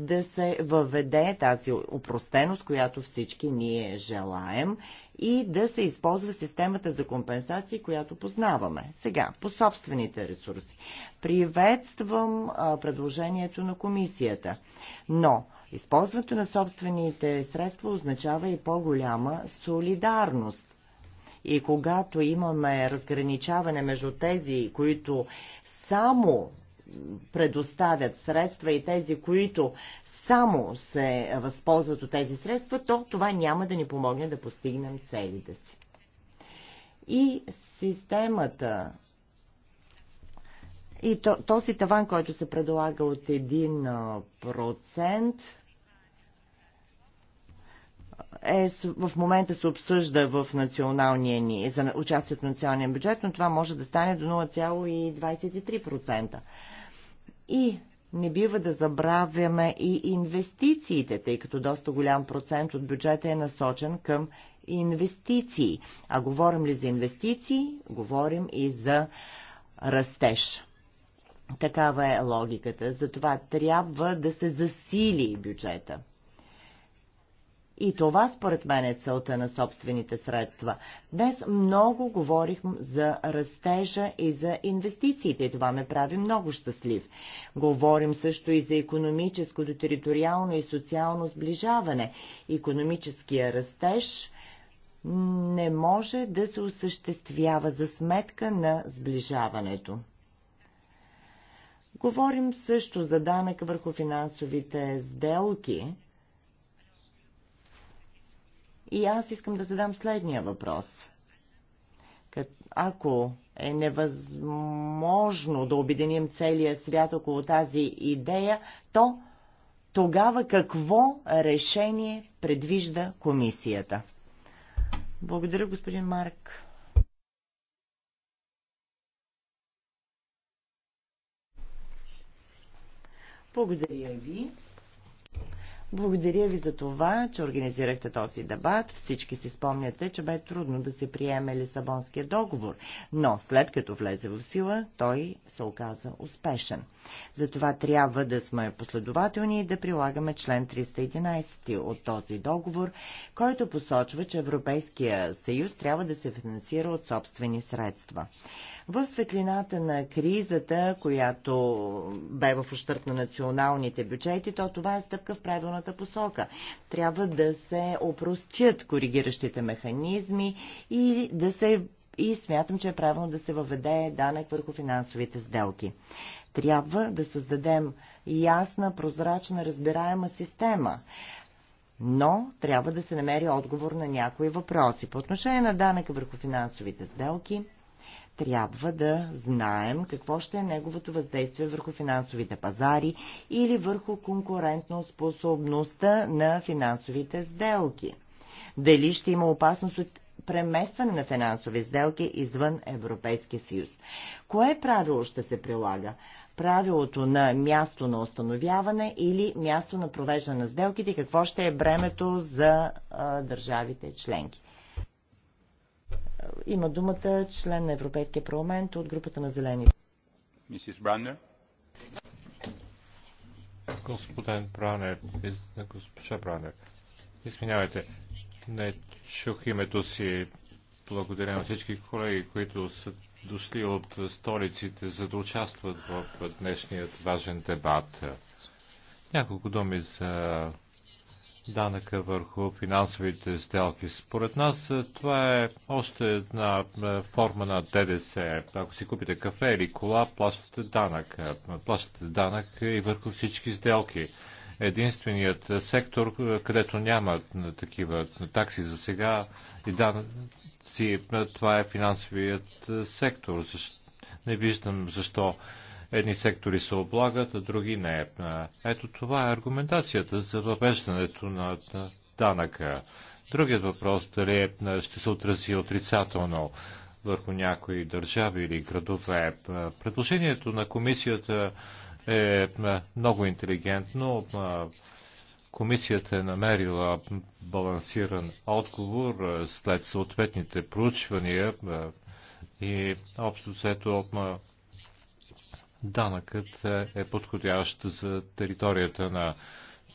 да се въведе тази упростеност, която всички ние желаем и да се използва системата за компенсации, която познаваме. Сега, по собствените ресурси. Приветствам а, предложението на комисията, но използването на собствените средства означава и по-голяма солидарност. И когато имаме разграничаване между тези, които само предоставят средства и тези, които само се възползват от тези средства, то това няма да ни помогне да постигнем целите си. И системата и то, този таван, който се предлага от 1%, е, в момента се обсъжда в националния ни, за участие в националния бюджет, но това може да стане до 0,23%. И не бива да забравяме и инвестициите, тъй като доста голям процент от бюджета е насочен към инвестиции. А говорим ли за инвестиции, говорим и за растеж. Такава е логиката. Затова трябва да се засили бюджета. И това според мен е целта на собствените средства. Днес много говорих за растежа и за инвестициите и това ме прави много щастлив. Говорим също и за економическото, териториално и социално сближаване. Економическия растеж не може да се осъществява за сметка на сближаването. Говорим също за данък върху финансовите сделки – и аз искам да задам следния въпрос. Ако е невъзможно да обединим целия свят около тази идея, то тогава какво решение предвижда комисията? Благодаря, господин Марк. Благодаря ви. Благодаря ви за това, че организирахте този дебат. Всички си спомняте, че бе трудно да се приеме Лисабонския договор, но след като влезе в сила, той се оказа успешен. Затова трябва да сме последователни и да прилагаме член 311 от този договор, който посочва, че Европейския съюз трябва да се финансира от собствени средства. В светлината на кризата, която бе в ущърп на националните бюджети, то това е стъпка в правилната посока. Трябва да се опростят коригиращите механизми и да се и смятам, че е правилно да се въведе данък върху финансовите сделки. Трябва да създадем ясна, прозрачна, разбираема система. Но трябва да се намери отговор на някои въпроси. По отношение на данъка върху финансовите сделки, трябва да знаем какво ще е неговото въздействие върху финансовите пазари или върху конкурентно способността на финансовите сделки. Дали ще има опасност от преместване на финансови сделки извън Европейския съюз. Кое правило ще се прилага? правилото на място на установяване или място на провеждане на сделките, какво ще е бремето за а, държавите членки има думата член на Европейския парламент от групата на зелени. Мисис Бранер. Господин Бранер, госпожа Бранер, извинявайте, не чух името си. Благодаря на всички колеги, които са дошли от столиците, за да участват в днешният важен дебат. Няколко думи за данъка върху финансовите сделки. Според нас е, това е още една е, форма на ДДС. Ако си купите кафе или кола, плащате данък. Плащате данък и върху всички сделки. Единственият е, сектор, където няма такива такси за сега и данъци, това е финансовият сектор. Не виждам защо Едни сектори се облагат, а други не. Ето това е аргументацията за въвеждането на данъка. Другият въпрос дали е, ще се отрази отрицателно върху някои държави или градове. Предложението на комисията е много интелигентно. Комисията е намерила балансиран отговор след съответните проучвания и общо взето данъкът е, е подходящ за територията на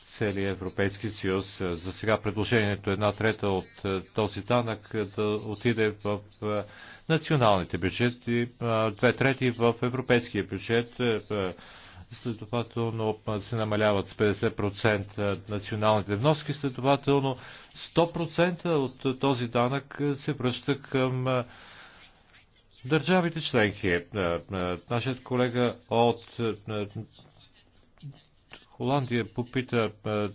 целия Европейски съюз. За сега предложението една трета от е, този данък е, да отиде в националните бюджети, две трети в европейския бюджет. Следователно се намаляват с 50% националните вноски, следователно 100% от този данък се връща към държавите членки. Е, е, нашият колега от е, Холандия попита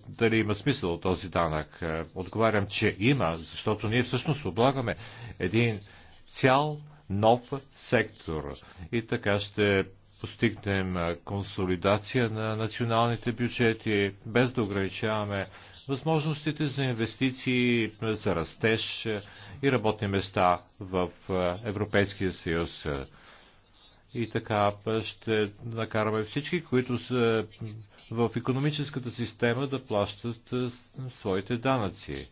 дали има смисъл от този данък. Отговарям, че има, защото ние всъщност облагаме един цял нов сектор. И така ще постигнем консолидация на националните бюджети, без да ограничаваме възможностите за инвестиции, за растеж и работни места в Европейския съюз. И така ще накараме всички, които са в економическата система да плащат своите данъци.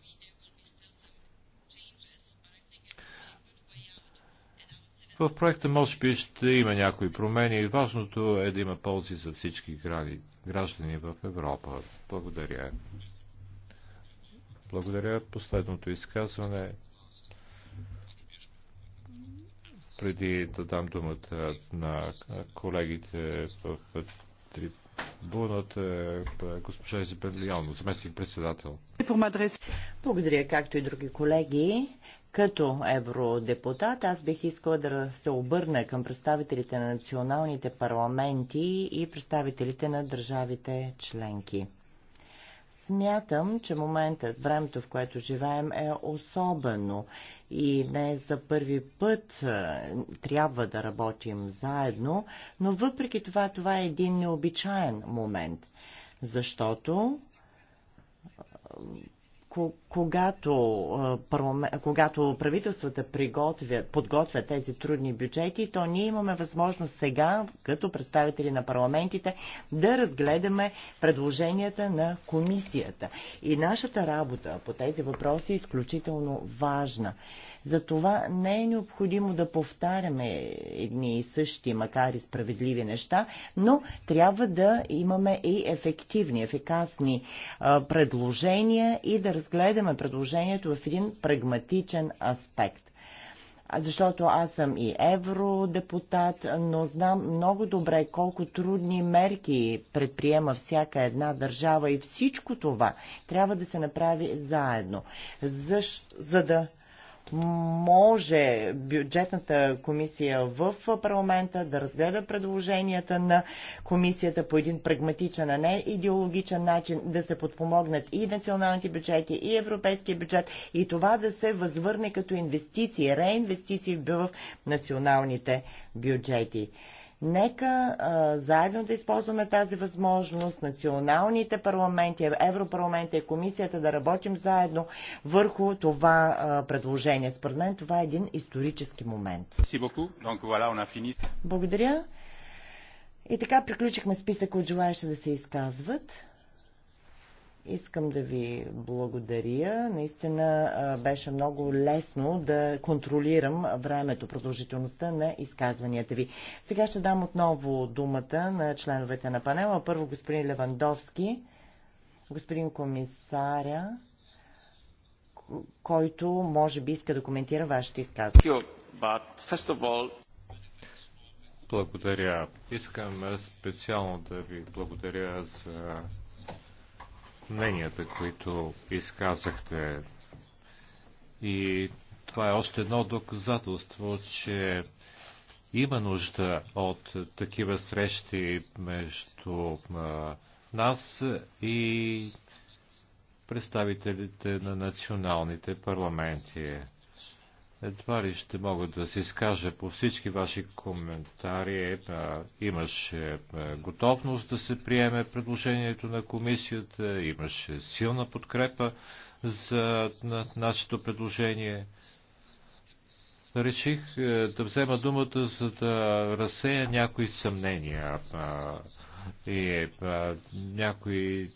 В проекта може би ще има някои промени. Важното е да има ползи за всички граждани в Европа. Благодаря. Благодаря. Последното изказване. Преди да дам думата на колегите в трибуната, госпожа Изабелион, заместник председател. Благодаря, както и други колеги. Като евродепутат аз бих искала да се обърна към представителите на националните парламенти и представителите на държавите членки. Смятам, че моментът, времето, в което живеем, е особено и не за първи път трябва да работим заедно, но въпреки това, това е един необичаен момент, защото когато, когато правителствата приготвят, подготвят тези трудни бюджети, то ние имаме възможност сега, като представители на парламентите, да разгледаме предложенията на комисията. И нашата работа по тези въпроси е изключително важна. Затова не е необходимо да повтаряме едни и същи, макар и справедливи неща, но трябва да имаме и ефективни, ефикасни предложения и да разгледаме предложението в един прагматичен аспект. Защото аз съм и евродепутат, но знам много добре колко трудни мерки предприема всяка една държава и всичко това трябва да се направи заедно, за, за да може бюджетната комисия в парламента да разгледа предложенията на комисията по един прагматичен, а не идеологичен начин, да се подпомогнат и националните бюджети, и европейския бюджет, и това да се възвърне като инвестиции, реинвестиции в националните бюджети. Нека а, заедно да използваме тази възможност, националните парламенти, Европарламента и комисията да работим заедно върху това а, предложение. Според мен това е един исторически момент. Благодаря. И така приключихме списък от желаящи да се изказват. Искам да ви благодаря. Наистина беше много лесно да контролирам времето, продължителността на изказванията ви. Сега ще дам отново думата на членовете на панела. Първо господин Левандовски, господин комисаря, който може би иска да коментира вашите изказвания. Благодаря. Искам специално да ви благодаря за мненията, които изказахте. И това е още едно доказателство, че има нужда от такива срещи между нас и представителите на националните парламенти. Едва ли ще мога да се изкажа по всички ваши коментари. Е, имаше готовност да се приеме предложението на комисията, имаше силна подкрепа за нашето предложение. Реших е, да взема думата, за да разсея някои съмнения и е, някои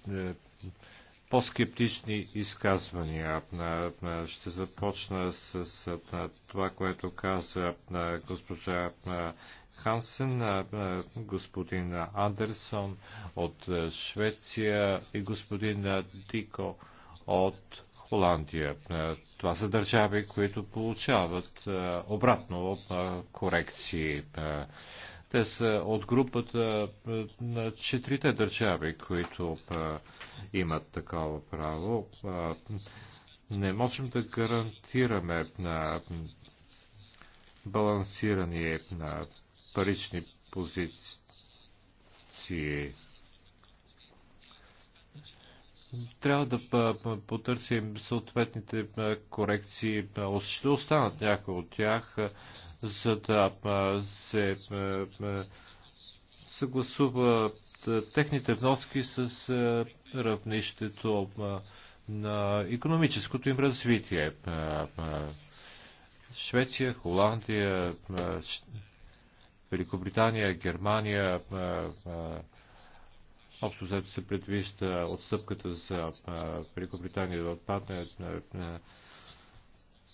по-скептични изказвания. Ще започна с това, което каза госпожа Хансен, господин Андерсон от Швеция и господин Дико от Холандия. Това са държави, които получават обратно корекции. Те са от групата е, на четирите държави, които е, имат такова право. Е, не можем да гарантираме на балансирани на парични позиции. Трябва да потърсим съответните корекции. Ще останат някои от тях за да се съгласува техните вноски с равнището на економическото им развитие. Швеция, Холандия, Великобритания, Германия, общо взето се предвижда отстъпката за Великобритания да отпадне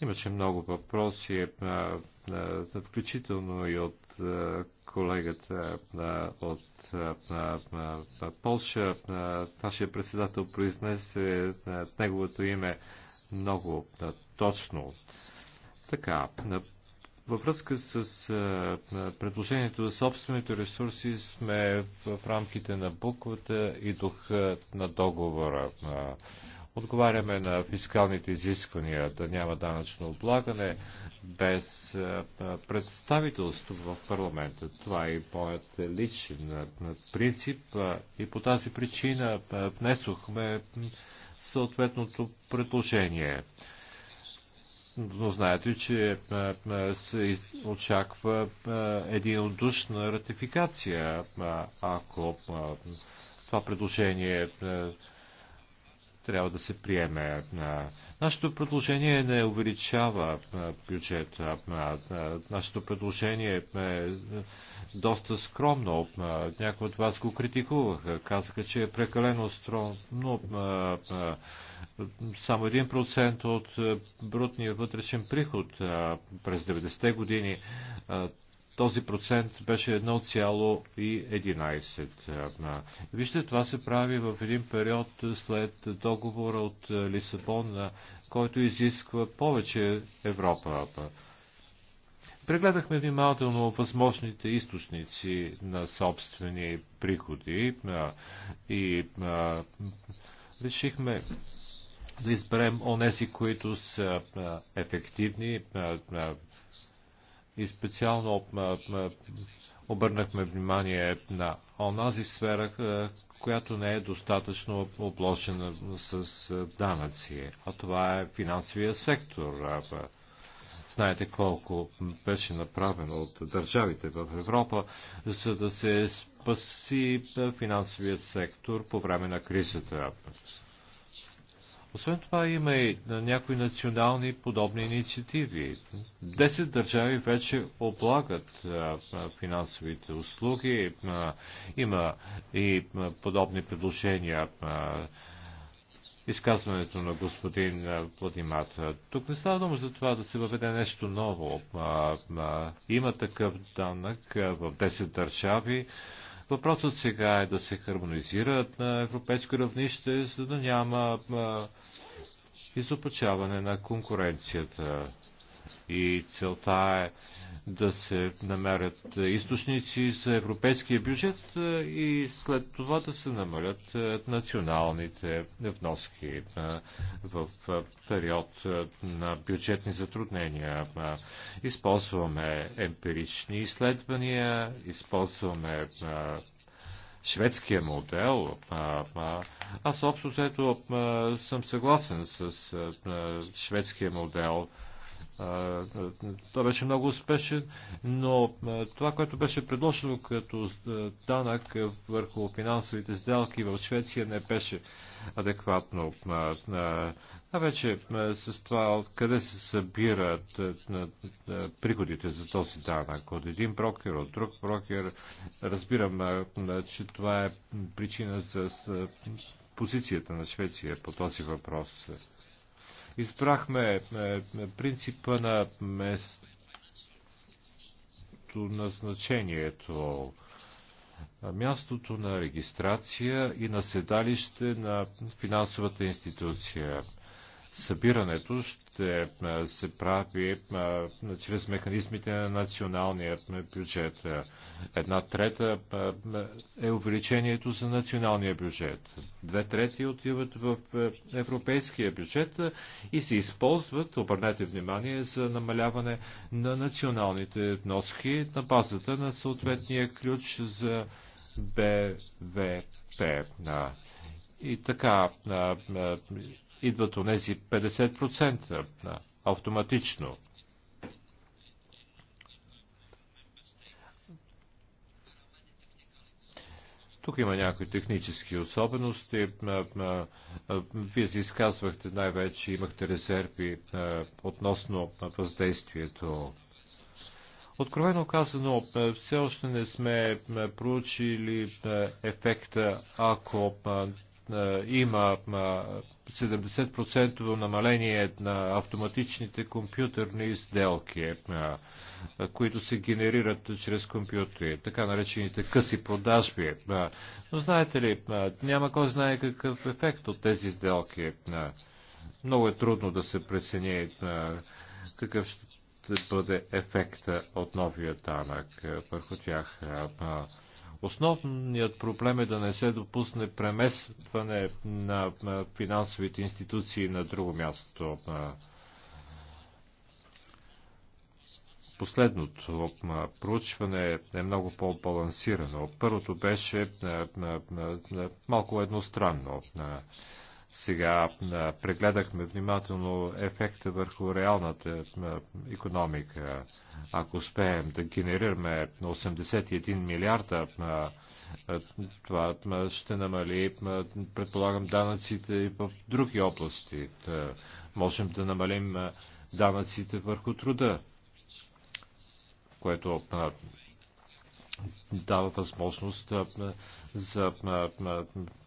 Имаше много въпроси, е, включително и от колегата от Польша, Нашия председател произнесе неговото име много точно. Така, във връзка с предложението за собствените ресурси сме в рамките на буквата и духа на договора отговаряме на фискалните изисквания, да няма данъчно облагане без е, е, представителство в парламента. Това е моят личен е, принцип и по тази причина внесохме съответното предложение. Но знаете, че се очаква единодушна ратификация, ако това предложение трябва да се приеме. Нашето предложение не увеличава бюджета. Нашето предложение е, е доста скромно. Някои от вас го критикуваха. Казаха, че е прекалено скромно. Само 1% от брутния вътрешен приход през 90-те години този процент беше 1,11. Вижте, това се прави в един период след договора от Лисабон, който изисква повече Европа. Прегледахме внимателно възможните източници на собствени приходи и решихме да изберем онези, които са ефективни, и специално обърнахме внимание на онази сфера, е, която не е достатъчно обложена с е, данъци, а това е финансовия сектор. Е, знаете колко беше направено от държавите в Европа, за да се спаси финансовия сектор по време на кризата. Освен това има и на някои национални подобни инициативи. Десет държави вече облагат финансовите услуги. Има и подобни предложения. Изказването на господин Владимат. Тук не става дума за това да се въведе нещо ново. Има такъв данък в 10 държави. Въпросът сега е да се хармонизират на европейско равнище, за да няма изопачаване на конкуренцията. И целта е да се намерят източници за европейския бюджет е, и след това да се намалят е, националните вноски е, в период на бюджетни затруднения. Използваме емпирични изследвания, използваме шведския модел. Аз общо взето съм съгласен с шведския модел. Той беше много успешен, но това, което беше предложено като данък върху финансовите сделки в Швеция не беше адекватно. А вече е, с това откъде се събират е, приходите за този данък? От един брокер, от друг брокер. Разбирам, е, че това е причина за позицията на Швеция по този въпрос. Избрахме принципа на место назначението мястото на регистрация и на седалище на финансовата институция събирането ще е, се прави е, чрез механизмите на националния бюджет. Една трета е, е увеличението за националния бюджет. Две трети отиват в европейския бюджет и се използват, обърнете внимание, за намаляване на националните вноски на базата на съответния ключ за БВП. И така, идват онези 50% автоматично. Тук има някои технически особености. Вие се изказвахте най-вече, имахте резерви относно въздействието. Откровено казано, все още не сме проучили ефекта, ако има 70% намаление на автоматичните компютърни сделки, е, е, които се генерират чрез компютри, така наречените къси продажби. Е, но знаете ли, няма кой знае какъв ефект от тези сделки. Много е трудно да се прецени какъв ще бъде ефекта от новия данък върху тях. Основният проблем е да не се допусне преместване е на финансовите институции на друго място. Последното проучване е много по-балансирано. Първото беше малко едностранно. Сега прегледахме внимателно ефекта върху реалната економика. Ако успеем да генерираме 81 милиарда, това ще намали, предполагам, данъците и в други области. Можем да намалим данъците върху труда, което дава възможност за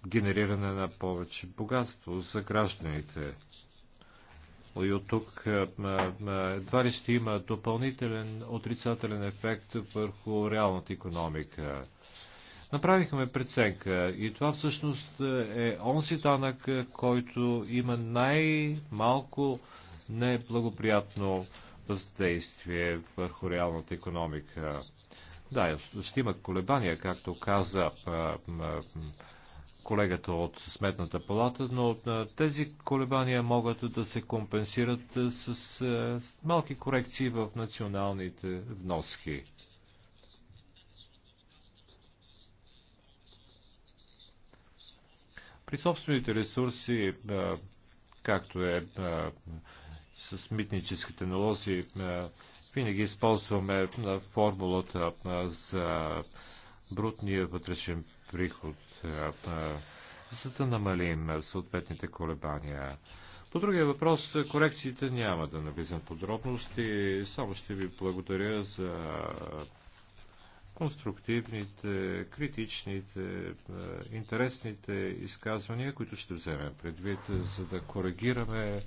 генериране на повече богатство за гражданите. И от тук едва ли ще има допълнителен отрицателен ефект върху реалната економика. Направихме преценка и това всъщност е онзи данък, който има най-малко неблагоприятно въздействие върху реалната економика. Да, ще има колебания, както каза колегата от Сметната палата, но тези колебания могат да се компенсират с малки корекции в националните вноски. При собствените ресурси, както е с митническите налози, винаги използваме формулата за брутния вътрешен приход, за да намалим съответните колебания. По другия въпрос, корекциите няма да навлизам подробности. Само ще ви благодаря за конструктивните, критичните, интересните изказвания, които ще вземем предвид, за да коригираме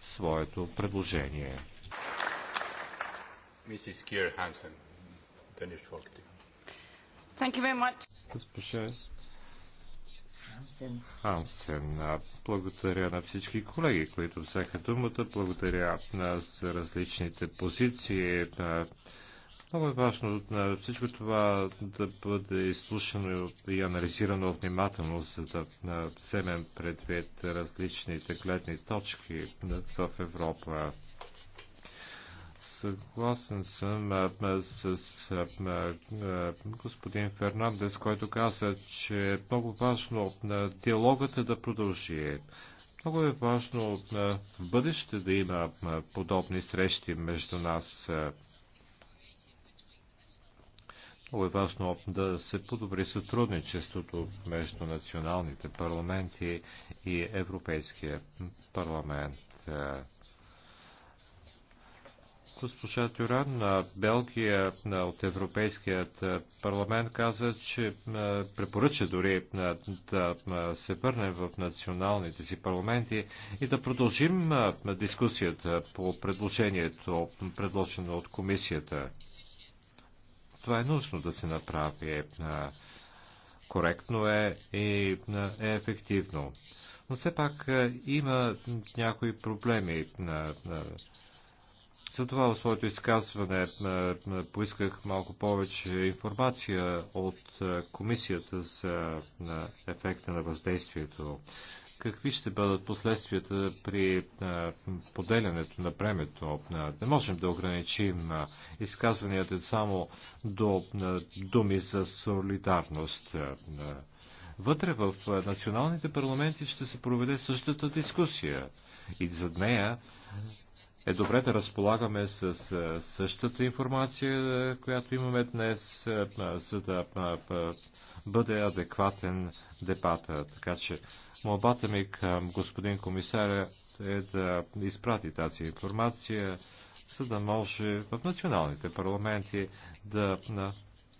своето предложение. Госпожа Хансен. Благодаря на всички колеги, които взеха думата. Благодаря за различните позиции. Много е важно на всичко това да бъде изслушано и анализирано внимателно, за да вземем предвид различните гледни точки в Европа. Съгласен съм а, с а, господин Фернандес, който каза, че е много важно а, диалогът е да продължи. Много е важно в бъдеще да има подобни срещи между нас. Много е важно да се подобри сътрудничеството между националните парламенти и Европейския парламент госпожа Тюран на Белгия от Европейският парламент каза, че препоръча дори да се върнем в националните си парламенти и да продължим дискусията по предложението, предложено от комисията. Това е нужно да се направи. Коректно е и е ефективно. Но все пак има някои проблеми. Затова в своето изказване е, е, поисках малко повече информация от е, комисията за ефекта на въздействието. Какви ще бъдат последствията при поделянето на премето? Не можем да ограничим изказванията само до думи за солидарност. Вътре в националните парламенти ще се проведе същата дискусия и за нея е добре да разполагаме с е, същата информация, е, която имаме днес, е, за да бъде адекватен дебата. Така че молбата ми към господин комисаря е да изпрати тази информация, за да може в националните парламенти да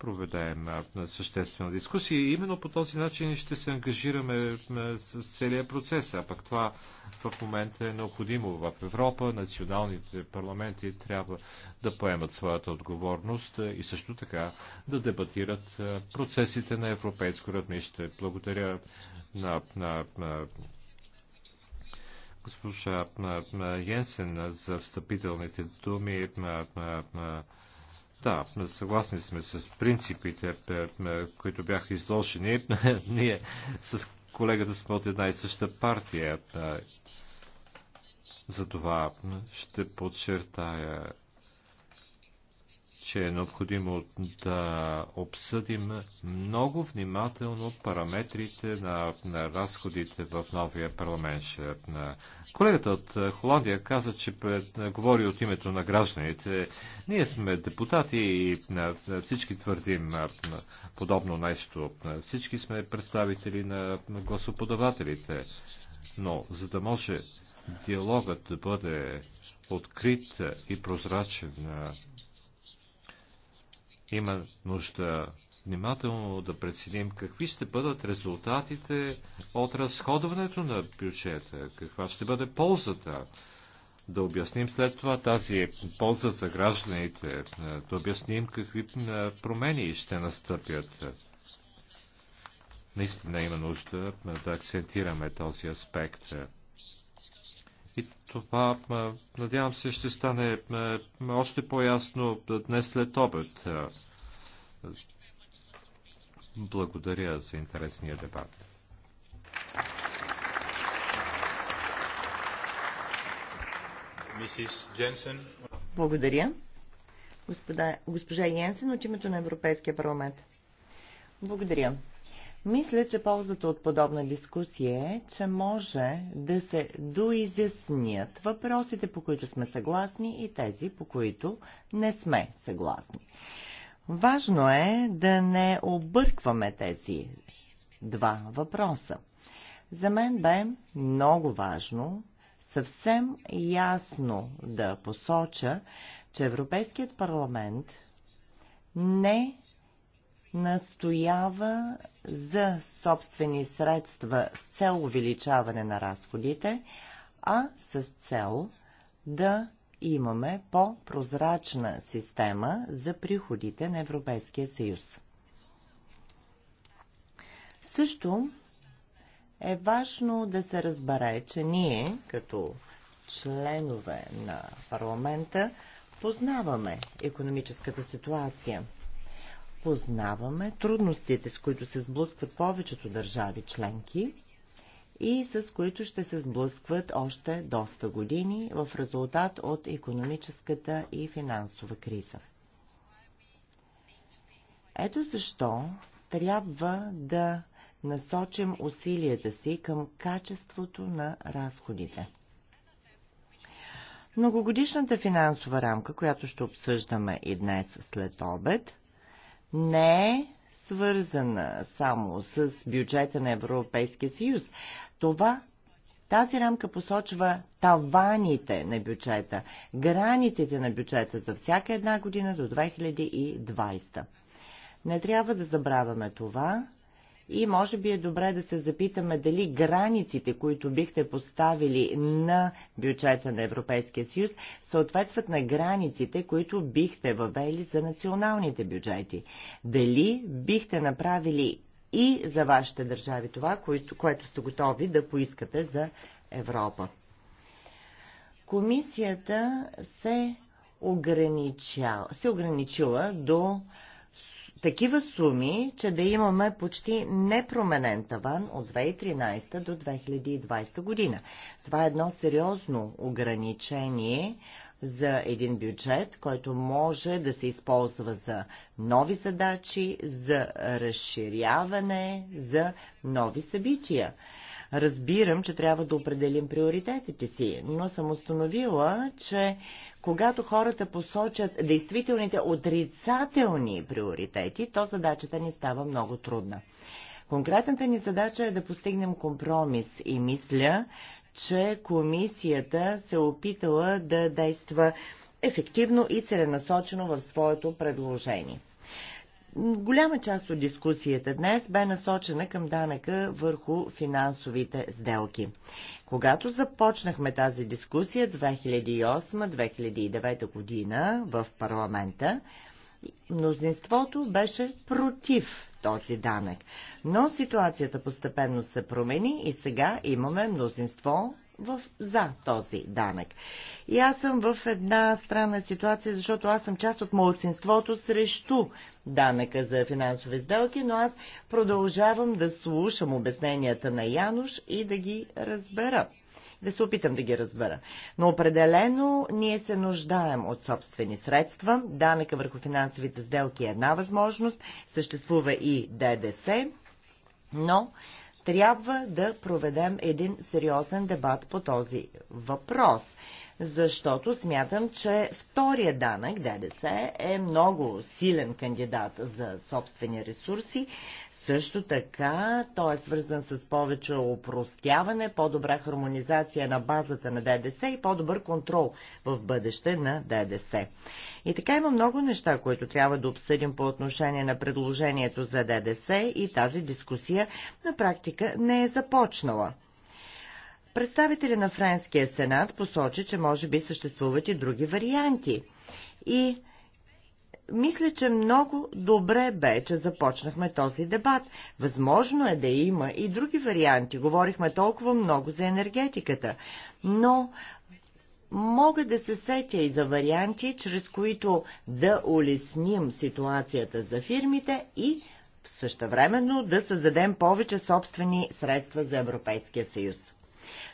проведем съществена дискусия. И именно по този начин ще се ангажираме с целият процес. А пък това в момента е необходимо. В Европа националните парламенти трябва да поемат своята отговорност и също така да дебатират процесите на европейско равнище. Благодаря на, на, на госпожа Йенсен за встъпителните думи. На, на, на, да, съгласни сме с принципите, които бяха изложени. Ние с колегата сме от една и съща партия. Затова ще подчертая, че е необходимо да обсъдим много внимателно параметрите на, на разходите в новия парламент. Ще, Колегата от е, Холандия каза, че пред, е, говори от името на гражданите. Ние сме депутати и е, всички твърдим подобно нещо. Всички сме представители на гласоподавателите. Но за да може диалогът да бъде открит и прозрачен, има нужда внимателно да преценим какви ще бъдат резултатите от разходването на бюджета, каква ще бъде ползата. Да обясним след това тази полза за гражданите, да обясним какви промени ще настъпят. Наистина има нужда да акцентираме този аспект. И това, надявам се, ще стане още по-ясно днес след обед. Благодаря за интересния дебат. Благодаря. Господа, госпожа Йенсен от името на Европейския парламент. Благодаря. Мисля, че ползата от подобна дискусия е, че може да се доизяснят въпросите, по които сме съгласни и тези, по които не сме съгласни. Важно е да не объркваме тези два въпроса. За мен бе много важно съвсем ясно да посоча, че Европейският парламент не настоява за собствени средства с цел увеличаване на разходите, а с цел да имаме по-прозрачна система за приходите на Европейския съюз. Също е важно да се разбере, че ние, като членове на парламента, познаваме економическата ситуация. Познаваме трудностите, с които се сблъскват повечето държави членки и с които ще се сблъскват още доста години в резултат от економическата и финансова криза. Ето защо трябва да насочим усилията си към качеството на разходите. Многогодишната финансова рамка, която ще обсъждаме и днес след обед, не е свързана само с бюджета на Европейския съюз. Това тази рамка посочва таваните на бюджета, границите на бюджета за всяка една година до 2020. Не трябва да забравяме това, и може би е добре да се запитаме дали границите, които бихте поставили на бюджета на Европейския съюз, съответстват на границите, които бихте въвели за националните бюджети. Дали бихте направили и за вашите държави това, което, което сте готови да поискате за Европа. Комисията се ограничала, се ограничила до такива суми, че да имаме почти непроменен таван от 2013 до 2020 година. Това е едно сериозно ограничение за един бюджет, който може да се използва за нови задачи, за разширяване, за нови събития. Разбирам, че трябва да определим приоритетите си, но съм установила, че когато хората посочат действителните отрицателни приоритети, то задачата ни става много трудна. Конкретната ни задача е да постигнем компромис и мисля, че комисията се е опитала да действа ефективно и целенасочено в своето предложение. Голяма част от дискусията днес бе насочена към данъка върху финансовите сделки. Когато започнахме тази дискусия 2008-2009 година в парламента, мнозинството беше против този данък. Но ситуацията постепенно се промени и сега имаме мнозинство в, за този данък. И аз съм в една странна ситуация, защото аз съм част от младсинството срещу данъка за финансови сделки, но аз продължавам да слушам обясненията на Януш и да ги разбера. Да се опитам да ги разбера. Но определено ние се нуждаем от собствени средства. Данъка върху финансовите сделки е една възможност. Съществува и ДДС, но трябва да проведем един сериозен дебат по този въпрос защото смятам, че втория данък, ДДС, е много силен кандидат за собствени ресурси. Също така той е свързан с повече опростяване, по-добра хармонизация на базата на ДДС и по-добър контрол в бъдеще на ДДС. И така има много неща, които трябва да обсъдим по отношение на предложението за ДДС и тази дискусия на практика не е започнала. Представителя на Френския сенат посочи, че може би съществуват и други варианти. И мисля, че много добре бе, че започнахме този дебат. Възможно е да има и други варианти. Говорихме толкова много за енергетиката. Но мога да се сетя и за варианти, чрез които да улесним ситуацията за фирмите и същевременно да създадем повече собствени средства за Европейския съюз.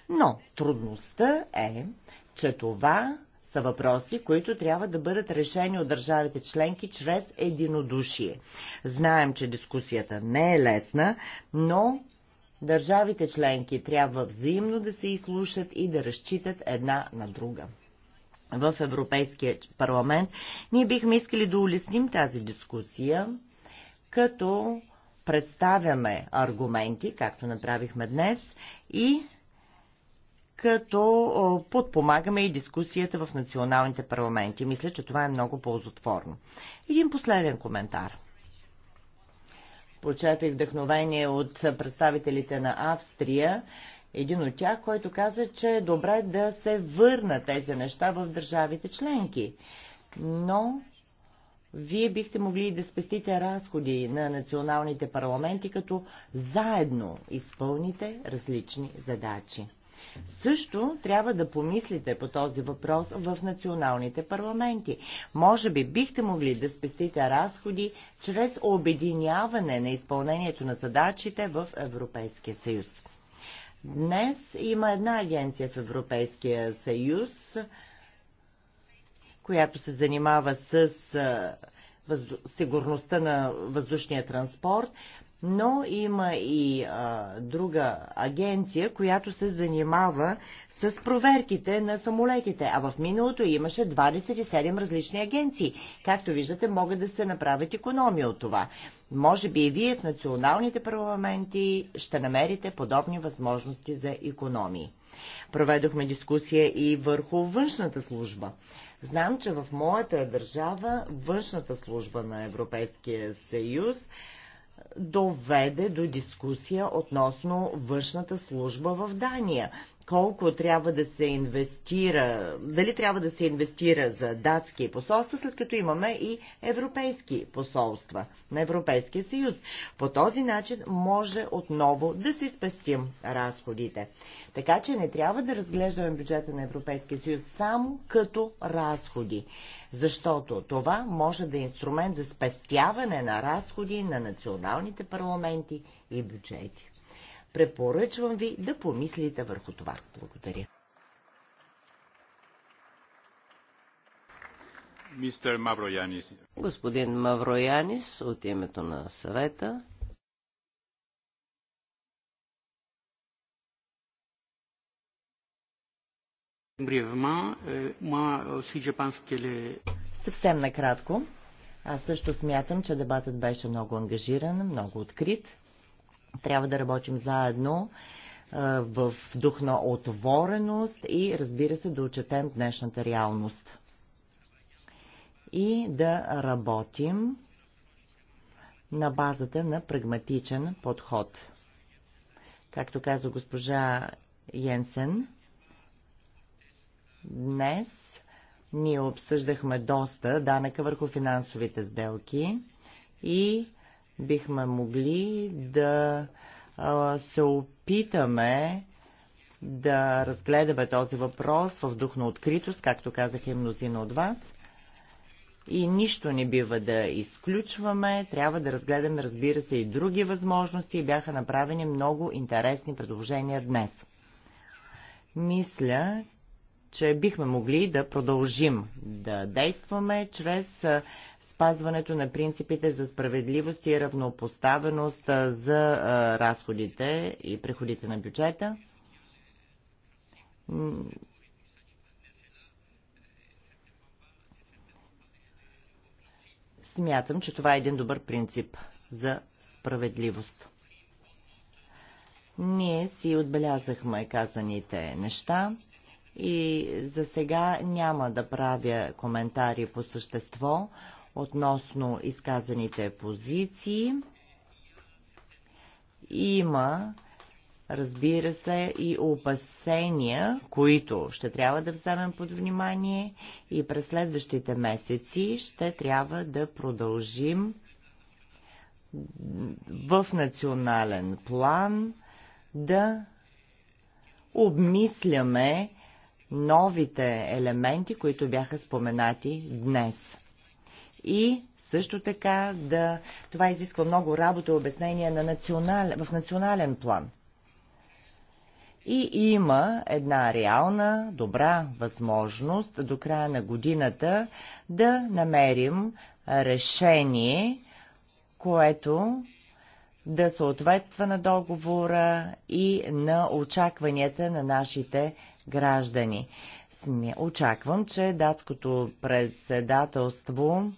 Но трудността е, че това са въпроси, които трябва да бъдат решени от държавите членки чрез единодушие. Знаем, че дискусията не е лесна, но държавите членки трябва взаимно да се изслушат и да разчитат една на друга. В Европейския парламент ние бихме искали да улесним тази дискусия, като представяме аргументи, както направихме днес, и като подпомагаме и дискусията в националните парламенти. Мисля, че това е много ползотворно. Един последен коментар. Почерпих вдъхновение от представителите на Австрия, един от тях, който каза, че е добре да се върна тези неща в държавите членки. Но вие бихте могли да спестите разходи на националните парламенти, като заедно изпълните различни задачи. Също трябва да помислите по този въпрос в националните парламенти. Може би бихте могли да спестите разходи чрез обединяване на изпълнението на задачите в Европейския съюз. Днес има една агенция в Европейския съюз, която се занимава с сигурността на въздушния транспорт но има и а, друга агенция, която се занимава с проверките на самолетите. А в миналото имаше 27 различни агенции. Както виждате, могат да се направят економии от това. Може би и вие в националните парламенти ще намерите подобни възможности за економии. Проведохме дискусия и върху външната служба. Знам, че в моята държава външната служба на Европейския съюз доведе до дискусия относно външната служба в Дания колко трябва да се инвестира, дали трябва да се инвестира за датски посолства, след като имаме и европейски посолства на Европейския съюз. По този начин може отново да си спестим разходите. Така че не трябва да разглеждаме бюджета на Европейския съюз само като разходи, защото това може да е инструмент за спестяване на разходи на националните парламенти и бюджети. Препоръчвам ви да помислите върху това. Благодаря. Мистер Мавроянис. Господин Мавроянис от името на съвета. Е, Съвсем накратко. Аз също смятам, че дебатът беше много ангажиран, много открит. Трябва да работим заедно в дух на отвореност и, разбира се, да отчетем днешната реалност. И да работим на базата на прагматичен подход. Както каза госпожа Йенсен, днес ние обсъждахме доста данъка върху финансовите сделки и бихме могли да се опитаме да разгледаме този въпрос в дух на откритост, както казаха и мнозина от вас. И нищо не бива да изключваме. Трябва да разгледаме, разбира се, и други възможности. Бяха направени много интересни предложения днес. Мисля, че бихме могли да продължим да действаме чрез спазването на принципите за справедливост и равнопоставеност за разходите и приходите на бюджета. Смятам, че това е един добър принцип за справедливост. Ние си отбелязахме казаните неща и за сега няма да правя коментари по същество относно изказаните позиции. Има, разбира се, и опасения, които ще трябва да вземем под внимание и през следващите месеци ще трябва да продължим в национален план да обмисляме новите елементи, които бяха споменати днес и също така да... Това изисква много работа и обяснение на национал... в национален план. И има една реална, добра възможност до края на годината да намерим решение, което да съответства на договора и на очакванията на нашите граждани. Очаквам, че датското председателство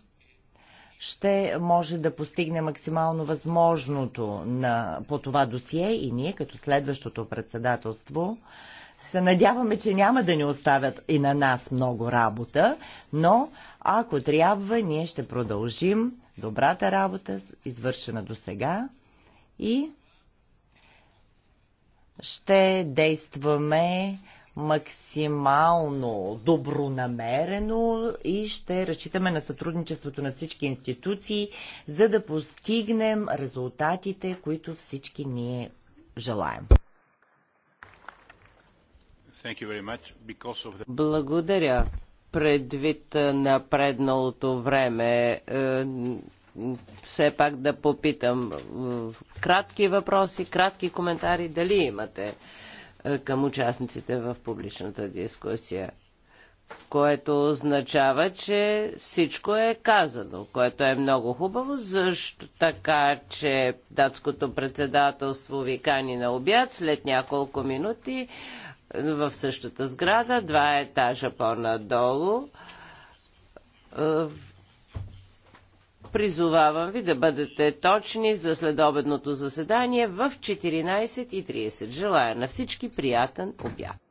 ще може да постигне максимално възможното на, по това досие и ние като следващото председателство се надяваме, че няма да ни оставят и на нас много работа, но ако трябва, ние ще продължим добрата работа, извършена до сега и ще действаме максимално добронамерено и ще разчитаме на сътрудничеството на всички институции, за да постигнем резултатите, които всички ние желаем. The... Благодаря. Предвид е, напредналото време, е, все пак да попитам е, кратки въпроси, кратки коментари, дали имате. Е, към участниците в публичната дискусия. Което означава, че всичко е казано, което е много хубаво, защо така, че датското председателство ви кани на обяд след няколко минути е, в същата сграда, два етажа по-надолу е, Призовавам ви да бъдете точни за следобедното заседание в 14.30. Желая на всички приятен обяд.